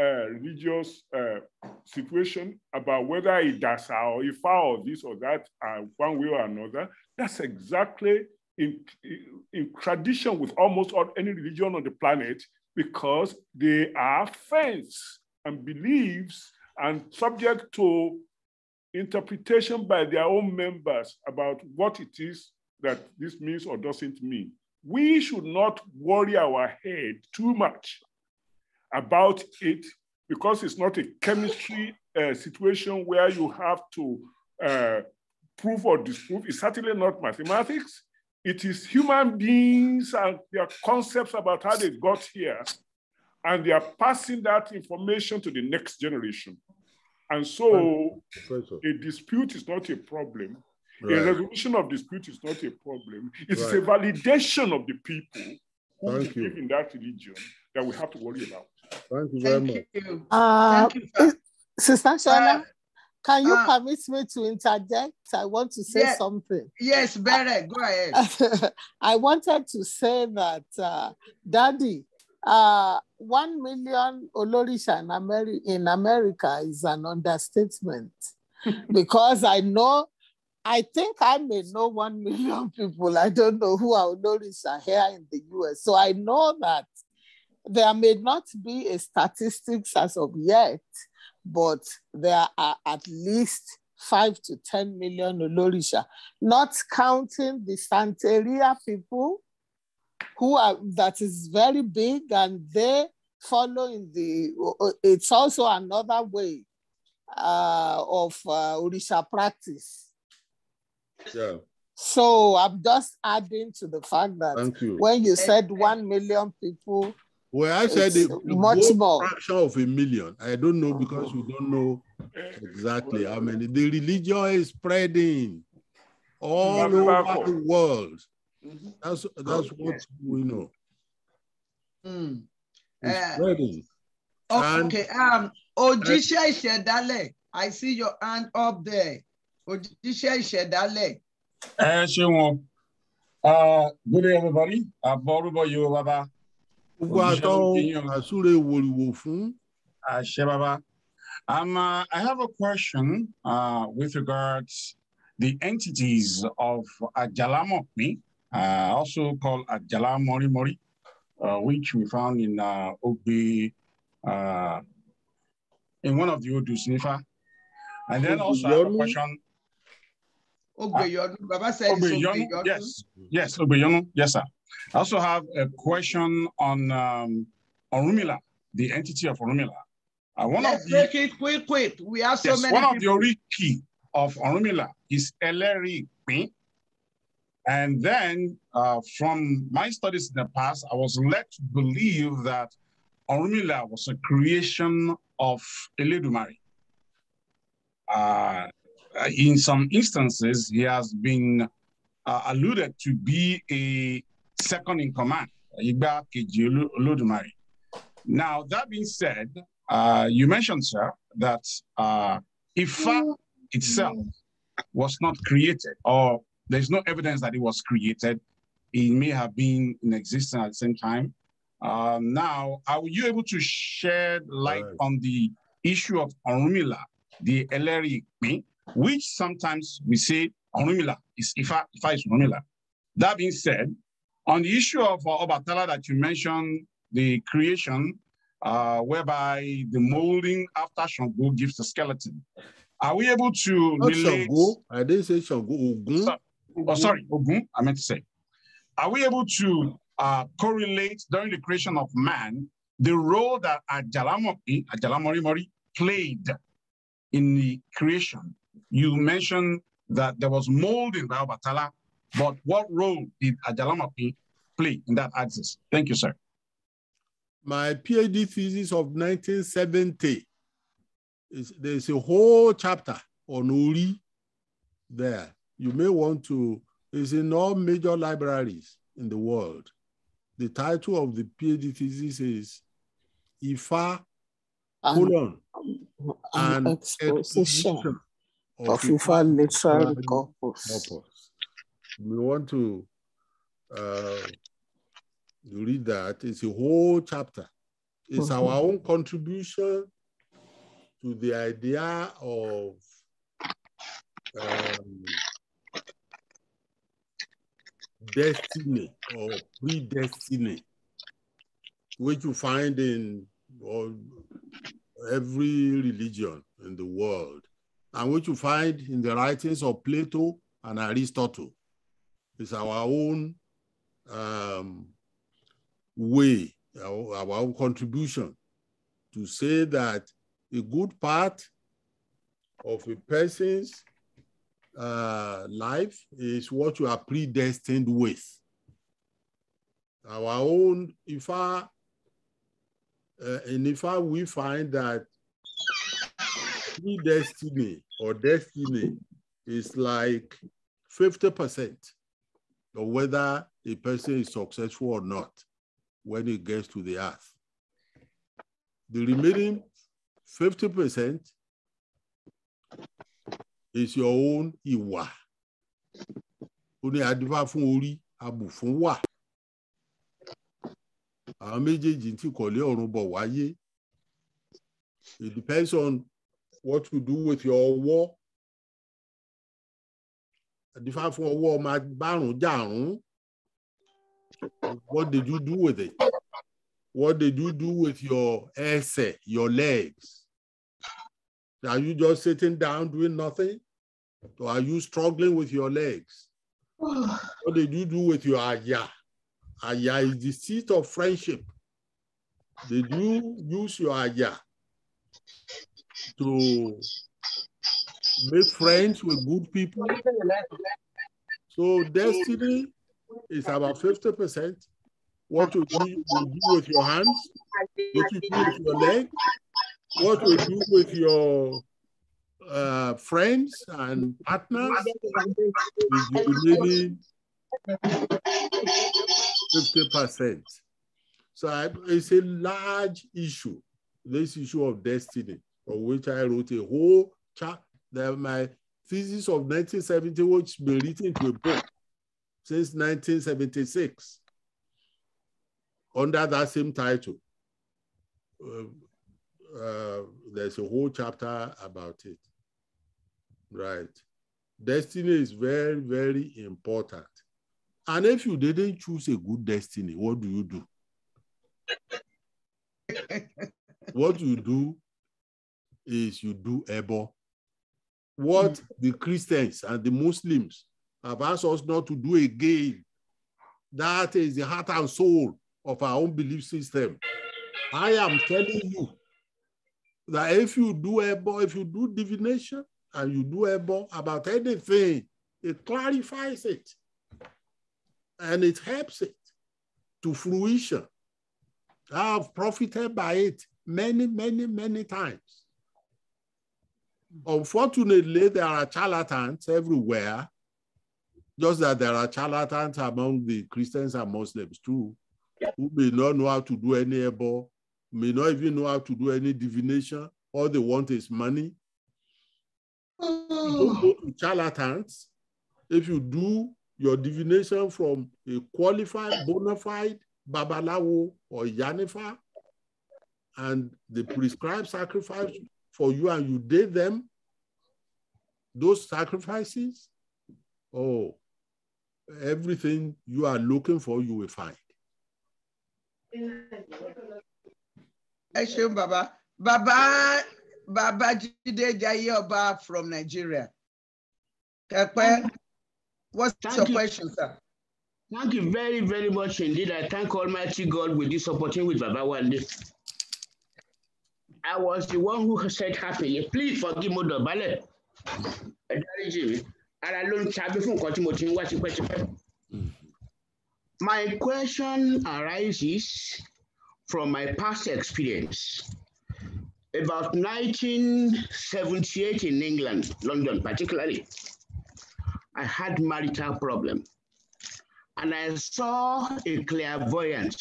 uh, religious uh, situation about whether it does or if or this or that, uh, one way or another. That's exactly in, in tradition with almost all, any religion on the planet because they are faiths and beliefs and subject to interpretation by their own members about what it is that this means or doesn't mean. We should not worry our head too much about it because it's not a chemistry uh, situation where you have to uh, prove or disprove. It's certainly not mathematics. It is human beings and their concepts about how they got here. And they are passing that information to the next generation. And so a dispute is not a problem. Right. A resolution of dispute is not a problem. It's right. a validation of the people who Thank believe you. in that religion that we have to worry about. Thank you very Thank much. You. Uh, Thank you, Sister Shana, uh, can you uh, permit me to interject? I want to say yeah, something. Yes, better. Go ahead. I wanted to say that, uh, Daddy, uh, one million Olorisha in, Ameri- in America is an understatement because I know, I think I may know one million people. I don't know who are Olorisha here in the US. So I know that there may not be a statistics as of yet, but there are at least five to 10 million Olorisha, not counting the Santeria people who are, that is very big and they follow in the, it's also another way uh, of uh, Orisha practice. Sure. So I'm just adding to the fact that you. when you said 1 million people, Well, I said the, much fraction of a million. I don't know because we don't know exactly how many. The religion is spreading all over the world. Mm-hmm. That's that's oh, what we know. Mm. Uh, okay. um, Òjíṣẹ́ Ìṣẹ̀dálẹ̀, I see your hand up there. Ojisha Ìṣẹ̀dálẹ̀. Ẹ ṣé wọn. Ah, good day everybody. Àbọ̀ orúbọ̀ Yorùbá bá. Um, uh, I have a question uh, with regards the entities of Ajalamokni uh, also called Ajalamori uh, which we found in uh, uh, in one of the Odu Nifa and then also I have a question. Obi uh, Baba said Ogbeyonu, yes, yes, Ogbeyonu, yes, sir. I also have a question on um, Rumila, the entity of Rumila. Uh, one Let's of the, make it quick, quick. We have so yes, many. One people. of the oriki of Rumila is Eleri Queen. And then uh, from my studies in the past, I was led to believe that Rumila was a creation of Eledumari. Uh, in some instances, he has been uh, alluded to be a second in command, Igba Keji Now, that being said, uh, you mentioned, sir, that uh, Ifa itself was not created, or there's no evidence that it was created. It may have been in existence at the same time. Uh, now, are you able to shed light right. on the issue of Orumila, the Eleri which sometimes we say Orumila is Ifa, Ifa is Orumila. That being said, on the issue of uh, Obatala that you mentioned, the creation, uh, whereby the molding after Shango gives the skeleton. Are we able to Not relate? Shango. I didn't say Shango. Ogun. oh, sorry, Ogun. I meant to say. Are we able to uh, correlate during the creation of man the role that Ajalamori, Ajalamori Mori played in the creation? You mentioned that there was molding by Obatala but what role did Ajalamapi play in that axis? Thank you, sir. My PhD thesis of 1970, is, there's a whole chapter on Uri there. You may want to, it's in all major libraries in the world. The title of the PhD thesis is Ifa, colon, and exposition of, of Ifa literary corpus. corpus we want to uh, read that, it's a whole chapter. It's mm -hmm. our own contribution to the idea of um, destiny or predestiny, which you find in every religion in the world, and which you find in the writings of Plato and Aristotle. It's our own um, way, our, our own contribution to say that a good part of a person's uh, life is what you are predestined with. Our own, if I, uh, and if I, we find that predestiny or destiny is like 50%. Or whether a person is successful or not when it gets to the earth. The remaining 50% is your own ìwà. It depends on what you do with your work dífá fún ọwọ́ my bárùn jàrún what did you do with it what did you do with your ẹsẹ̀ your legs are you just sitting down doing nothing or are you struggling with your legs what did you do with your àyà àyà is the seat of friendship did you use your àyà to make friends with good people. So destiny is about 50%. What you do, you do with your hands, what you do with your leg, what you do with your uh, friends and partners is the remaining 50%. So I, it's a large issue, this issue of destiny, of which I wrote a whole chapter that my thesis of 1970, which has been written to a book since 1976 under that same title. Uh, uh, there's a whole chapter about it. Right. Destiny is very, very important. And if you didn't choose a good destiny, what do you do? what you do is you do able what mm. the Christians and the Muslims have asked us not to do again. That is the heart and soul of our own belief system. I am telling you that if you do Ebo, if you do divination and you do Ebo about anything, it clarifies it and it helps it to fruition. I have profited by it many, many, many times. Unfortunately, there are charlatans everywhere, just that there are charlatans among the Christians and Muslims too, who may not know how to do any abo, may not even know how to do any divination. All they want is money. Don't go to charlatans. If you do your divination from a qualified, bona fide Babalawo or Yanifa, and they prescribe sacrifice for you and you did them, those sacrifices, oh, everything you are looking for, you will find. Ashim Baba. Baba Baba Jide Jayoba from Nigeria. What's thank your you. question, sir? Thank you very, very much indeed. I thank Almighty God with this opportunity with Baba Wande. I was the one who said happily, please forgive me the Ẹ dáríjì mi, ara ló ń tabí fún nǹkan tí mo ti ń wá My question arises from my past experience. About 1978 in England, London particularly, I had marital problem. And I saw a clairvoyant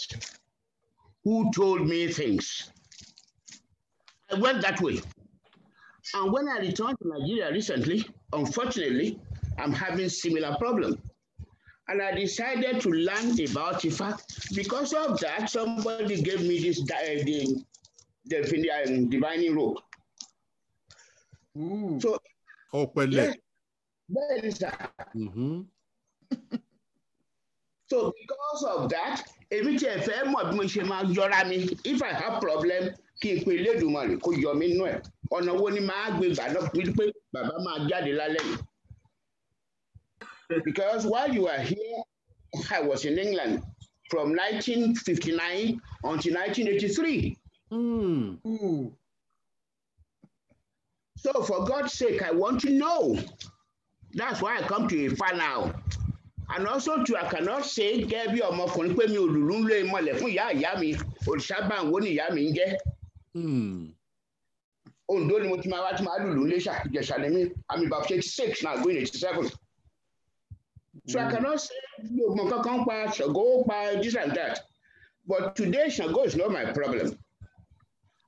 who told me things went that way. And when I returned to Nigeria recently, unfortunately, I'm having similar problem. And I decided to learn about IFA. Because of that, somebody gave me this eh, the, the um, divining rope. Mm. So, oh, well, yes, Mm -hmm. so because of that, if I have problem kí n pe kó yọ mí nú ẹ̀ ọ̀nà wo ni màá gbé pé bàbá máa jáde lálẹ́ yìí. Because while you are here, I was in England from 1959 until 1983. Hmm. Hmm. So for God's sake, I want to know. That's why I come to Ifá now. And also to. I cannot say ọmọkùnrin pé mi ò lùlù ń lé mọ́lẹ̀ fún ìyá ìyá mi, òrìṣà ni ìyá mi ń jẹ́. Hmm. Oh, I'm about 86, now going eighty seven. So I hmm. cannot say gbogbo nǹkan kan pa go by this and that but today go is not my problem.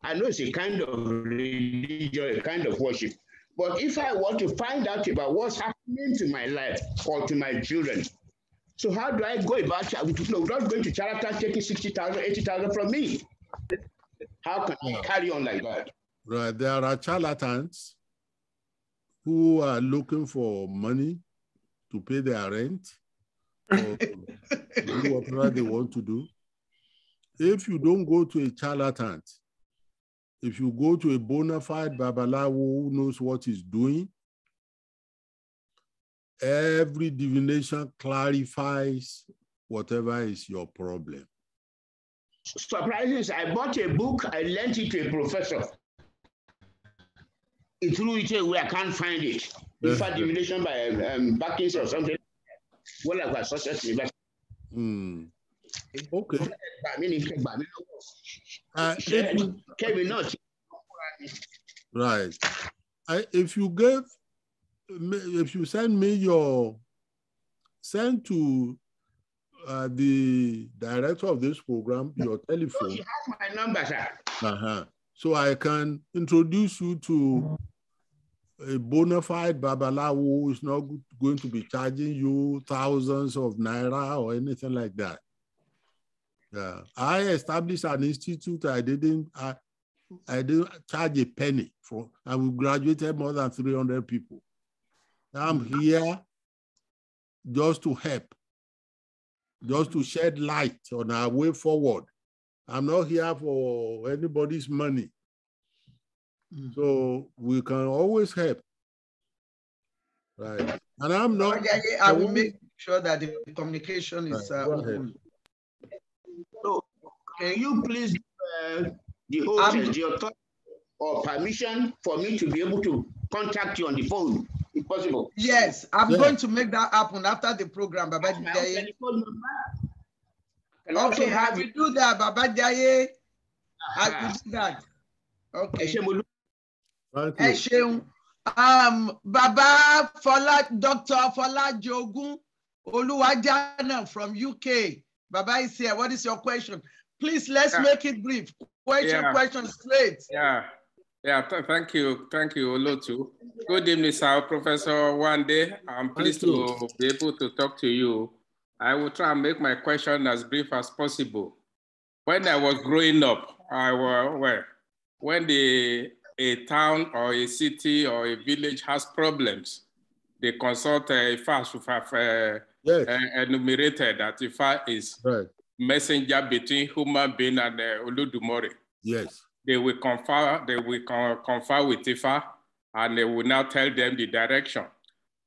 I know it's a kind of religion, a kind of worship. But if I want to find out about what's happening to my life or to my children, so how do I go about it? i not going to charity taking 60,000, 80,000 from me. How can you ah. carry on like that? Right. There are charlatans who are looking for money to pay their rent or do whatever they want to do. If you don't go to a charlatan, if you go to a bona fide babalawo who knows what he's doing, every divination clarifies whatever is your problem surprises. I bought a book, I lent it to a professor. He threw it away, I can't find it. It's a diminution by um, Backings or something. Well, I was success university. Mm. Okay. Uh, it, right. I, if you give, if you send me your, send to uh, the director of this program your telephone. She has my number, sir. Uh-huh. So I can introduce you to a bona fide babalawo who is not going to be charging you thousands of naira or anything like that. Yeah, I established an institute. I didn't. I, I didn't charge a penny for. I we graduated more than 300 people. I'm here just to help just to shed light on our way forward. I'm not here for anybody's money. Mm. So we can always help. Right. And I'm not. yeah, I will make sure that the communication is right. uh, open. So, can you please uh, the the authority or permission for me to be able to contact you on the phone? It's possible. Yes, I'm yeah. going to make that happen after the program, Baba Jaye. Okay, I do that, Baba Jaye. I do that. Okay. Ẹ ṣeun. Um, Baba Fola, Dr. Fola Jogun Oluwajana from UK. Baba is here. What is your question? Please, let's yeah. make it brief. Question, yeah. question, straight. Yeah. Yeah, th thank you. Thank you, Olotu. Good evening, sir. Professor Wande. I'm pleased to be able to talk to you. I will try and make my question as brief as possible. When I was growing up, I was, well, when the, a town or a city or a village has problems, they consult a fast who have uh, yes. Eh, enumerated that if I is right. messenger between human being and uh, eh, Oludumore. Yes they will confer, they will confer with IFA and they will now tell them the direction.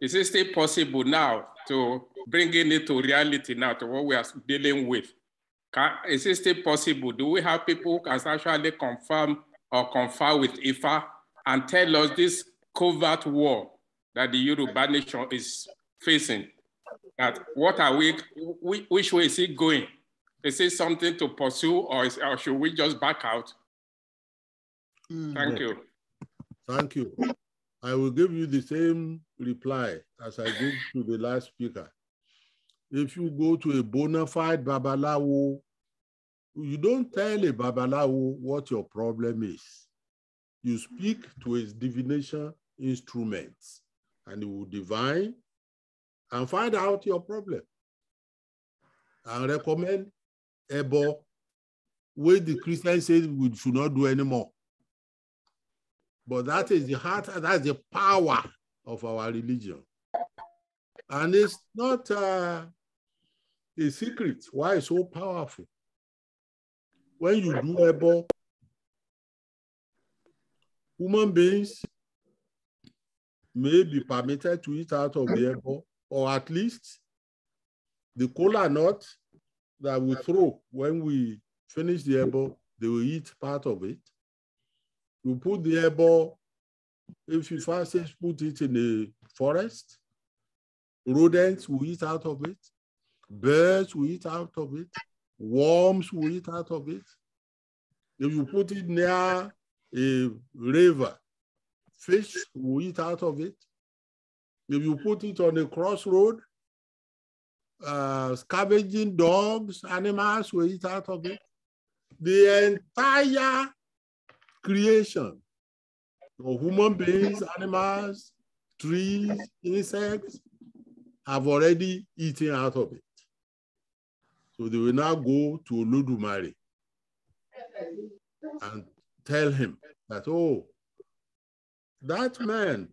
Is it still possible now to bring it to reality now to what we are dealing with? Can, is it still possible? Do we have people who can actually confirm or confer with IFA and tell us this covert war that the Yoruba nation is facing? That what are we, which way is it going? Is it something to pursue or, is, or should we just back out Mm, Thank you. Thank you. I will give you the same reply as I gave to the last speaker. If you go to a bona fide babalawo, you don't tell a babalawo what your problem is. You speak to his divination instruments and he will divine and find out your problem I recommend Ebo, which the Christian says we should not do anymore. But that is the heart, that's the power of our religion. And it's not uh, a secret why it's so powerful. When you do about human beings may be permitted to eat out of the apple, or at least the cola nut that we throw when we finish the apple, they will eat part of it. You put the airball, if you first put it in the forest, rodents will eat out of it, birds will eat out of it, worms will eat out of it. If you put it near a river, fish will eat out of it. If you put it on a crossroad, uh, scavenging dogs, animals will eat out of it. The entire creation human beings, animals, trees, insects have already eaten out of it. So they will now go to Olodumare and tell him that, oh, that man,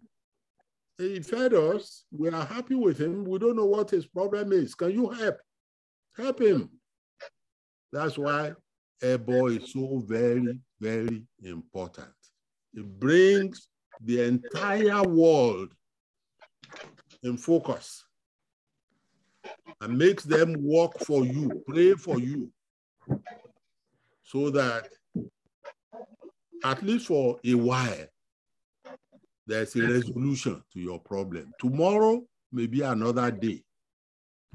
he fed us. We are happy with him. We don't know what his problem is. Can you help? Help him. That's why Ebo is so very very important. It brings the entire world in focus and makes them work for you, pray for you, so that at least for a while, there's a resolution to your problem. Tomorrow may be another day,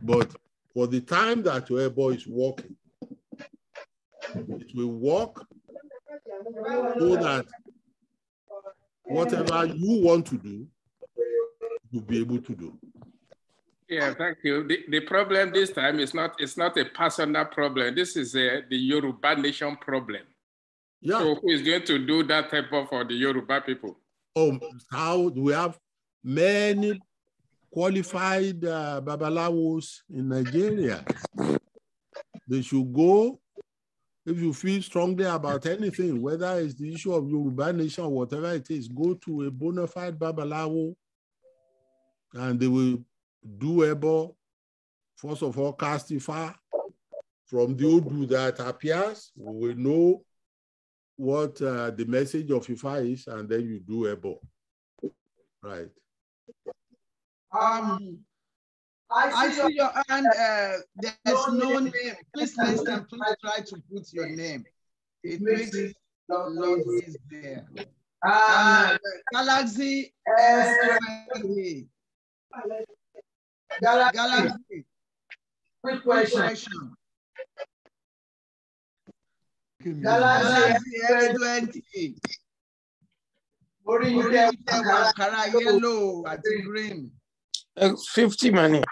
but for the time that your boy is walking, it will walk so that whatever you want to do, you'll be able to do. Yeah, thank you. The, the problem this time is not it's not a personal problem. This is a, the Yoruba nation problem. Yeah. So who is going to do that type of for the Yoruba people? Oh, how do we have many qualified uh, babalawos in Nigeria? They should go if you feel strongly about anything, whether it's the issue of Yoruba nation, whatever it is, go to a bona fide Babalawo and they will do Ebo, first of all, cast Ifa. From the Odu that appears, we will know what uh, the message of Ifa is, and then you do Ebo. Right. Um, I see, I see your, your hand. Uh, there's no name. name. Please, next please try to put your name. It, it makes it lot easier. Ah, uh, Galaxy eh. S twenty. Galaxy. Quick question. question. Galaxy S twenty. What yìí tẹ wàkàrà yellow àti green. Uh, fifty money.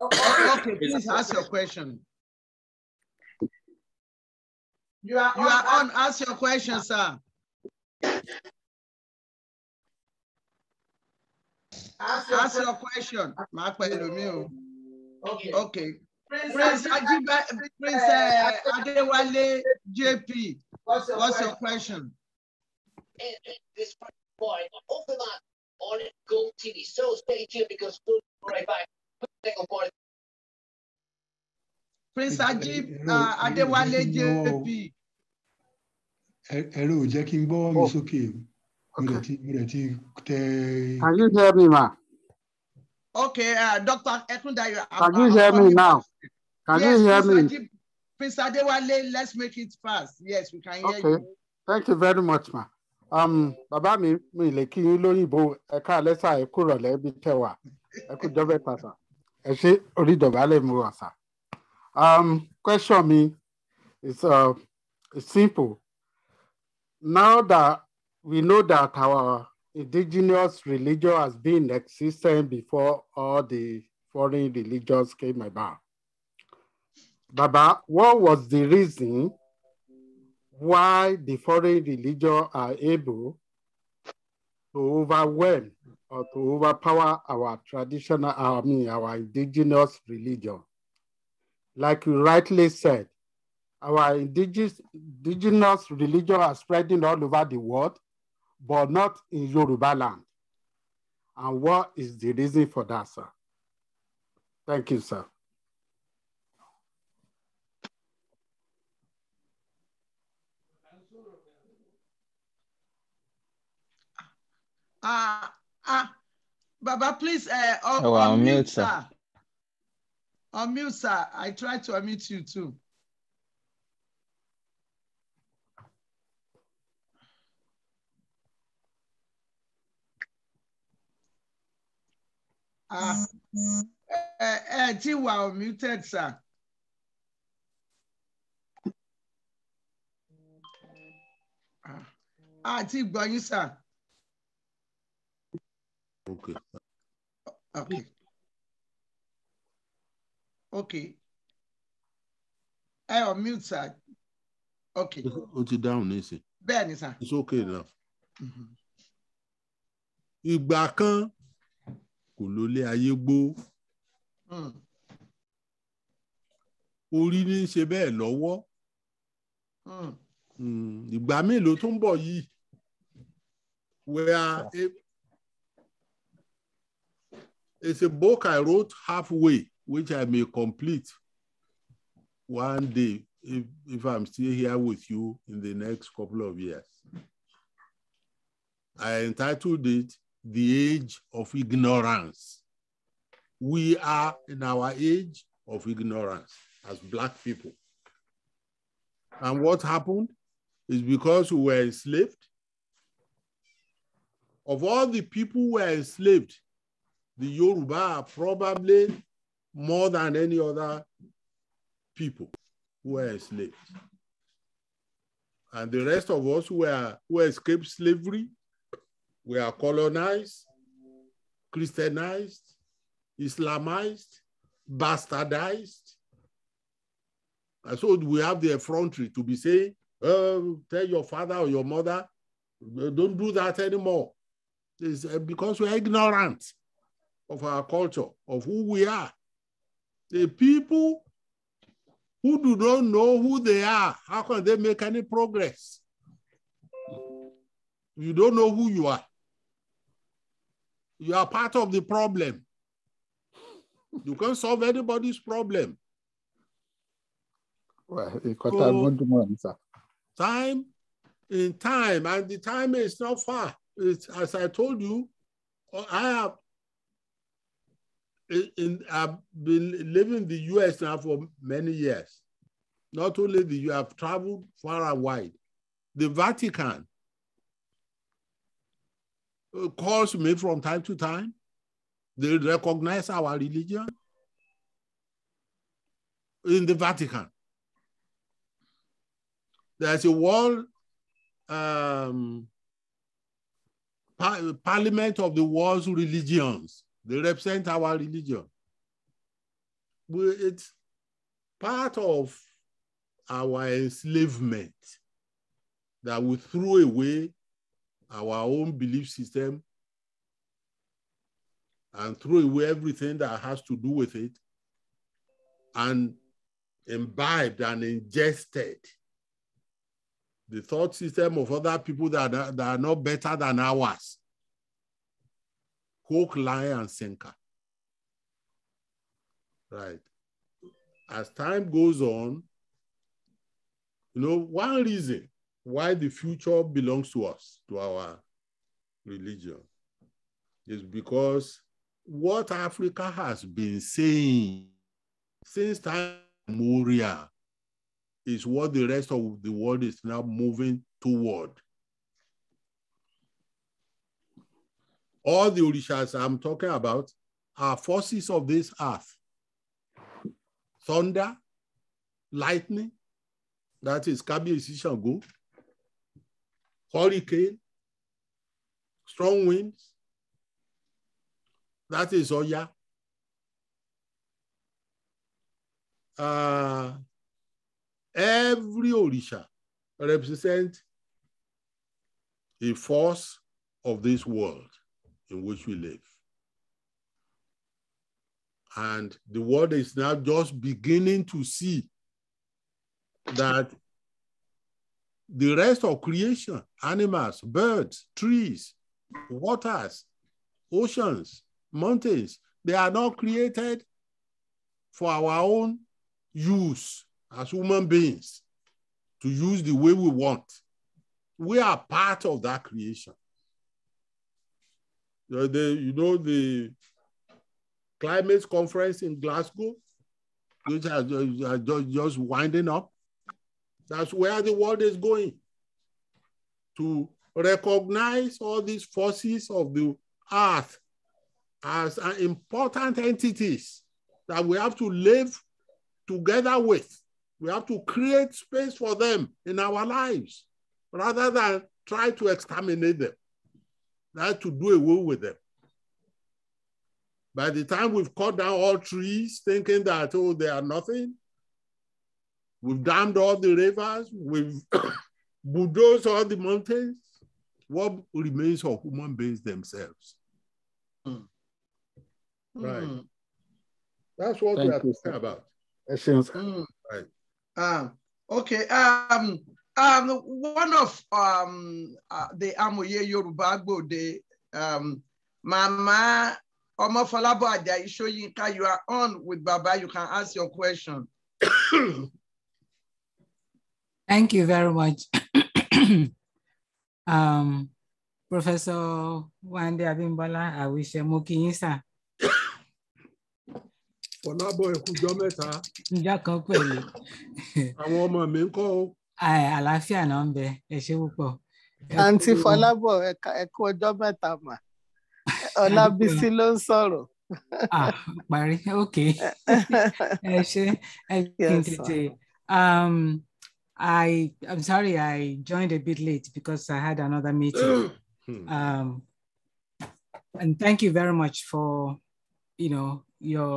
okay, please ask your question. You are, you on, are on. Ask your question, sir. Ask your, ask question. Má Okay. Okay. Prince Ajiba, Prince Adewale JP, what's your, question? This point overlap on Gold TV. So stay tuned because we'll be right back. Prince Ajib uh, Adéwálé JP. Ẹ̀rọ jẹ́ kí n gbọ́ mi oh. sókè. Can you hear me ma? Okay, uh, Dr. Ekundayo. Can you hear me now? Can yes, you hear Prince me? Prince Adewale, let's make it fast. Yes, we can hear okay. you. Thank you very much ma. Um, bàbá mi mi lè kí yín lóyìnbó ẹ̀ka lẹ́sà ẹ̀kú rọ̀lẹ́ bí tẹ̀wà ẹ̀kú jọ́bẹ̀ pàtàkì. I ẹ ṣe onídọ̀bálẹ̀ mi wà Um, question me. is uh, simple. Now that we know that our indigenous religion has been existing before all the foreign religions came about. Baba, what was the reason why the foreign religion are able to overwhelm or to overpower our traditional, I mean, our indigenous religion. Like you rightly said, our indigenous, indigenous religion are spreading all over the world, but not in Yoruba land. And what is the reason for that, sir? Thank you, sir. Uh, Ah, Baba, please, uh, un- oh, unmute, unmute, sir. sir. Unmute, sir. I try to unmute you too. Ah, uh, uh, uh, you were sir. Ah, uh, I think, sir. Ok, Okay. ok. I on mute sir. Okay. Ó ti dáhùn nísìn. Bẹ́ẹ̀ ni sir. It's okay now. Mm-hmm. Ìgbà kan kò ló lé ayé gbó. Hmm. Orí ní í ṣe bẹ́ẹ̀ lọ́wọ́. Hmm. Hmm. Ìgbà mélòó tó ń bọ̀ yìí? Wẹ́ẹ́ It's a book I wrote halfway, which I may complete one day if, if I'm still here with you in the next couple of years. I entitled it The Age of Ignorance. We are in our age of ignorance as Black people. And what happened is because we were enslaved. Of all the people who were enslaved, the Yoruba are probably more than any other people who were enslaved. And the rest of us who, are, who escaped slavery, we are colonized, Christianized, Islamized, bastardized. And so we have the effrontery to be saying, oh, tell your father or your mother, don't do that anymore. It's eh, because we're ignorant of our culture, of who we are. The people who do not know who they are, how can they make any progress? You don't know who you are. You are part of the problem. You can't solve anybody's problem. Well, so, time in time, and the time is not far. It's, as I told you, I have in, I've been living the US now for many years. Not only the you have traveled far and wide. The Vatican uh, calls me from time to time. They recognize our religion in the Vatican. There's a world um, parliament of the world's religions. They represent our religion. it's part of our enslavement that we throw away our own belief system and throw away everything that has to do with it and imbibed and ingested the thought system of other people that are, that are not better than ours hook, line, and sinker. Right. As time goes on, you know, one reason why the future belongs to us, to our religion, is because what Africa has been saying since time immemorial is what the rest of the world is now moving toward. all the Orishas I'm talking about are forces of this earth. Thunder, lightning, that is Kabi Sishango, hurricane, strong winds, that is Oya. Uh, every Orisha represents a force of this world in which we live. And the world is now just beginning to see that the rest of creation, animals, birds, trees, waters, oceans, mountains, they are not created for our own use as human beings to use the way we want. We are part of that creation the, you know, the climate conference in Glasgow, which are just winding up. That's where the world is going to recognize all these forces of the earth as important entities that we have to live together with. We have to create space for them in our lives rather than try to exterminate them that had to do away with them. By the time we've cut down all trees, thinking that, oh, they are nothing, we've dammed all the rivers, we've bulldozed all the mountains, what remains of human beings themselves? Mm. Right. Mm. That's what Thank we are you, talking sir. about. Hmm. Right. Um, okay. Um, Um, one of um, uh, the Amoye Yoruba Gbode, um, Mama Omofalabo Ajayi Soyinka, you are on with Baba. You can ask your question. Thank you very much. um, Professor Wande Abimbola, I wish you Mokinyi, sir. Ọ̀nàbọ̀ ẹ̀kújọ́ mẹ́ta. Ǹjẹ́ kan pẹ̀lú. Àwọn ọmọ mi ń àlàáfíà náà ń bẹ ẹ ṣé púpọ̀. àǹtí fọlábọ ẹ kú ọjọ́ mẹ́ta mà ọlábísí ló ń sọ̀rọ̀. ah parí ok ẹ ṣé ẹ kí n be e se pupo anti folabo e ku ojo meta ma lo soro ah pari okay e se e I I'm sorry I joined a bit late because I had another meeting. Hmm. um, and thank you very much for you know your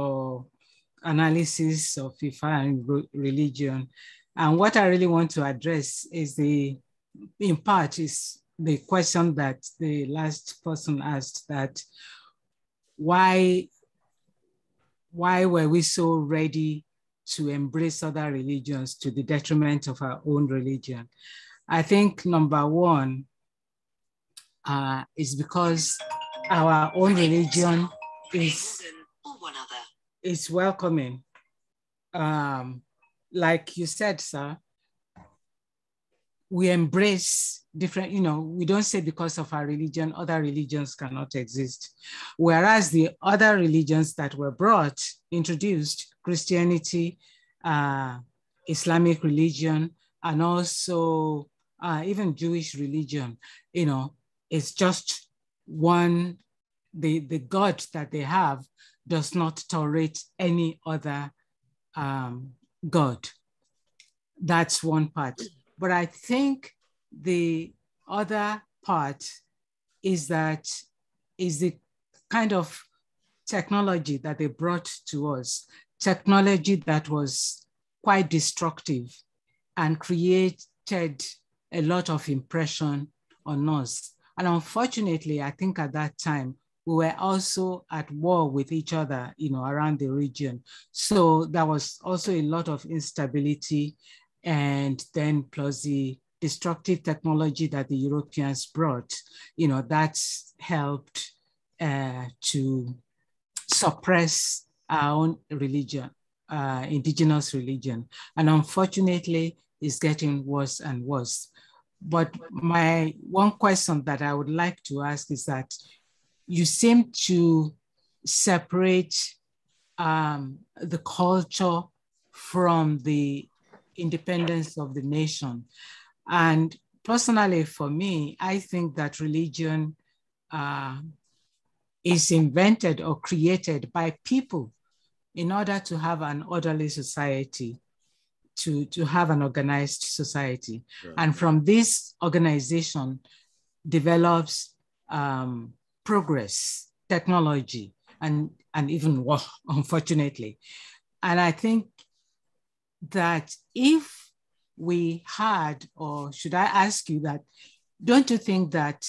analysis of Ifa and religion. And what I really want to address is the, in part, is the question that the last person asked that why, why were we so ready to embrace other religions to the detriment of our own religion? I think number one uh, is because our own religion is, is welcoming. Um, like you said, sir, we embrace different, you know, we don't say because of our religion, other religions cannot exist. Whereas the other religions that were brought, introduced, Christianity, uh, Islamic religion, and also uh, even Jewish religion, you know, it's just one, the, the God that they have does not tolerate any other um, God. That's one part. But I think the other part is that is the kind of technology that they brought to us, technology that was quite destructive and created a lot of impression on us. And unfortunately, I think at that time, we were also at war with each other, you know, around the region. So there was also a lot of instability and then plus the destructive technology that the Europeans brought, you know, that's helped uh, to suppress our own religion, uh, indigenous religion. And unfortunately, it's getting worse and worse. But my one question that I would like to ask is that you seem to separate um, the culture from the independence of the nation. And personally, for me, I think that religion uh, is invented or created by people in order to have an orderly society, to, to have an organized society. Right. And from this organization develops um, progress, technology, and, and even war, unfortunately. And I think that if we had, or should I ask you that, don't you think that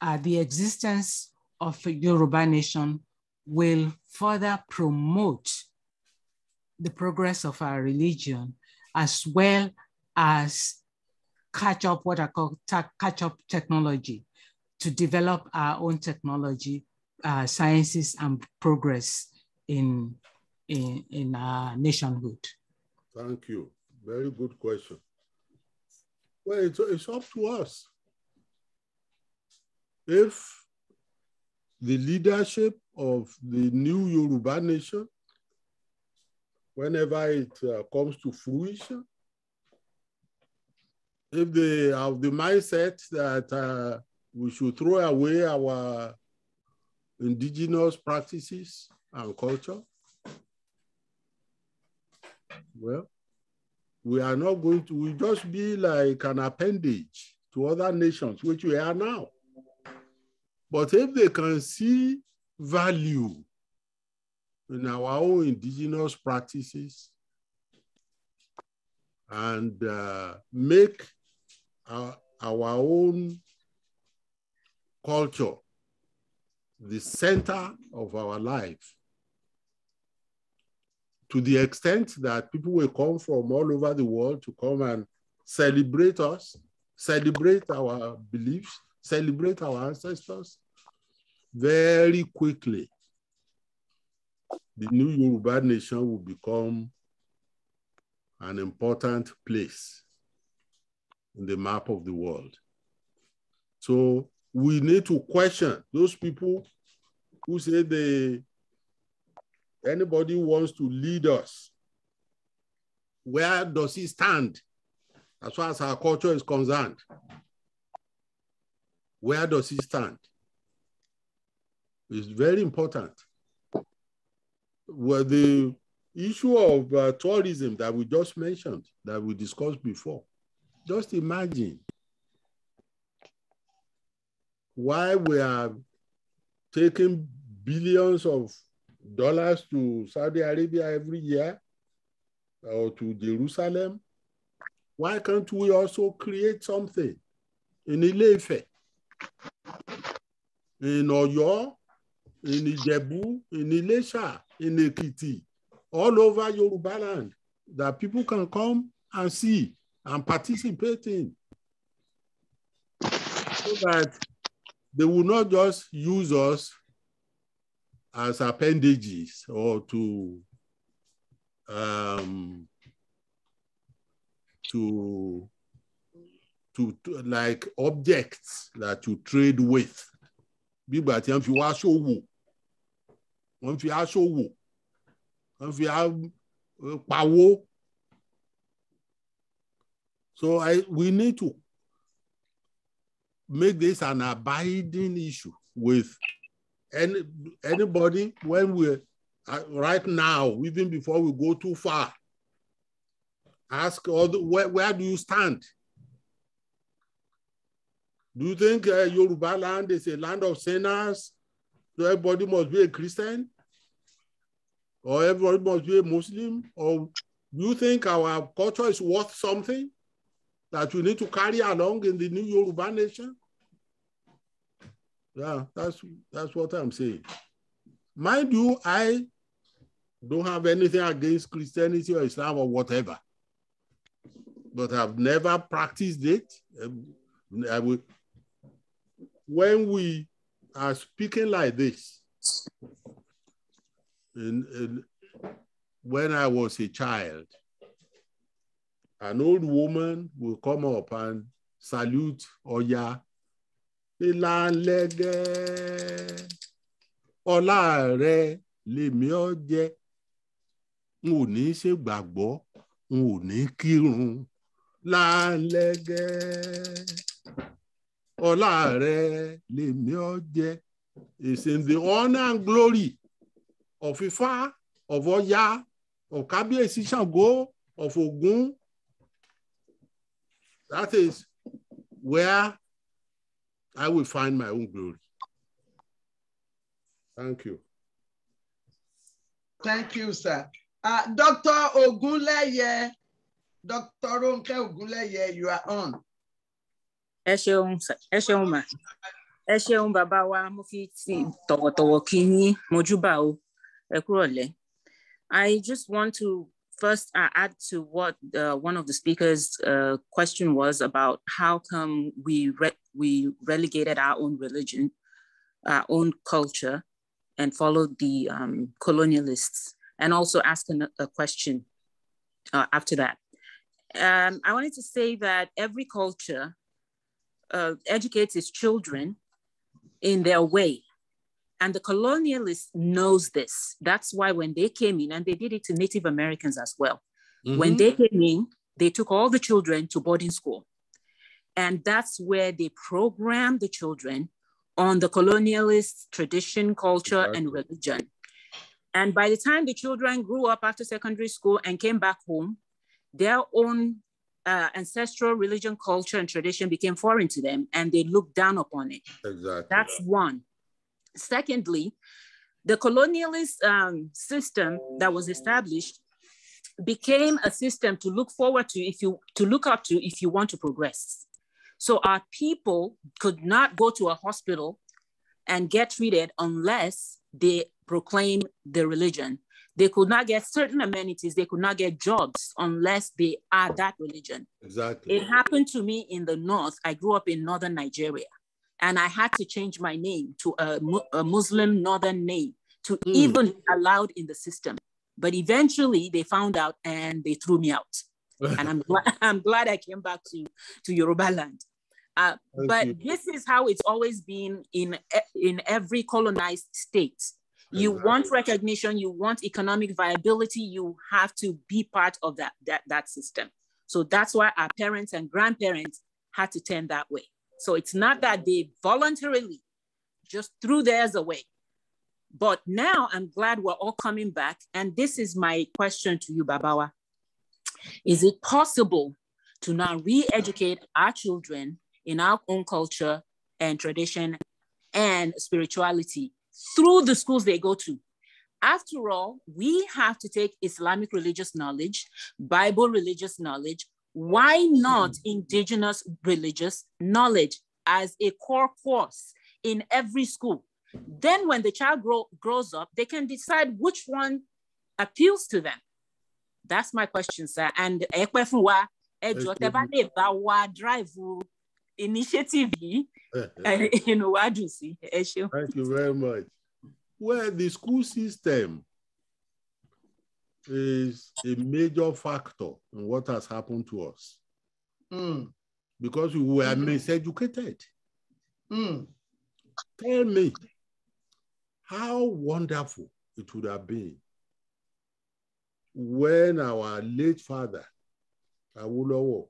uh, the existence of a Yoruba nation will further promote the progress of our religion as well as catch up what I call catch up technology to develop our own technology, uh, sciences, and progress in, in, in our nationhood? Thank you. Very good question. Well, it's, it's up to us. If the leadership of the new Yoruba nation, whenever it uh, comes to fruition, if they have the mindset that uh, we should throw away our indigenous practices and culture? Well, we are not going to, we just be like an appendage to other nations, which we are now. But if they can see value in our own indigenous practices and uh, make our, our own culture the center of our life. To the extent that people will come from all over the world to come and celebrate us, celebrate our beliefs, celebrate our ancestors. Very quickly, the new Yoruba nation will become an important place in the map of the world. So we need to question those people who say they anybody wants to lead us. Where does he stand as far as our culture is concerned? Where does he stand? It's very important. Well, the issue of uh, tourism that we just mentioned, that we discussed before, just imagine why we are taking billions of dollars to Saudi Arabia every year or to Jerusalem, why can't we also create something in Ilefe, in Oyo, in Ijebu, in Ilesha, in Ekiti, all over Yoruba land that people can come and see and participate in so that they will not just use us as appendages or to um, to, to, to like objects that you trade with. If tí wọ́n fi wá ṣòwò, wọ́n fi á ṣòwò, wọ́n fi á pawó. So I, we need to make this an abiding issue with any, anybody when we're uh, right now, even before we go too far. Ask all the, where, where do you stand? Do you think uh, Yoruba land is a land of sinners? So everybody must be a Christian? Or everybody must be a Muslim? Or do you think our culture is worth something that we need to carry along in the new Yoruba nation? Yeah, that's that's what I'm saying. Mind you, I don't have anything against Christianity or Islam or whatever, but I've never practiced it. Um, I would. When we are speaking like this, in, in, when I was a child, an old woman will come up and salute Oya ìlà lẹ́gẹ́ ọlá rẹ lèmi ọ jẹ́ n ò ní ṣègbàgbọ́ n ò ní kírun lálẹ́gẹ́ ọlá rẹ lèmi ọ jẹ́ is in the honor and glory of Ifá of Ọya of Kábíyèsí Ṣàngó of Ògún that is where I will find my own glory. Thank you. Thank you, sir. Uh, Dr. Oguleye, Dr. Ronke Oguleye, you are on. Ẹ ṣeun, ma. bàbá wa, mo fi ti mojúbà o, ẹ kúrọ̀lẹ́. I just want to first uh, add to what uh, one of the speakers' uh, question was about how come we re we relegated our own religion, our own culture, and followed the um, colonialists, and also asking a question uh, after that. Um, I wanted to say that every culture uh, educates its children in their way. And the colonialist knows this. That's why when they came in, and they did it to Native Americans as well, mm-hmm. when they came in, they took all the children to boarding school. And that's where they program the children on the colonialist tradition, culture, exactly. and religion. And by the time the children grew up after secondary school and came back home, their own uh, ancestral religion, culture, and tradition became foreign to them and they looked down upon it. Exactly. That's one. Secondly, the colonialist um, system that was established became a system to look forward to if you to look up to if you want to progress so our people could not go to a hospital and get treated unless they proclaimed the religion. They could not get certain amenities. They could not get jobs unless they are that religion. Exactly. It happened to me in the north. I grew up in northern Nigeria and I had to change my name to a, a Muslim northern name to mm. even allowed in the system. But eventually they found out and they threw me out. and I'm glad, I'm glad I came back to, to Yoruba land. Uh, but you. this is how it's always been in, in every colonized state. You exactly. want recognition, you want economic viability, you have to be part of that, that, that system. So that's why our parents and grandparents had to turn that way. So it's not that they voluntarily just threw theirs away. But now I'm glad we're all coming back. And this is my question to you, Babawa. Is it possible to now re educate our children in our own culture and tradition and spirituality through the schools they go to. After all, we have to take Islamic religious knowledge, Bible religious knowledge. Why not indigenous religious knowledge as a core course in every school? Then, when the child grow, grows up, they can decide which one appeals to them. That's my question, sir. And Ekwefuwa, Ejo, Teba initiative eh, eh. Eh, you know what you see. thank you very much well the school system is a major factor in what has happened to us mm. because we were mm. miseducated. Mm. Tell me how wonderful it would have been when our late father Awolowo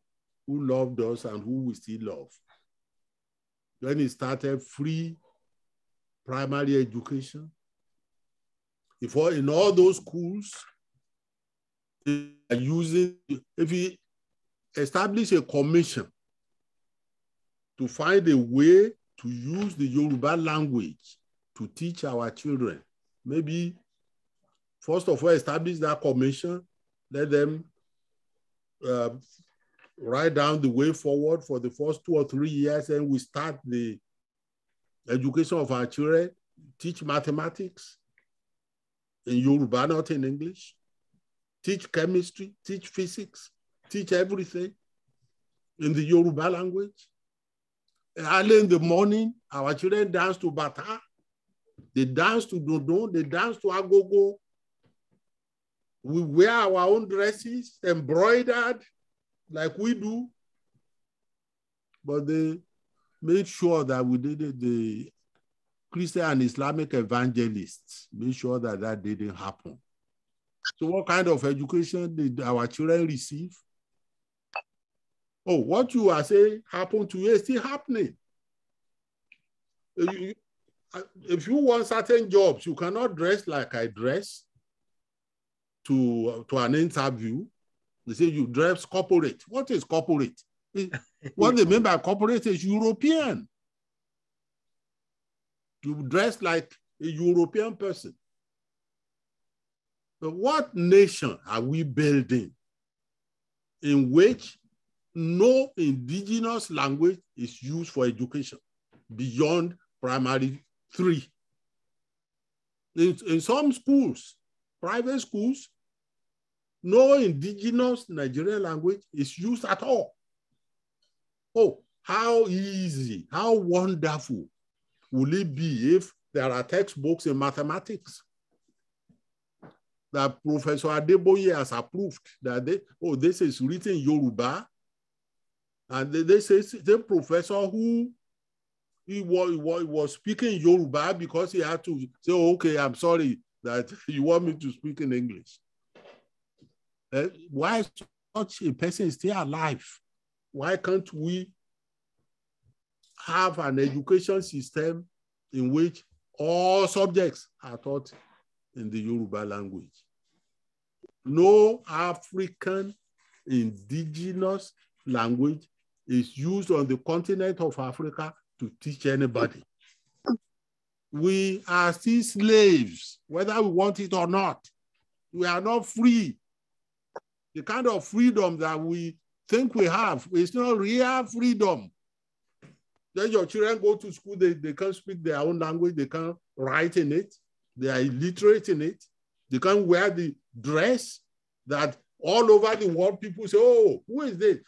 who loved us and who we still love. When he started free primary education, before in all those schools, using if he establish a commission to find a way to use the Yoruba language to teach our children. Maybe first of all, establish that commission, let them uh, write down the way forward for the first two or three years, and we start the education of our children, teach mathematics in Yoruba, not in English, teach chemistry, teach physics, teach everything in the Yoruba language. Early in the morning, our children dance to Bata, they dance to Dodo, they dance to Agogo. We wear our own dresses, embroidered, like we do, but they made sure that we did not the Christian and Islamic evangelists made sure that that didn't happen. So what kind of education did our children receive? Oh, what you are saying happened to you is still happening. If you, if you want certain jobs, you cannot dress like I dress to, to an interview they say you dress corporate. What is corporate? what they mean by corporate is European. You dress like a European person. But what nation are we building in which no indigenous language is used for education beyond primary three? In, in some schools, private schools, no indigenous Nigerian language is used at all. Oh, how easy, how wonderful will it be if there are textbooks in mathematics that Professor Adeboye has approved that they, oh, this is written Yoruba. And they say the professor who he was, he was, speaking Yoruba because he had to say, okay, I'm sorry that you want me to speak in English. Uh, why such a person is still alive? Why can't we have an education system in which all subjects are taught in the Yoruba language? No African indigenous language is used on the continent of Africa to teach anybody. We are still slaves, whether we want it or not. We are not free the kind of freedom that we think we have is not real freedom. Then your children go to school, they, they can't speak their own language, they can't write in it, they are illiterate in it, they can't wear the dress that all over the world people say, Oh, who is this?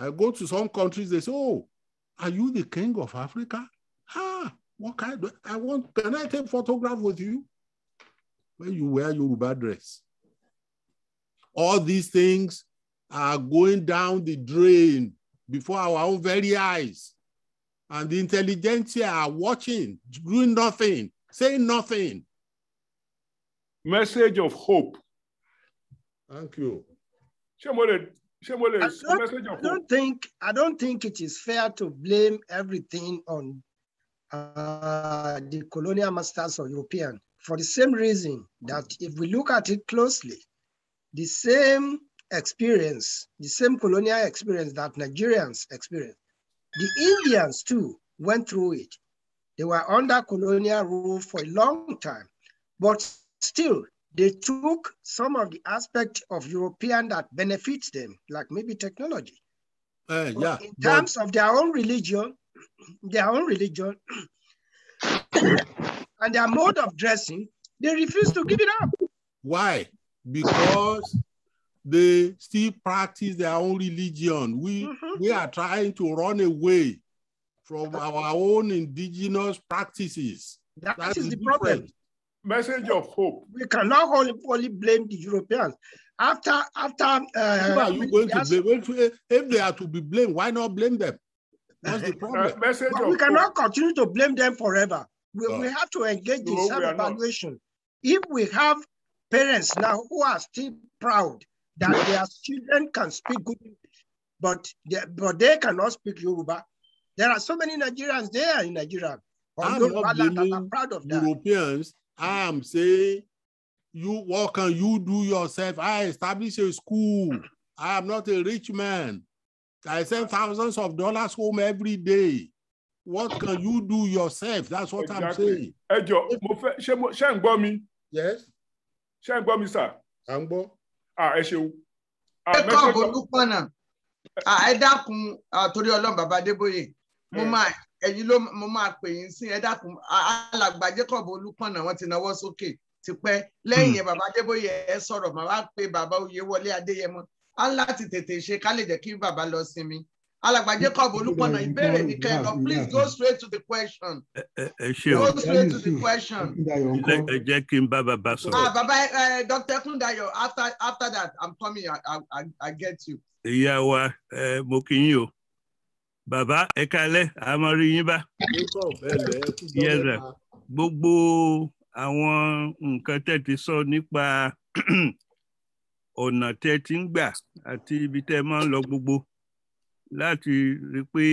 I go to some countries, they say, Oh, are you the king of Africa? Ah, what kind? do?" I want, can I take photograph with you? When you wear your uba dress all these things are going down the drain before our own very eyes. And the intelligentsia are watching, doing nothing, saying nothing. Message of hope. Thank you. Shemole, shemole. I don't, I don't think I don't think it is fair to blame everything on uh, the colonial masters or European for the same reason that if we look at it closely, the same experience, the same colonial experience that Nigerians experienced. The Indians too went through it. They were under colonial rule for a long time, but still they took some of the aspect of European that benefits them, like maybe technology. Uh, yeah, in terms but... of their own religion, their own religion, and their mode of dressing, they refuse to give it up. Why? because they still practice their own religion. We, mm-hmm. we are trying to run away from our own indigenous practices. that, that is, is, the different. problem. Message of hope. We cannot only, only blame the Europeans. After, after, uh, are you going to blame? If, they are to be blamed, why not blame them? That's the uh, problem. hope. we cannot hope. continue to blame them forever. We, we uh. have to engage in some self evaluation. If we have parents now who are still proud that their children can speak good English, but they, but they cannot speak Yoruba. There are so many Nigerians there in Nigeria. I'm not that are proud of that. Europeans, I am saying, you what can you do yourself? I establish a school. I am not a rich man. I send thousands of dollars home every day. What can you do yourself? That's what exactly. I'm saying. Ẹjọ́, mo fẹ́ Yes. ṣé ń gbọ́ mi sà. à ń gbọ́. ẹ ṣeun. jacob olúpọ̀nà ẹ dákun torí ọlọ́run bàbá adébóyè mo máa ẹ̀yin ló mo máa pè yín sí ẹ dákun alàgbà jacob olúpọ̀nà wọ́n ti nawọ́ sókè tipẹ́ lẹ́yìn yẹn hmm. bàbá adébóyè ẹ sọ̀rọ̀ màá wá pé bàbá oyè wọlé adéyẹmọ á láti tètè ṣe ká lè jẹ́ kí bàbá lọ sinmi alàgbà Jacob Olúpọ̀nà ìbéèrè ní kẹlọ please go straight to the question. go straight to the question. ẹ jẹ́ kí n bá bàbá sọ̀rọ̀. ah bàbá Dr. Ẹkúndayọ̀ after after that i'm coming i i i get you. ìyá wa mo kí yín o bàbá ẹ kalẹ̀ a máa rí yín bá. gbogbo àwọn nǹkan tẹ́ ti sọ nípa ọ̀nà tẹ́ ti ń gbà àti ibi tẹ́ máa ń lọ gbogbo. láti rí pé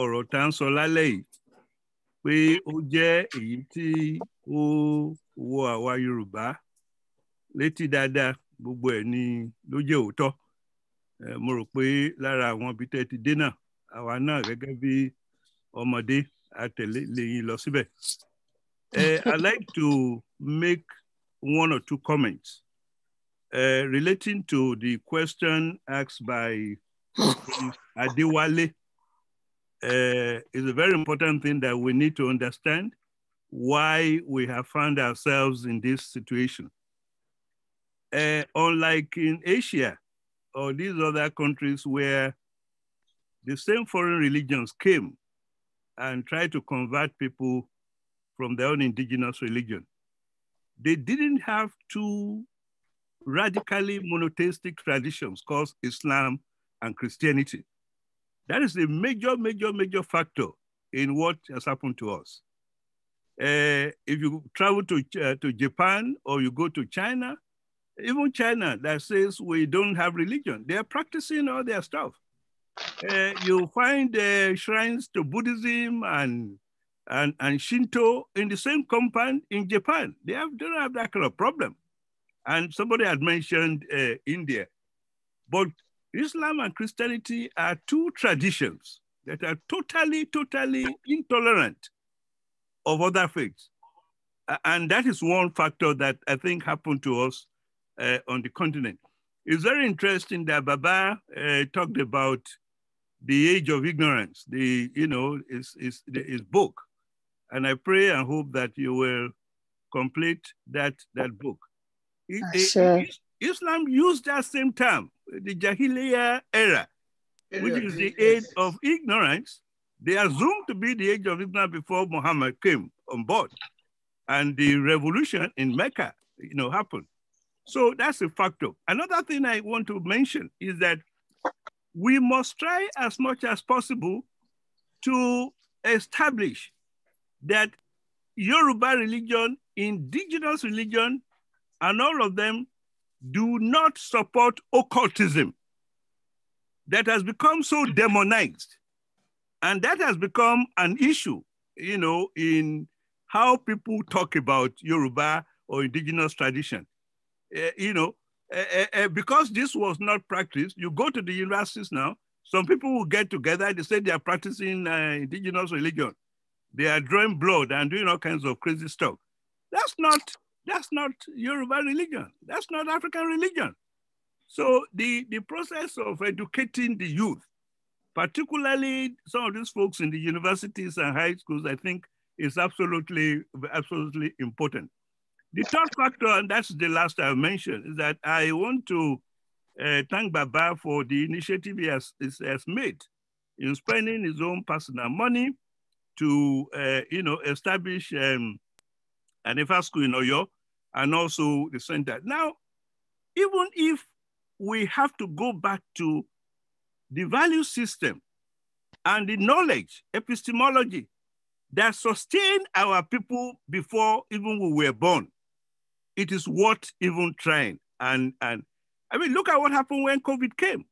ọ̀rọ̀ tá ń sọ lálẹ́ yìí pé ó jẹ́ èyí tí ó wọ àwa Yorùbá létí dáadáa gbogbo ẹ̀ ni ló jẹ́ òótọ́ mo rò pé lára àwọn ibi tẹ́ ti dé náà àwa náà gẹ́gẹ́ bí ọmọdé àtẹ̀lé lẹ́yìn lọ síbẹ̀. I like to make one or two comments uh, relating to the question asked by Adiwale. Uh, is a very important thing that we need to understand why we have found ourselves in this situation. Uh, unlike in Asia or these other countries where the same foreign religions came and tried to convert people from their own indigenous religion, they didn't have two radically monotheistic traditions called Islam and Christianity. That is a major, major, major factor in what has happened to us. Uh, if you travel to, uh, to Japan or you go to China, even China that says we don't have religion, they're practicing all their stuff. Uh, you find uh, shrines to Buddhism and, and, and Shinto in the same compound in Japan. They, have, they don't have that kind of problem. And somebody had mentioned uh, India. But Islam and Christianity are two traditions that are totally, totally intolerant of other faiths. And that is one factor that I think happened to us uh, on the continent. It's very interesting that Baba uh, talked about the age of ignorance, the, you know, his, his, his book. And I pray and hope that you will complete that, that book. It, sure. It, Islam used that same term, the Jahiliyyah era, which is the age of ignorance. They assumed to be the age of ignorance before Muhammad came on board and the revolution in Mecca, you know, happened. So that's a factor. Another thing I want to mention is that we must try as much as possible to establish that Yoruba religion, indigenous religion, and all of them do not support occultism that has become so demonized. And that has become an issue, you know, in how people talk about Yoruba or indigenous tradition. Uh, you know, uh, uh, because this was not practiced, you go to the universities now, some people will get together, they say they are practicing indigenous religion. They are drawing blood and doing all kinds of crazy stuff. That's not that's not Yoruba religion. That's not African religion. So the, the process of educating the youth, particularly some of these folks in the universities and high schools, I think is absolutely, absolutely important. The third factor, and that's the last I mentioned, is that I want to uh, thank Baba for the initiative he has, he has made in spending his own personal money to, uh, you know, establish um, an EFA school in Oyo and also the center. Now, even if we have to go back to the value system and the knowledge, epistemology, that sustained our people before even we were born, it is worth even trying. And, and I mean, look at what happened when COVID came.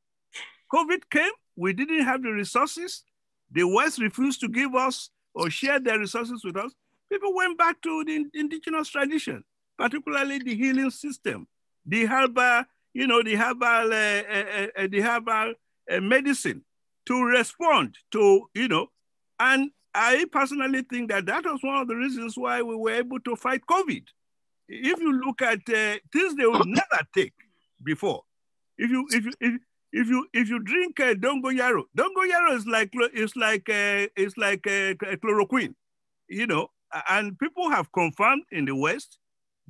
COVID came, we didn't have the resources. The West refused to give us or share their resources with us. People went back to the indigenous tradition particularly the healing system, the herbal, you know, the herbal, uh, uh, uh the herbal uh, medicine to respond to, you know, and I personally think that that was one of the reasons why we were able to fight COVID. If you look at uh, things they would never take before, if you if you if, if you if you drink uh, dongoyaro, dongoyaro is like it's like uh, it's like uh, chloroquine, you know. And people have confirmed in the West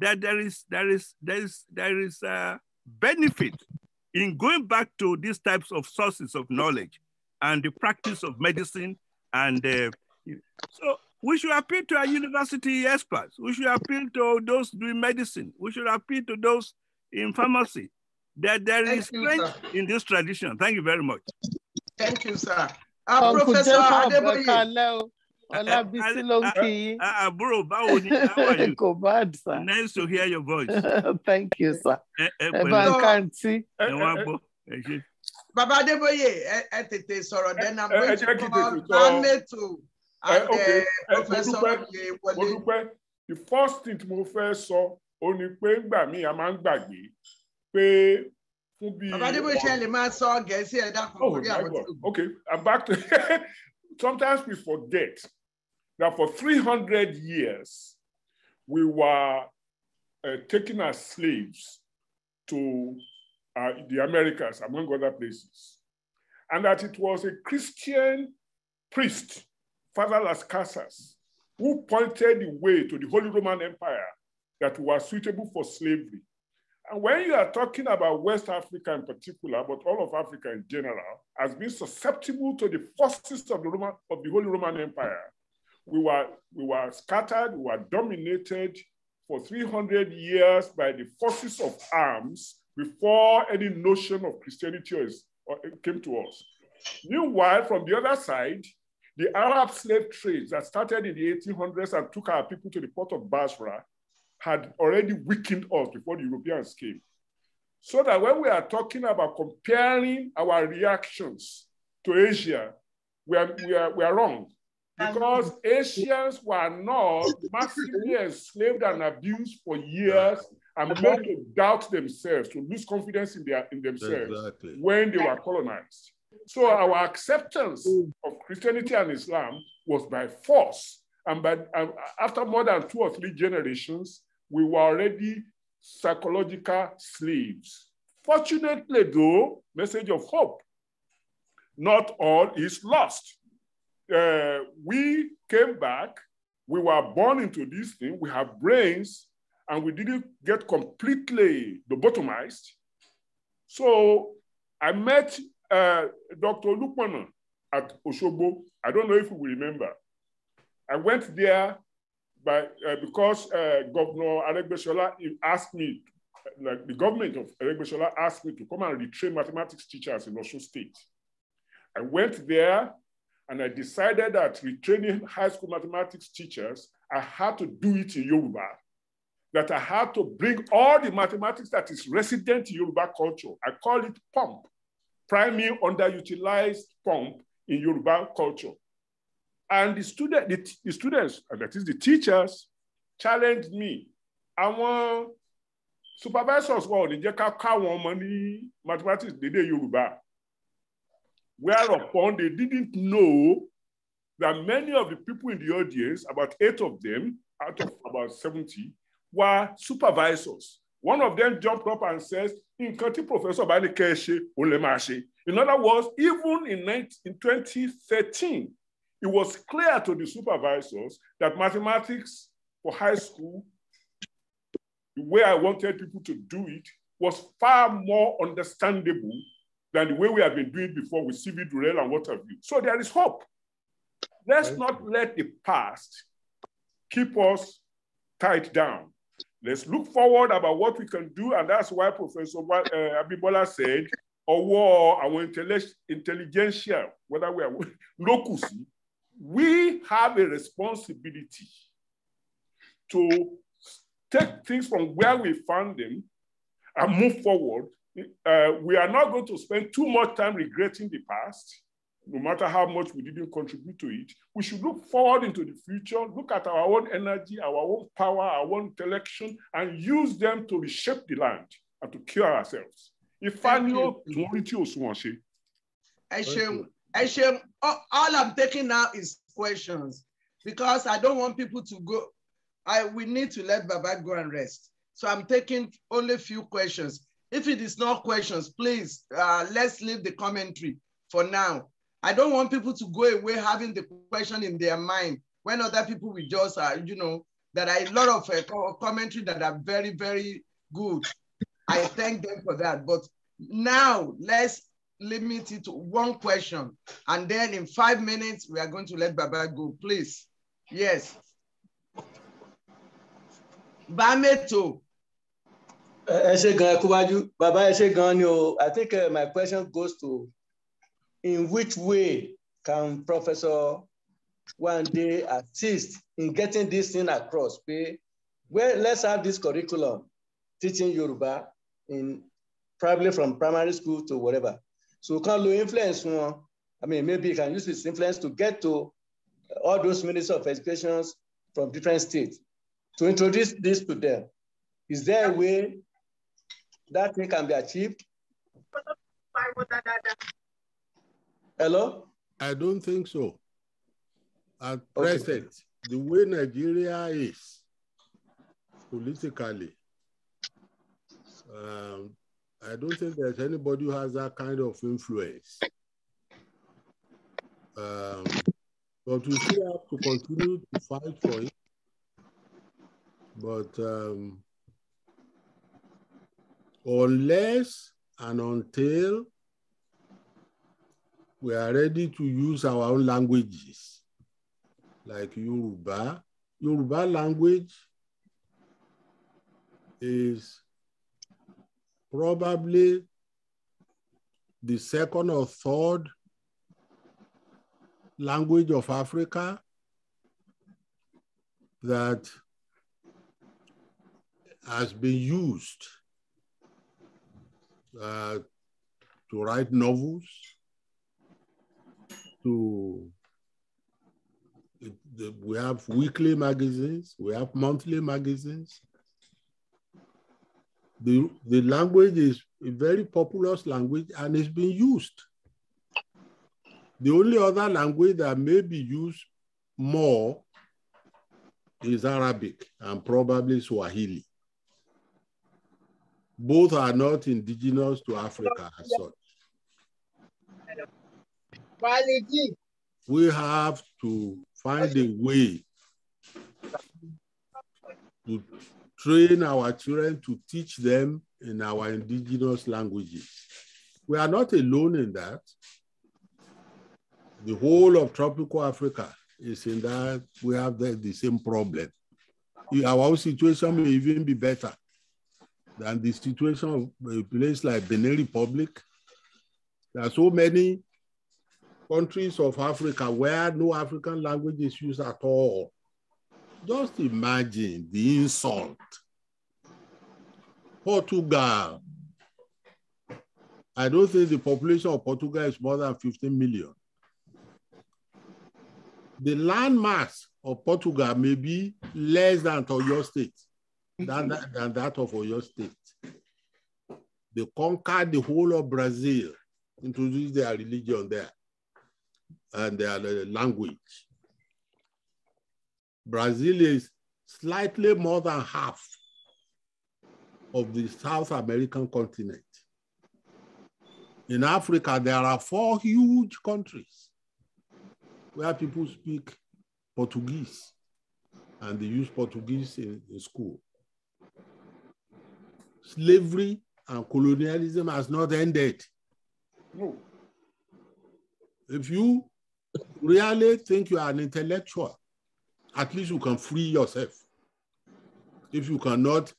that there is there is there is there is a benefit in going back to these types of sources of knowledge and the practice of medicine and uh, so we should appeal to our university experts we should appeal to those doing medicine we should appeal to those in pharmacy that there thank is strength in this tradition thank you very much thank you sir uh, professor hello. Olabisi Lonki. Àbúrò uh, uh, báwo bro, how are you? Kò bad sir. Nice to hear your voice. Thank you sir. Eh, eh, ẹ bá ń kántí. Ẹ wá gbọ́. Ẹ ṣe. Bàbá Adébóyè ẹ sọ̀rọ̀ then I'm going to call Nameto eh, and Professor Okay. Mo dúpẹ́ the first thing mo fẹ́ sọ ó pé ńgbà míì a pé oh Okay, I'm back to sometimes we forget that for 300 years, we were uh, taken as slaves to uh, the Americas, among other places. And that it was a Christian priest, Father Las Casas, who pointed the way to the Holy Roman Empire that was suitable for slavery. And when you are talking about West Africa in particular, but all of Africa in general, has been susceptible to the forces of the, Roman, of the Holy Roman Empire, we were, we were scattered, we were dominated for 300 years by the forces of arms before any notion of Christianity is, uh, came to us. Meanwhile, from the other side, the Arab slave trade that started in the 1800s and took our people to the port of Basra had already weakened us before the Europeans came. So that when we are talking about comparing our reactions to Asia, we are, we are, we are wrong because Asians were not massively enslaved and abused for years and made to doubt themselves, to lose confidence in, their, in themselves exactly. when they were colonized. So our acceptance of Christianity and Islam was by force. And by, after more than two or three generations, we were already psychological slaves. Fortunately, though, message of hope. Not all is lost. Uh, we came back, we were born into this thing, we have brains, and we didn't get completely lobotomized. So I met uh, Dr. Lukman at Oshobo. I don't know if you remember. I went there by, uh, because uh, Governor Alegbesola asked me, like the government of Alegbesola asked me to come and retrain mathematics teachers in Osho State. I went there and I decided that retraining high school mathematics teachers, I had to do it in Yoruba. That I had to bring all the mathematics that is resident in Yoruba culture. I call it pump, primary underutilized pump in Yoruba culture. And the, student, the, the students, and that is the teachers, challenged me. want supervisors wọ̀ ní jẹ́ ká ká mathematics, ọmọ ní mathematics dédé Yorùbá whereupon they didn't know that many of the people in the audience, about eight of them out of about 70, were supervisors. One of them jumped up and says, In country Professor Banikeshe Olemashe. In other words, even in, 19, in 2013, it was clear to the supervisors that mathematics for high school, the way I wanted people to do it, was far more understandable than the way we have been doing before with CV Durrell and what have you. So there is hope. Let's not let the past keep us tied down. Let's look forward about what we can do, and that's why Professor uh, Abibola said, "Ọwọ́ our intelligentsia, whether we are locus, we have a responsibility to take things from where we found them and move forward uh, we are not going to spend too much time regretting the past, no matter how much we didn't contribute to it. We should look forward into the future, look at our own energy, our own power, our own intellection, and use them to reshape the land and to cure ourselves. Ifanio I Osunwase. Eshem, Eshem, all I'm taking now is questions because I don't want people to go. I we need to let Baba go and rest. So I'm taking only a few questions. If it is not questions, please, uh, let's leave the commentary for now. I don't want people to go away having the question in their mind when other people will just, uh, you know, there are a lot of uh, commentary that are very, very good. I thank them for that. But now let's limit it to one question. And then in five minutes, we are going to let Baba go, please. Yes. Bameto, I bàbá ẹ ṣe gan think uh, my question goes to in which way can professor day assist in getting this thing across Where well let's have this curriculum teaching Yoruba in probably from primary school to whatever so can you influence wọn i mean maybe you can use this influence to get to all those ministers of education from different states to introduce this to them is there a way that thing can be achieved. Hello? I don't think so. At okay. present, the way Nigeria is politically, um, I don't think there's anybody who has that kind of influence. Um, but we still have to continue to fight for it. But um, unless and until we are ready to use our own languages, like Yoruba. Yoruba language is probably the second or third language of Africa that has been used uh, to write novels, to we have weekly magazines, we have monthly magazines. The, the language is a very populous language and it's been used. The only other language that may be used more is Arabic and probably Swahili both are not indigenous to Africa as such. We have to find a way to train our children to teach them in our indigenous languages. We are not alone in that. The whole of tropical Africa is in that we have the, the same problem. Our situation may even be better and the situation of a place like Benin Republic. There are so many countries of Africa where no African language is used at all. Just imagine the insult. Portugal. I don't think the population of Portugal is more than 15 million. The landmass of Portugal may be less than Toyo State than, that, than that of Oyo State. They conquered the whole of Brazil, introduced their religion there and their uh, language. Brazil is slightly more than half of the South American continent. In Africa, there are four huge countries where people speak Portuguese and they use Portuguese in, in school slavery and colonialism has not ended. No. If you really think you are an intellectual, at least you can free yourself. If you cannot,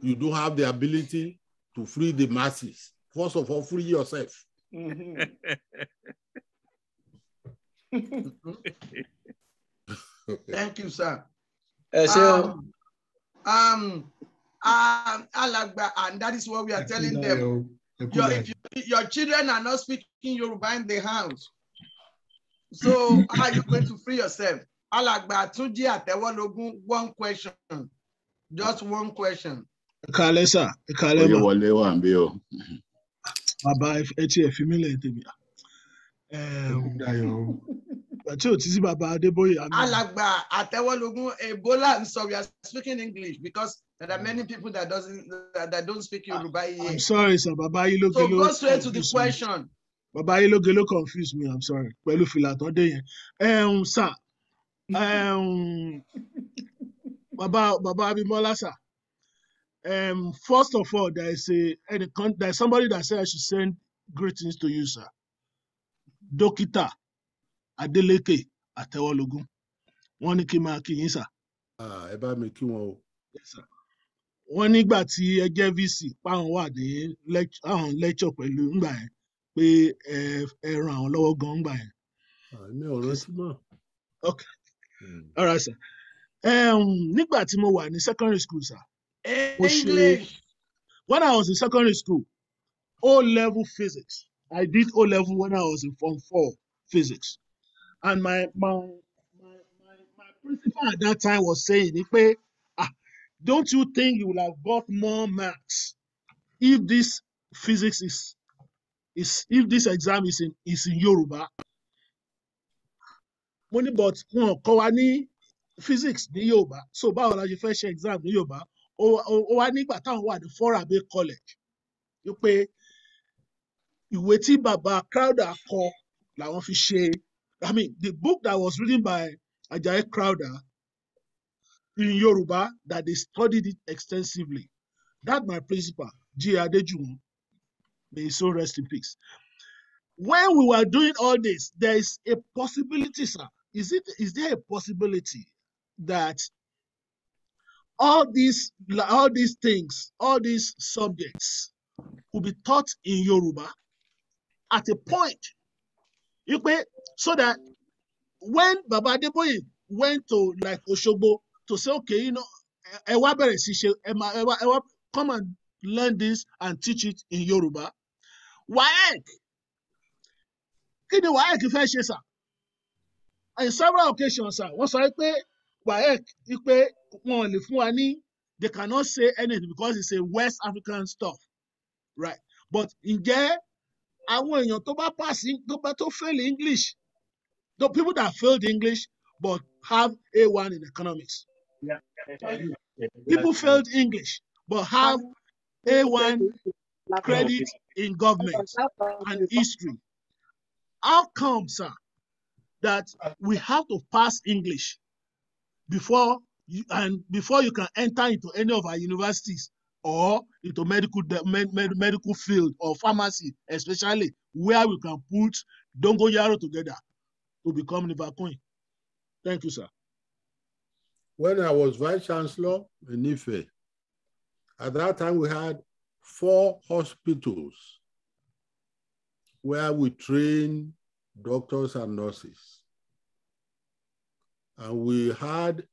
you don't have the ability to free the masses. First of all, free yourself. Mm -hmm. Thank you, sir. Uh, so, um, um um, and that is what we are telling them. Your, if you, your children are not speaking Yoruba in the house, so how are you going to free yourself? Alagba Tunji Atewologun, one question, just one question. Kale sir, kale ma. Oyewole tí ò ti sí bàbá Adébóyè. alàgbà àtẹwọlógún ebola n sọ we are speaking English because there are many people that doesn't that, that don't speak Yoruba I'm sorry sir bàbá ayélujára. so go straight to the question. bàbá ayélujára confuse me I'm sorry pẹ̀lú fìlà tó dé yẹn. sir. Um, bàbá bàbá Abímbọ́lá sà um, first of all, there is a there's somebody that said I should send greetings to you, sir. Dokita adeleke àtẹwọlógún wọn ní kí máa kí yín sà. ẹ bá mi kí wọn o. wọn nígbà tí ẹ jẹ́ vc páwọn wà ní àwọn lecture pẹ̀lú ńgbà yẹn pé ẹ ran àwọn lọ́wọ́ gan ńgbà yẹn. mi ò rántí ok hmm. all right sir. Um, nígbà tí mo wà ní secondary school sir. Eh, English. When I was in secondary school, O level physics. I did O level when I was in Form four physics and my my my my, my principal at that time was saying ni pé ah don't you think you will have got more marks if this physics is is if this exam is in is in Yoruba? mo ní but wọn kọ́ wa ní physics ní Yoruba? so báwo la ṣe fẹ́ ṣe exam ní Yorùbá ó wá nígbà táwọn wà ní Fọlábí college wípé ìwé tí baba Crowther kọ làwọn fi ṣe I mean, the book that was written by Ajay Crowder in Yoruba, that they studied it extensively. That my principal, G. Adejumo. May so rest in peace. When we were doing all this, there is a possibility, sir. Is it is there a possibility that all these all these things, all these subjects will be taught in Yoruba at a point? You pay So that when Baba Adeboye went to like Oshogbo to say, okay, you know, ẹ wá bẹ̀rẹ̀ sí ṣe ẹ máa ẹ wá ẹ wá come and learn this and teach it in Yoruba, WAEC kini ni WAEC fẹ́ ṣe sà? In several occasions sà, wọ́n sọ pé WAEC pé wọn ò lè fún wa ní they cannot say anything because it's a West African stuff right but ǹjẹ́ àwọn èèyàn tó bá pass tó bá tó fail English The people that failed English but have A1 in economics. People failed English but have A1 credit in government and history. How come, sir, that we have to pass English before you, and before you can enter into any of our universities or into medical med, med, medical field or pharmacy, especially where we can put Dongo Yaro together to become River Queen. Thank you, sir. When I was Vice Chancellor in Ife, at that time we had four hospitals where we trained doctors and nurses. And we had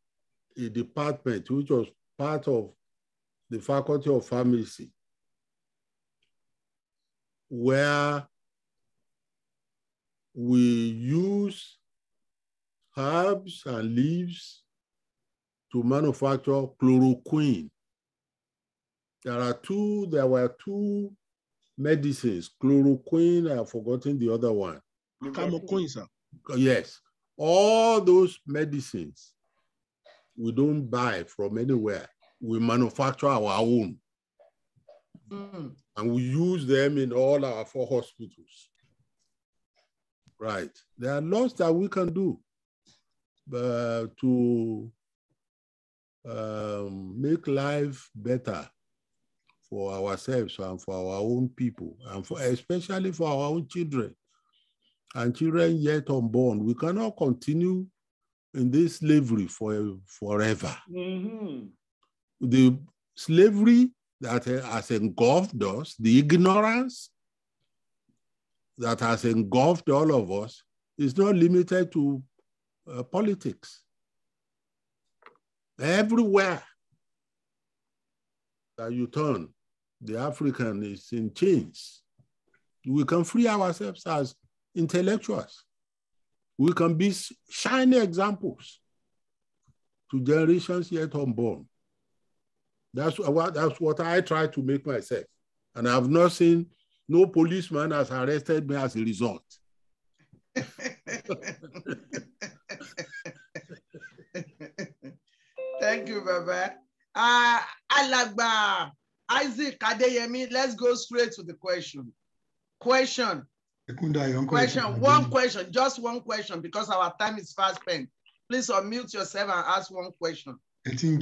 a department which was part of the Faculty of Pharmacy, where we use herbs and leaves to manufacture chloroquine. There are two, there were two medicines, chloroquine, I've forgotten the other one. Chloroquine, sir. Yes. All those medicines we don't buy from anywhere. We manufacture our own. Mm. And we use them in all our four hospitals. Right. There are lots that we can do uh, to um, make life better for ourselves and for our own people, and for, especially for our own children and children yet unborn. We cannot continue in this slavery for, forever. Mm -hmm. The slavery that has engulfed us, the ignorance that has engulfed all of us is not limited to uh, politics. Everywhere that you turn, the African is in chains. We can free ourselves as intellectuals. We can be shining examples to generations yet unborn. That's what, that's what I try to make myself. And I've not seen No policeman has arrested me as a result. Thank you, Baba. Uh, ah, Alagba, Isaac Adeyemi, let's go straight to the question. Question. Question, one question, just one question, because our time is fast spent. Please unmute yourself and ask one question. ẹ ti ń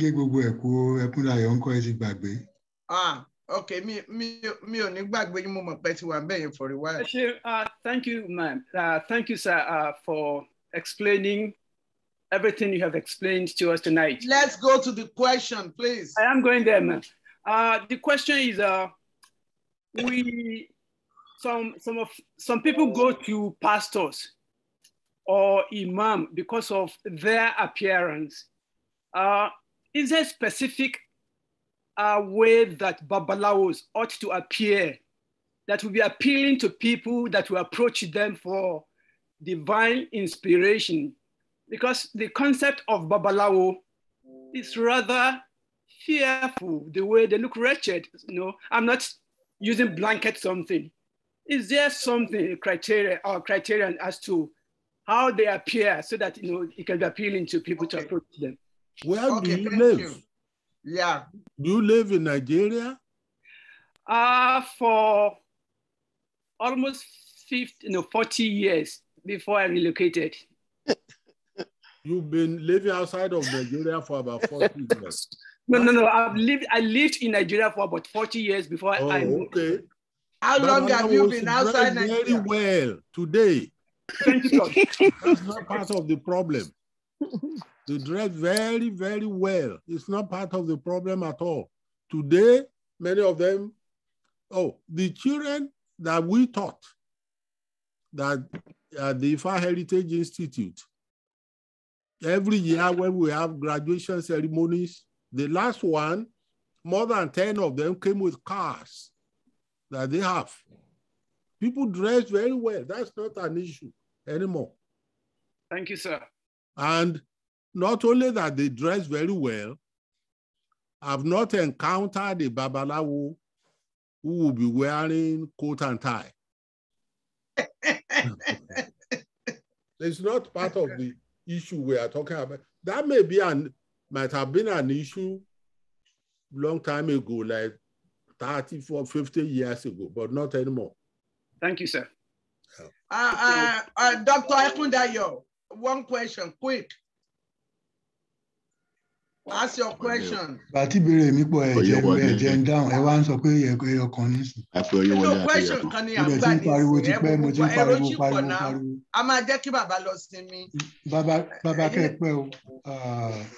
ok me me me on ní back, you move mọ̀ pé ti wà bẹ́yẹn for a while. ṣe uh, thank you ma'am uh, thank you sir uh, for explaining everything you have explained to us tonight. Let's go to the question, please. I am going there, ma'am. Uh, the question is, uh, we some some of some people go to pastors or imam because of their appearance. Uh, is there specific a way that babalawos ought to appear that will be appealing to people that will approach them for divine inspiration because the concept of babalawo is rather fearful the way they look wretched you know i'm not using blanket something is there something criteria or criterion as to how they appear so that you know it can be appealing to people okay. to approach them where okay, do you live you. Yeah. You live in Nigeria? Uh, for almost 50, no, 40 years before I relocated. You've been living outside of Nigeria for about 40 years. No, no, no. I've lived I lived in Nigeria for about 40 years before oh, I moved. Okay. How but long have you been outside Nigeria? Very well today. That's not part of the problem. They dress very, very well. It's not part of the problem at all. Today, many of them, oh, the children that we taught that at the IFA Heritage Institute, every year when we have graduation ceremonies, the last one, more than 10 of them came with cars that they have. People dress very well. That's not an issue anymore. Thank you, sir. And not only that they dress very well, I've not encountered a babalawo who will be wearing coat and tie. it's not part of the issue we are talking about. That may be an might have been an issue long time ago, like 30, 50 years ago, but not anymore. Thank you, sir. Uh, uh, uh, Dr. Ekundayo, one question, quick. ask your question. bàtí ìbéèrè mi pọ̀ ẹ̀jẹ̀ ẹ̀jẹ̀ ń dáhùn ẹ wá ń sọ pé ẹ̀kọ́ ọkàn nísìn. ẹ̀jọ̀ question kan ni àgbà ní ìsìn ẹ̀kọ́ mo ti ń pariwo ti pẹ́ mo ti ń pariwo pariwo pariwo. a máa jẹ́ kí bàbá lọ sinmi. bàbá kẹ́ ẹ pẹ́ o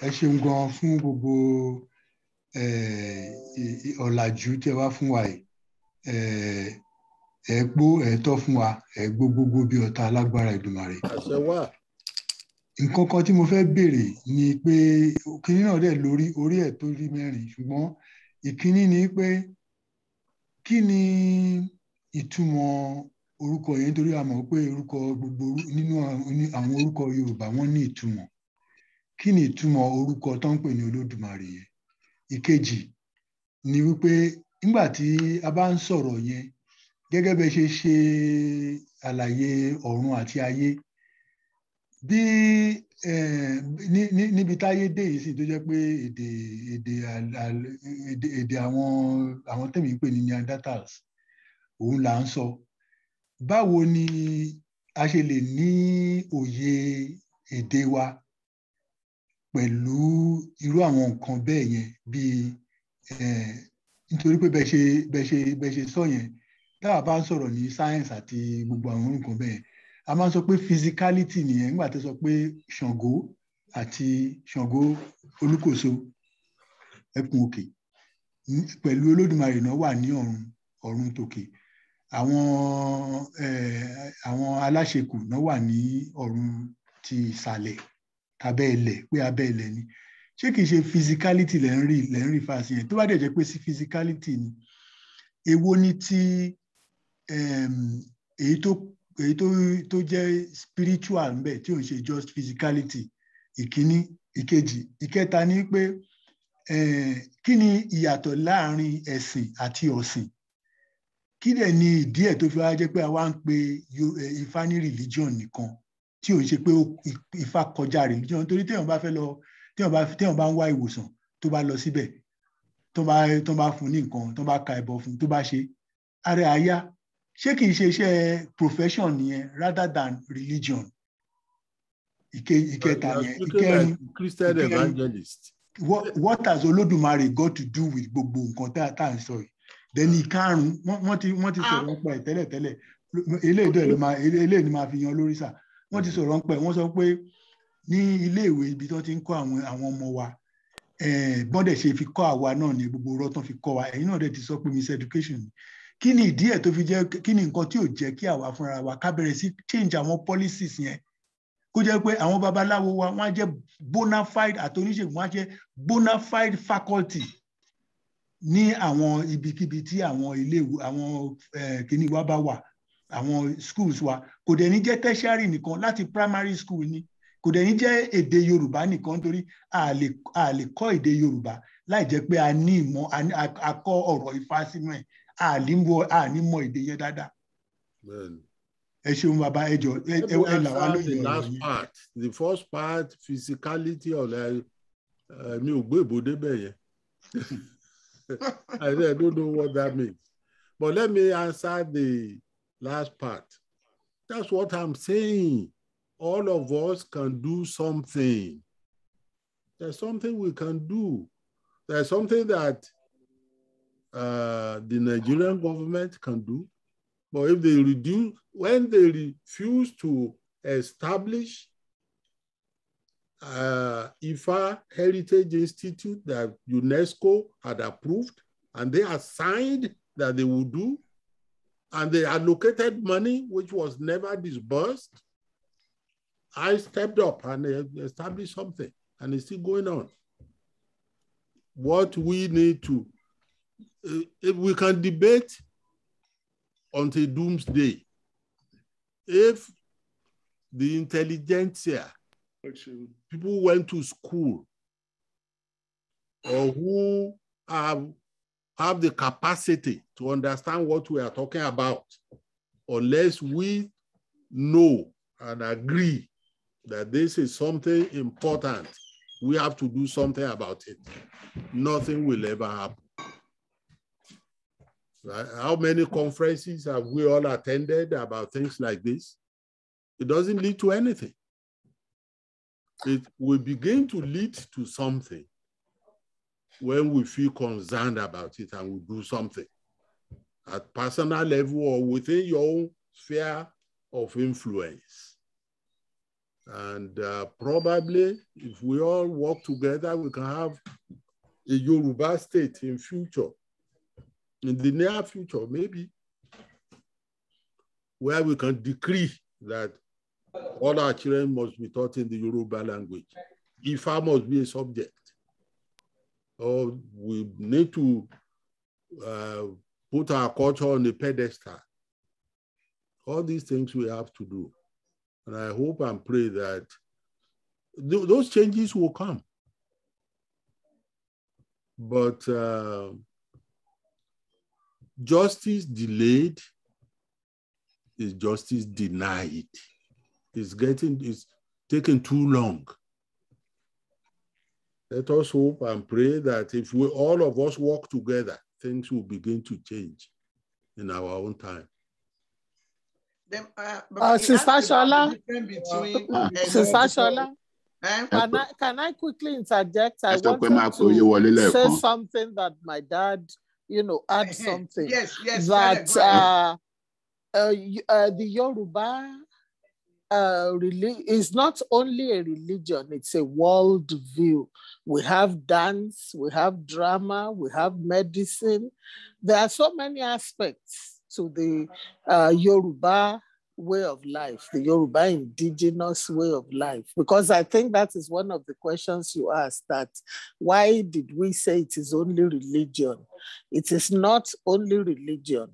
ẹ ṣeun gan fún gbogbo ọ̀làjú tẹ wá fún wa yìí ẹ gbọ́ ẹ tọ́ fún wa ẹ gbọ́ gbogbo bí ọ̀tá alágbára Èdùmàrè. àṣẹ wà nǹkan kan tí mo fẹ́ béèrè ni pé kínní náà dẹ̀ lórí orí ẹ̀ tó rí mẹ́rin ṣùgbọ́n ìkínní ni pé kí ni ìtumọ̀ orúkọ yẹn nítorí a mọ̀ pé orúkọ gbogbo nínú àwọn orúkọ Yorùbá wọ́n ní ìtumọ̀ kí ni ìtumọ̀ orúkọ tó ń pè ní Olódùmarè yẹn ìkejì ni wípé nígbà tí a bá ń sọ̀rọ̀ yẹn gẹ́gẹ́ bẹ́ẹ̀ ṣe ṣe àlàyé ọ̀run àti ayé bí eh, níbi táyé dé yìí sì tó jẹ́ pé èdè èdè èdè àwọn àwọn tèmi ń pè ní neanderthals òun là ń sọ báwo ni a ṣe lè ní òye èdè wa pẹ̀lú irú àwọn nǹkan bẹ́ẹ̀ yẹn bíi eh, nítorí pé bẹ́ẹ̀ ṣe bẹ́ẹ̀ ṣe bẹ́ẹ̀ ṣe sọ yẹn tá bá ń sọ̀rọ̀ ní science àti gbogbo àwọn nǹkan bẹ́ẹ̀ a máa ń sọ pé physicality nìyẹn nígbà tó sọ pé Ṣàngó àti Ṣàngó Olúkòso ẹkùn òkè pẹ̀lú Olódùmarè náà wà ní ọ̀run ọ̀run tòkè àwọn àwọn aláṣekù náà wà ní ọ̀run ti ìsàlẹ̀ abẹ́ ilẹ̀ pé abẹ́ ilẹ̀ ni ṣé kìí ṣe physicality lẹ́ ń rí lẹ́ ń rí fàṣẹ yẹn tó bá dẹ̀ jẹ́ pé sí physicality ni èwo ni ti èyí tó èyí tó tó jẹ́ spiritual ńbẹ tí ò ń ṣe just physicality ìkíní ìkejì ìkẹta ni pé eh, kí ni ìyàtọ̀ láàrin ẹ̀sìn àti ọ̀sìn kí dẹ̀ ni ìdí ẹ̀ tó fi wá jẹ́ pé àwa ń pe eh, Ifá ní religion nìkan tí ò ń ṣe pé Ifá kọjá religion torí téèyàn bá fẹ́ lọ téèyàn bá téèyàn bá ń wá ìwòsàn tó bá lọ síbẹ̀ tó bá tó bá fún ní nǹkan tó bá ka ẹbọ fún tó bá ṣe ara àyà ṣé kìí ṣe iṣẹ́ profession nìyẹn rather than religion ìkẹta yẹn ìkẹrin Christian evangelist. What, what has Olódùmarè got to do with gbogbo nǹkan tá tá sọ yìí then ìkarùn wọ́n ti wọ́n ti sọ̀rọ̀ nípa ẹ̀ tẹ́lẹ̀ tẹ́lẹ̀ eléyìí dẹ̀ ló máa eléyìí ni máa fi yan lórí sà wọ́n ti sọ̀rọ̀ nípa ẹ̀ wọ́n sọ pé ní ilé ìwé ibi tí wọ́n ti ń kọ́ àwọn àwọn ọmọ wa eh, bọ́n dẹ̀ ṣe fi kọ́ àwa náà ní gbogbo ọ̀rọ̀ tán fi kọ́ wa ẹ̀yin náà dẹ̀ ti sọ pé miseducation kí ni ìdí ẹ̀ tó fi jẹ́ kí ni nǹkan tí ò jẹ́ kí àwa fúnra wa ká bẹ̀rẹ̀ sí change àwọn policies yẹn kó jẹ́ pé àwọn babaláwo wa wọ́n á jẹ́ bona fide àti oníṣègùn á jẹ́ bona fide faculty ní àwọn ibikíbi tí àwọn ilé àwọn kíní wa bá wà àwọn schools wa kò dẹ̀ ní jẹ́ tertiary nìkan láti primary school ni kò dẹ̀ ní jẹ́ èdè Yorùbá nìkan nítorí a lè kọ́ èdè Yorùbá láì jẹ́ pé a ní ìmọ̀ akọ ọ̀rọ̀ Ifá ẹ̀ àní wo àní mọ èdè yẹn dáadáa. ẹ ṣeun bàbá ẹ jọ ẹ ẹ là wá lóye ọ̀rọ̀ yìí. the first part physicality ọ̀la eh, mi ò gbé ìbòdé bẹ̀ yẹn I don't know what that means but let me answer the last part that's what I'm saying all of us can do something there's something we can do there's something that uh, the Nigerian government can do. But if they reduce, when they refuse to establish uh, IFA Heritage Institute that UNESCO had approved, and they assigned signed that they would do, and they allocated money which was never disbursed. I stepped up and established something, and it's still going on. What we need to if eh, eh, we can debate until doomsday, if the intelligentsia, Actually. people who went to school, or who have, have the capacity to understand what we are talking about, unless we know and agree that this is something important, we have to do something about it. Nothing will ever happen. How many conferences have we all attended about things like this? It doesn't lead to anything. It will begin to lead to something when we feel concerned about it and we do something at personal level or within your own sphere of influence. And uh, probably if we all work together, we can have a Yoruba state in future in the near future, maybe, where we can decree that all our children must be taught in the Yoruba language. Ifa must be a subject. Or we need to uh, put our culture on the pedestal. All these things we have to do. And I hope and pray that th those changes will come. But uh, Justice delayed is justice denied. It's getting it's taking too long. Let us hope and pray that if we all of us work together, things will begin to change in our own time. Then, uh, uh, uh, uh Sister Shola, Sister eh? Shola, can I quickly interject? I want to say something that my dad you know, add something. yes, yes. That uh, uh, uh, the Yoruba uh, is not only a religion, it's a world view. We have dance, we have drama, we have medicine. There are so many aspects to the uh, Yoruba way of life, the Yoruba indigenous way of life? Because I think that is one of the questions you asked that why did we say it is only religion? It is not only religion,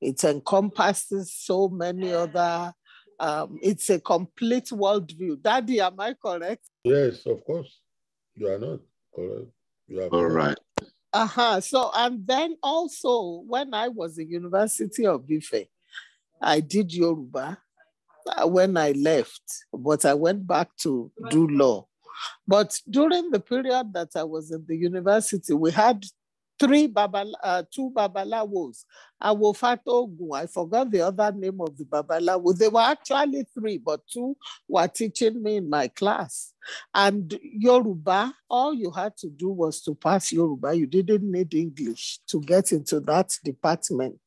it encompasses so many other, um, it's a complete worldview. Daddy, am I correct? Yes, of course. You are not correct. You are All correct. right. Uh-huh. So, and then also when I was in University of Ife, I did Yoruba uh, when I left, but I went back to do law. But during the period that I was in the university, we had three babala, uh, two babalawos, Awofatogun. I forgot the other name of the babalawo. They were actually three, but two were teaching me in my class. And Yoruba, all you had to do was to pass Yoruba. You didn't need English to get into that department.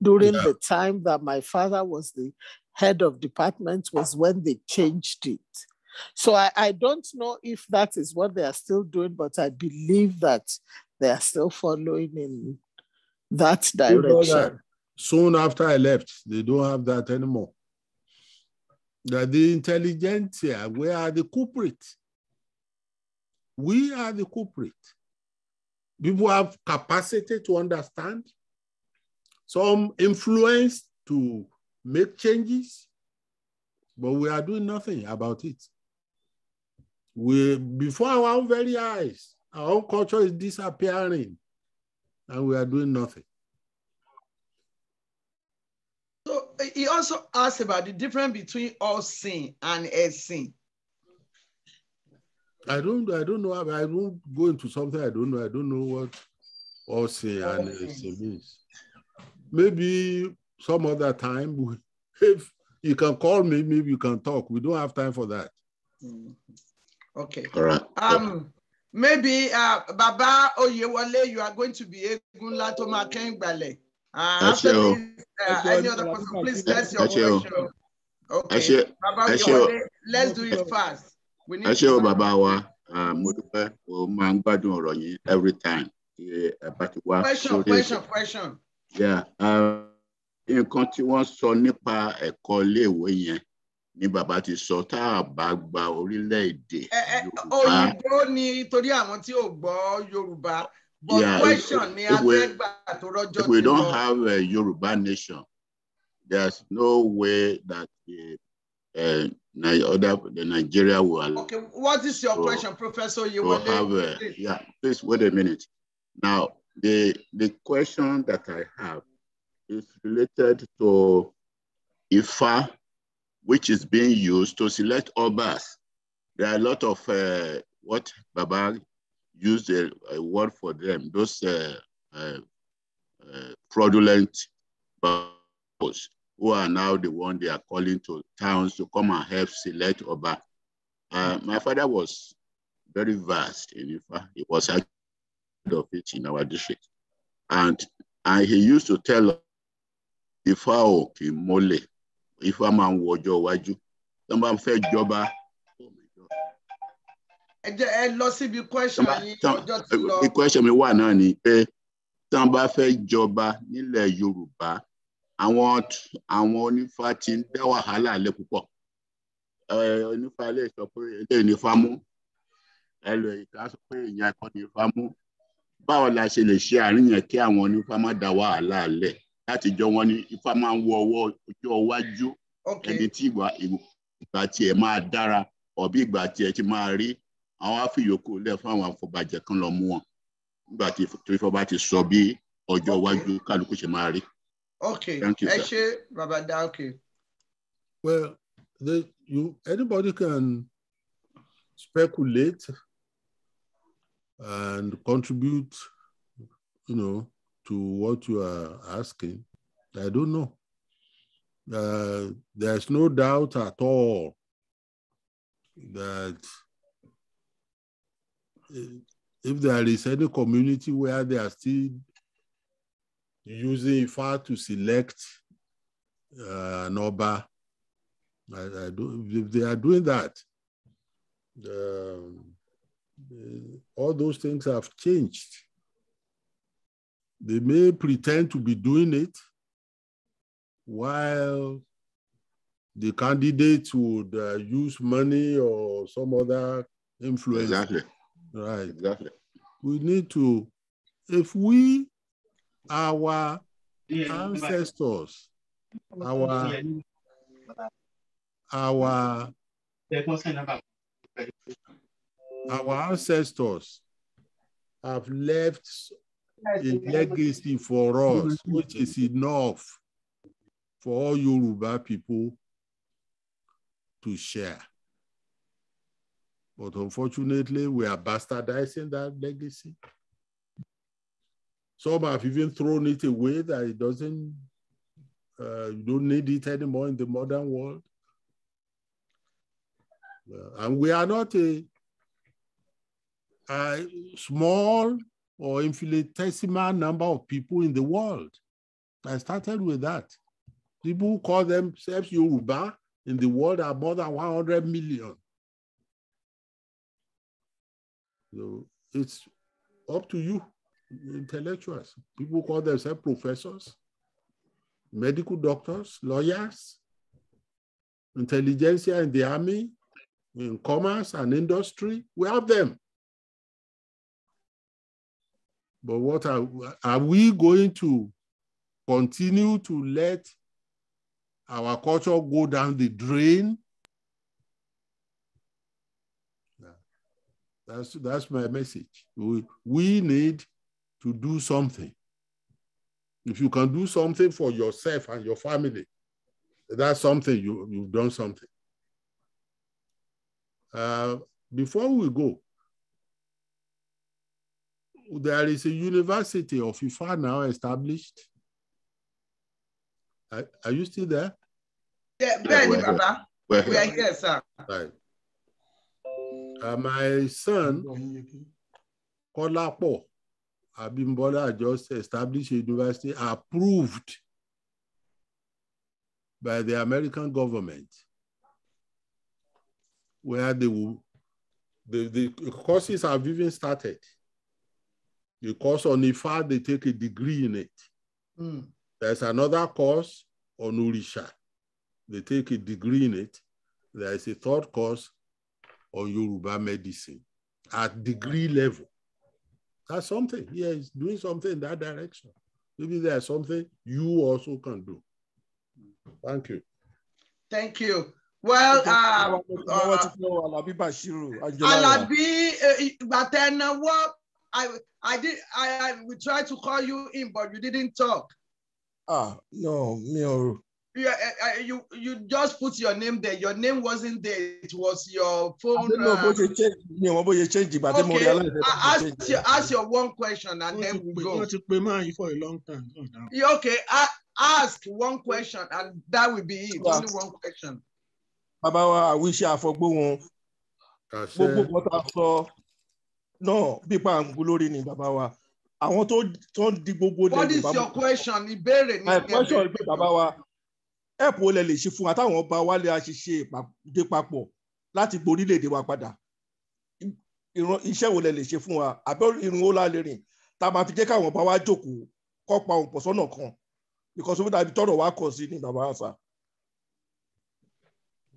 During yeah. the time that my father was the head of department was when they changed it. So I, I, don't know if that is what they are still doing, but I believe that they are still following in that direction. That soon after I left, they don't have that anymore. That the intelligentsia, we are the culprit. We are the culprit. People have capacity to understand, some influence to make changes, but we are doing nothing about it. We, before our very eyes, our own culture is disappearing and we are doing nothing. So he also asked about the difference between all sin and a sin. I don't I don't know. I don't go into something I don't know. I don't know what all sin all and a sin means. Maybe some other time if you can call me, maybe you can talk. We don't have time for that. Mm-hmm. Okay. All right. Um Maybe uh, Baba Oyewale, you are going to be Egunla Toma make Uh, after this, uh, any other person, please Baba let's do it fast. We need Baba wa. Uh, mo dúpẹ́, mo máa ń gbádùn ọ̀rọ̀ yín every time. Question, question, question. Uh, nǹkan tí wọ́n sọ nípa ẹ̀kọ́ iléèwé yẹn ni bàbá ti sọ tá a bá gba orílẹ̀-èdè yorùbá. òyìnbó ni torí àwọn tí ò gbọ́ yorùbá but yeah, question ni afẹ́gbà tó rọ́jọ́ ti lọ. if we don't have a yorùbá nation there's no way that the, uh, other, the Nigeria will allow. okay what is your so, question Professor Oyewole. to have a yeah please wait a minute now the the question that I have is related to ifa. which is being used to select obas. There are a lot of uh, what Baba used a, uh, a, word for them, those uh, uh, uh fraudulent boss who are now the one they are calling to towns to come and help select Oba. Uh, my father was very vast in Ifa. He was head of it in our district. And, and he used to tell Ifa Okimole, Ifá máa ń wo ọjọ́ iwájú tó bá ń fẹ́ jọba. ẹ jẹ́ ẹ lọ síbi question yín ọjọ́ ti lọ. question mi wà náà ni pé tó bá fẹ́ jọba nílẹ̀ Yorùbá àwọn àwọn onífá ti ń dá wàhálà lẹ púpọ̀ onífá lè sọ pé eléyìí ní Ifá mú ẹlò ìka sọ pé èèyàn ẹ̀kọ́ ní Ifá mú báwo la ṣe lè ṣe àárín kí àwọn onífá má dá wàhálà lẹ̀ látijọ́ wọn ni ifá máa ń wo ọwọ́ ọjọ́ iwájú ẹni tí ìgbà tiẹ̀ máa dára ọ̀bí ìgbà tiẹ̀ ti máa rí àwọn àfìyókù lẹ̀ fún àwọn afọbàjẹ́ kan lọ mú wọn nígbà tí ìfọba ti sọ bí ọjọ́ iwájú kálukú ṣe máa rí. ẹ ṣe bàbá dá okay. Well, the, you, anybody can speculate and contribute, you know, to what you are asking, I don't know. Uh, there's no doubt at all that uh, if there is any community where they are still using far to select uh, an Oba, I, I do, if they are doing that, um, all those things have changed. They may pretend to be doing it while the candidates would uh, use money or some other influence. Exactly. Right. Exactly. We need to, if we, our ancestors, our, our, our ancestors have left a legacy for us, which is enough for all Yoruba people to share. But unfortunately, we are bastardizing that legacy. Some have even thrown it away that it doesn't, uh, you don't need it anymore in the modern world. Uh, and we are not a, a small or infinitesimal number of people in the world. I started with that. People who call themselves Yoruba in the world are more than 100 million. So it's up to you, intellectuals. People call themselves professors, medical doctors, lawyers, intelligentsia in the army, in commerce and industry. We have them. But what are, are we going to continue to let our culture go down the drain? That's, that's my message. We, we need to do something. If you can do something for yourself and your family, that's something you, you've done something. Uh, before we go, there is a university of Ifa now established. Are, are you still there? Yeah, yeah we're, Baba. here. we're here, sir. Right. Uh, my son, Kolapo Abimbola, just established a university approved by the American government, where they will, the, the courses have even started. The course on Ifa, they take a degree in it. Mm. There's another course on Urisha. They take a degree in it. There is a third course on Yoruba medicine at degree level. That's something. Yeah, it's doing something in that direction. Maybe there's something you also can do. Thank you. Thank you. Well, uh, uh, Alabi, eh, ìgbà tẹ náwó I I did I, I we tried to call you in, but you didn't talk. Ah, no, me or yeah, I, eh, I, eh, you you just put your name there. Your name wasn't there. It was your phone. No, but you change. You know, you change but okay. then ask, ask your ask your one question and then we go. You To pay man for a long time. Oh, no. okay, I, ask one question and that will be it. Only one question. Baba, Bàbá wa, àwíṣe àfọgbó one. Gbogbo bọ́tà sọ náà bí pa àǹgù lórí ni bàbá wa àwọn tó tó ń di gbogbo lẹ́nu bàbá wa. what is your question ìbéèrè ní my question is pé bàbá wa ẹ̀pù olè lè ṣe fún wa táwọn ọba wálé a ṣe ṣe ìpàdé papọ̀ láti gba orílẹ̀-èdè wa padà ìran iṣẹ́ wo lè lè ṣe fún wa àbẹ́ irun ó lálẹ́ rìn tá a máa fi jẹ́ káwọn ọba wa jókòó kọ́ pa òǹpọ̀ sọ́nà kan because ó dàbí tọ́rọ̀ wa kọ̀ sí ni bàbá wa sà.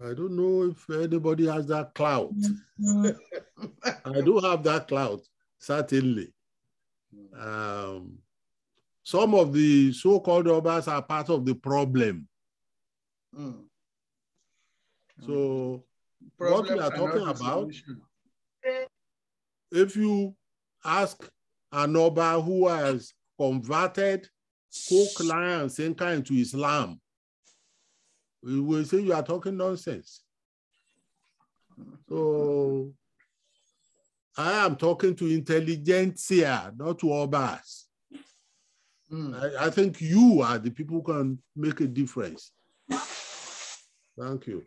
I don't know if anybody has that clout. Mm-hmm. I do have that clout, certainly. Um, some of the so-called robbers are part of the problem. Mm. So what we are talking about, if you ask an robber who has converted co-client Senka into Islam, we will say you are talking nonsense. So I am talking to intelligentsia, not to all Mm. I, I, think you are the people who can make a difference. Thank you.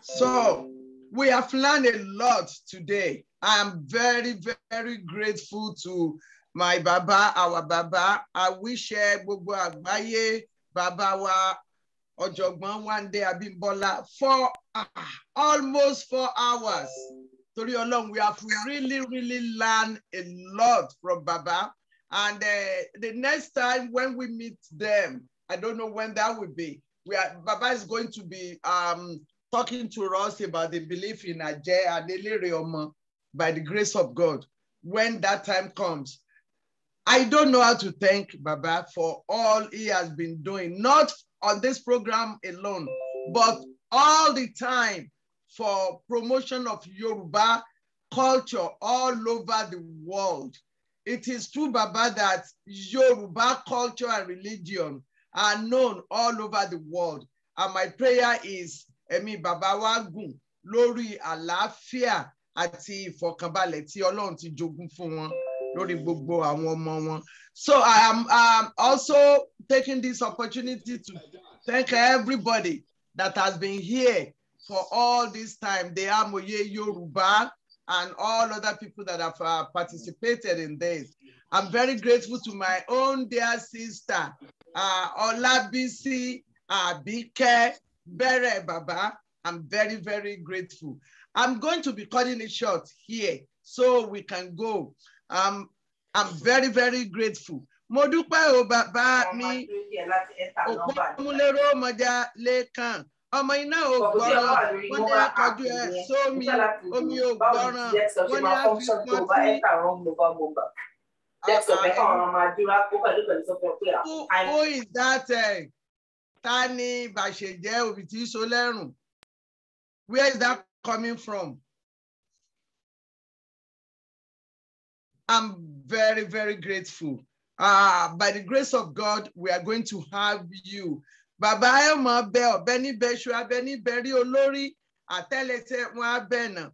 So we have learned a lot today. I am very, very grateful to my Baba, our Baba. I wish eh, Gbogbo Agbaye, Baba ọ̀jọ̀gbọ́n been Abímbọ́lá for uh, almost four hours torí ọlọ́run we have to really really learn a lot from baba and uh, the next time when we meet them I don't know when that will be we are, baba is going to be um, talking to us about the belief in Ajé and Ọmọ by the grace of God when that time comes I don't know how to thank Baba for all he has been doing, not on this program alone, but all the time for promotion of Yoruba culture all over the world. It is true, Baba, that Yoruba culture and religion are known all over the world. And my prayer is, Emi Baba Wagun, Lori Alafia, àti ìfọ̀kànbalẹ̀ for ti jogún fún lórí gbogbo àwọn ọmọ wọn. So I am um, also taking this opportunity to thank everybody that has been here for all this time. They are Moye Yoruba and all other people that have uh, participated in this. I'm very grateful to my own dear sister, uh, Olabisi Abike Bere Baba. I'm very, very grateful. I'm going to be cutting it short here so we can go. I'm, I'm very, very grateful. Mo dúpẹ́ o bàbá mi, Òpómúlérò Mọ̀já Lékan, ọmọ iná ò gbọ́ràn, wọ́n ní àkọ́jú ẹ̀ sómi, omi ò gbọ́ràn, wọ́n ní àfi pọ́n Who is that? Uh, ta ni Bàṣẹ̀jẹ́ Òbítí Where is that coming from? I'm very, very grateful. Uh, by the grace of God, we are going to have you. Bàbá Ẹ̀mọ́ abẹ ọ̀bẹ níbẹ̀ ṣu abẹ níbẹ̀ rí olórí àtẹ́lẹsẹ̀ wọn abẹ Benny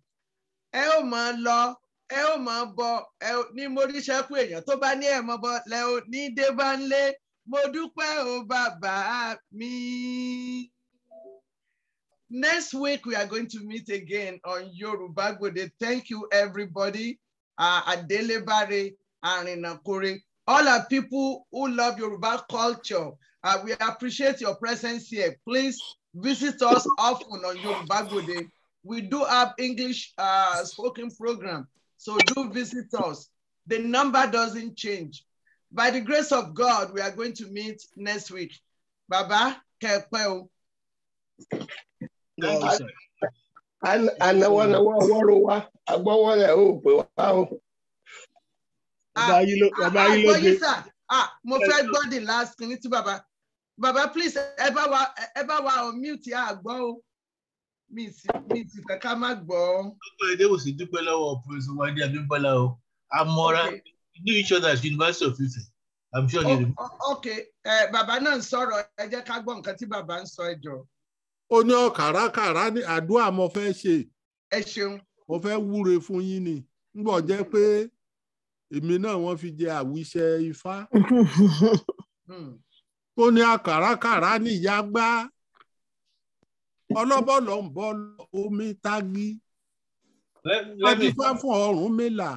mọ̀ ọ́ ẹ ní moríṣẹ́kù èèyàn tó bá ní ẹ̀mọ́ bọ̀ lẹ ò ní dé bá ń lé. Mo dúpẹ́ lo eo bo el ni moriseku eeyan to ba ni bo le o ni de ba n le mo o baba me. Next week we are going to meet again on Yoruba Gode. Thank you everybody uh, Adelebare, and Inakure. All our people who love Yoruba culture, uh, we appreciate your presence here. Please visit us often on Yoruba day. We do have English uh, spoken program, so do visit us. The number doesn't change. By the grace of God, we are going to meet next week. Baba, kepe Thank you, sir. anáwọ́náwọ́ ọwọ́rò wa agbọ́wọ́ rẹ̀ ò pè wá o. Ah, bàbá yín ló dé. Ah, ah, mo fẹ́ gbọ́ the last thing tí bàbá bàbá please ẹ bá wa ẹ bá wa on mute àgbọ́ o mi ti fẹ́ ká má gbọ́. ọkọ èdè ò sì dúpẹ́ lọ́wọ́ Professor Wande Abímbọ́lá o amora do each other at University of Ife I'm sure you. ok bàbá náà ń sọ̀rọ̀ ẹ jẹ́ ká gbọ́ nǹkan tí bàbá ń sọ ẹ jọ ó ní ọ̀kàràkàrà oh, ní àdúrà mo fẹ́ ṣe ẹ ṣeun mo fẹ́ wúre fún yín ni ngbọ̀ jẹ́ pé èmi náà wọ́n fi jẹ àwíṣẹ ifá hmm. ó ní àkàràkàrà ah, ní ìyá gbá ọlọ́bọ̀lọ̀ ń bọ́ omi tági adífá fún ọrùn mélà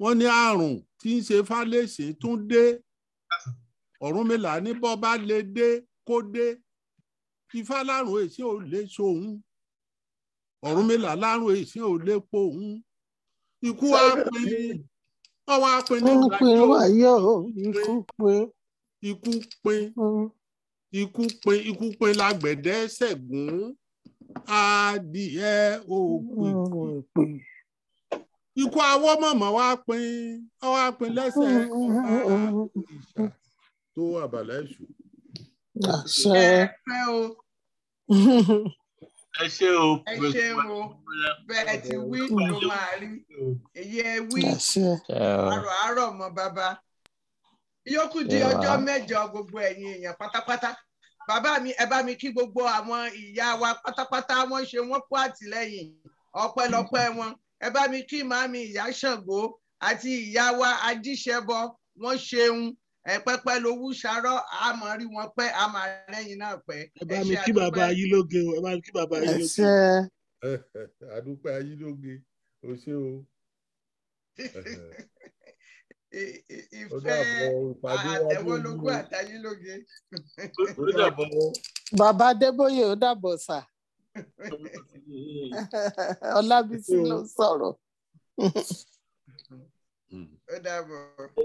wọ́n ní àrùn tí ń ṣe fálẹ́sì tún dé ah. ọ̀run mélà ní bọ́ bá lè dé kó dé ifá lárùn èsì ò lè ṣòun ọ̀rúnmìlà lárùn èsì ò lè po òun ikú wa pin ọwọ́ apin ní ìdájọ́ ikú pin ikú pin ikú pin ikú pin mm. lágbẹ̀dẹ ṣẹ̀gùn adìẹ òpin ikú awọ́ mọ̀mọ́ wa pin ọwọ́ apin lẹ́sẹ̀ ọba mm, mm, ìṣà tó àbàlá ìṣù àṣẹ ẹ ṣe o ẹ ṣe o bẹ́ẹ̀ ti wí ló máa rí èyí ẹ wí àròárọ̀ mọ́ bàbá yókù di ọjọ́ mẹ́jọ gbogbo ẹ̀yin èèyàn pátápátá bàbá mi ẹ bá mi kí gbogbo àwọn ìyá wa pátápátá wọ́n ṣe wọ́n kó àtìlẹ́yìn ọpẹ́lọpẹ́ wọn ẹ bá mi kí màámi ìyá Ṣàngó àti ìyá wa ajíṣẹbọ wọ́n ṣeun pẹpẹ lowú ṣarọ a máa rí wọn pẹ́ a máa rẹ́yìn náà pẹ́. ẹ bá mi kí bàbá yín lóge o ẹ bá mi kí bàbá yín lóge. àdúpẹ́ yín lóge o ṣé o. ìfẹ́ àtẹwọ́lógún àtayín lóge. bàbá adébóyè ó dàbọ̀ sà ọlábísí ló sọ̀rọ̀. ó dàbọ̀.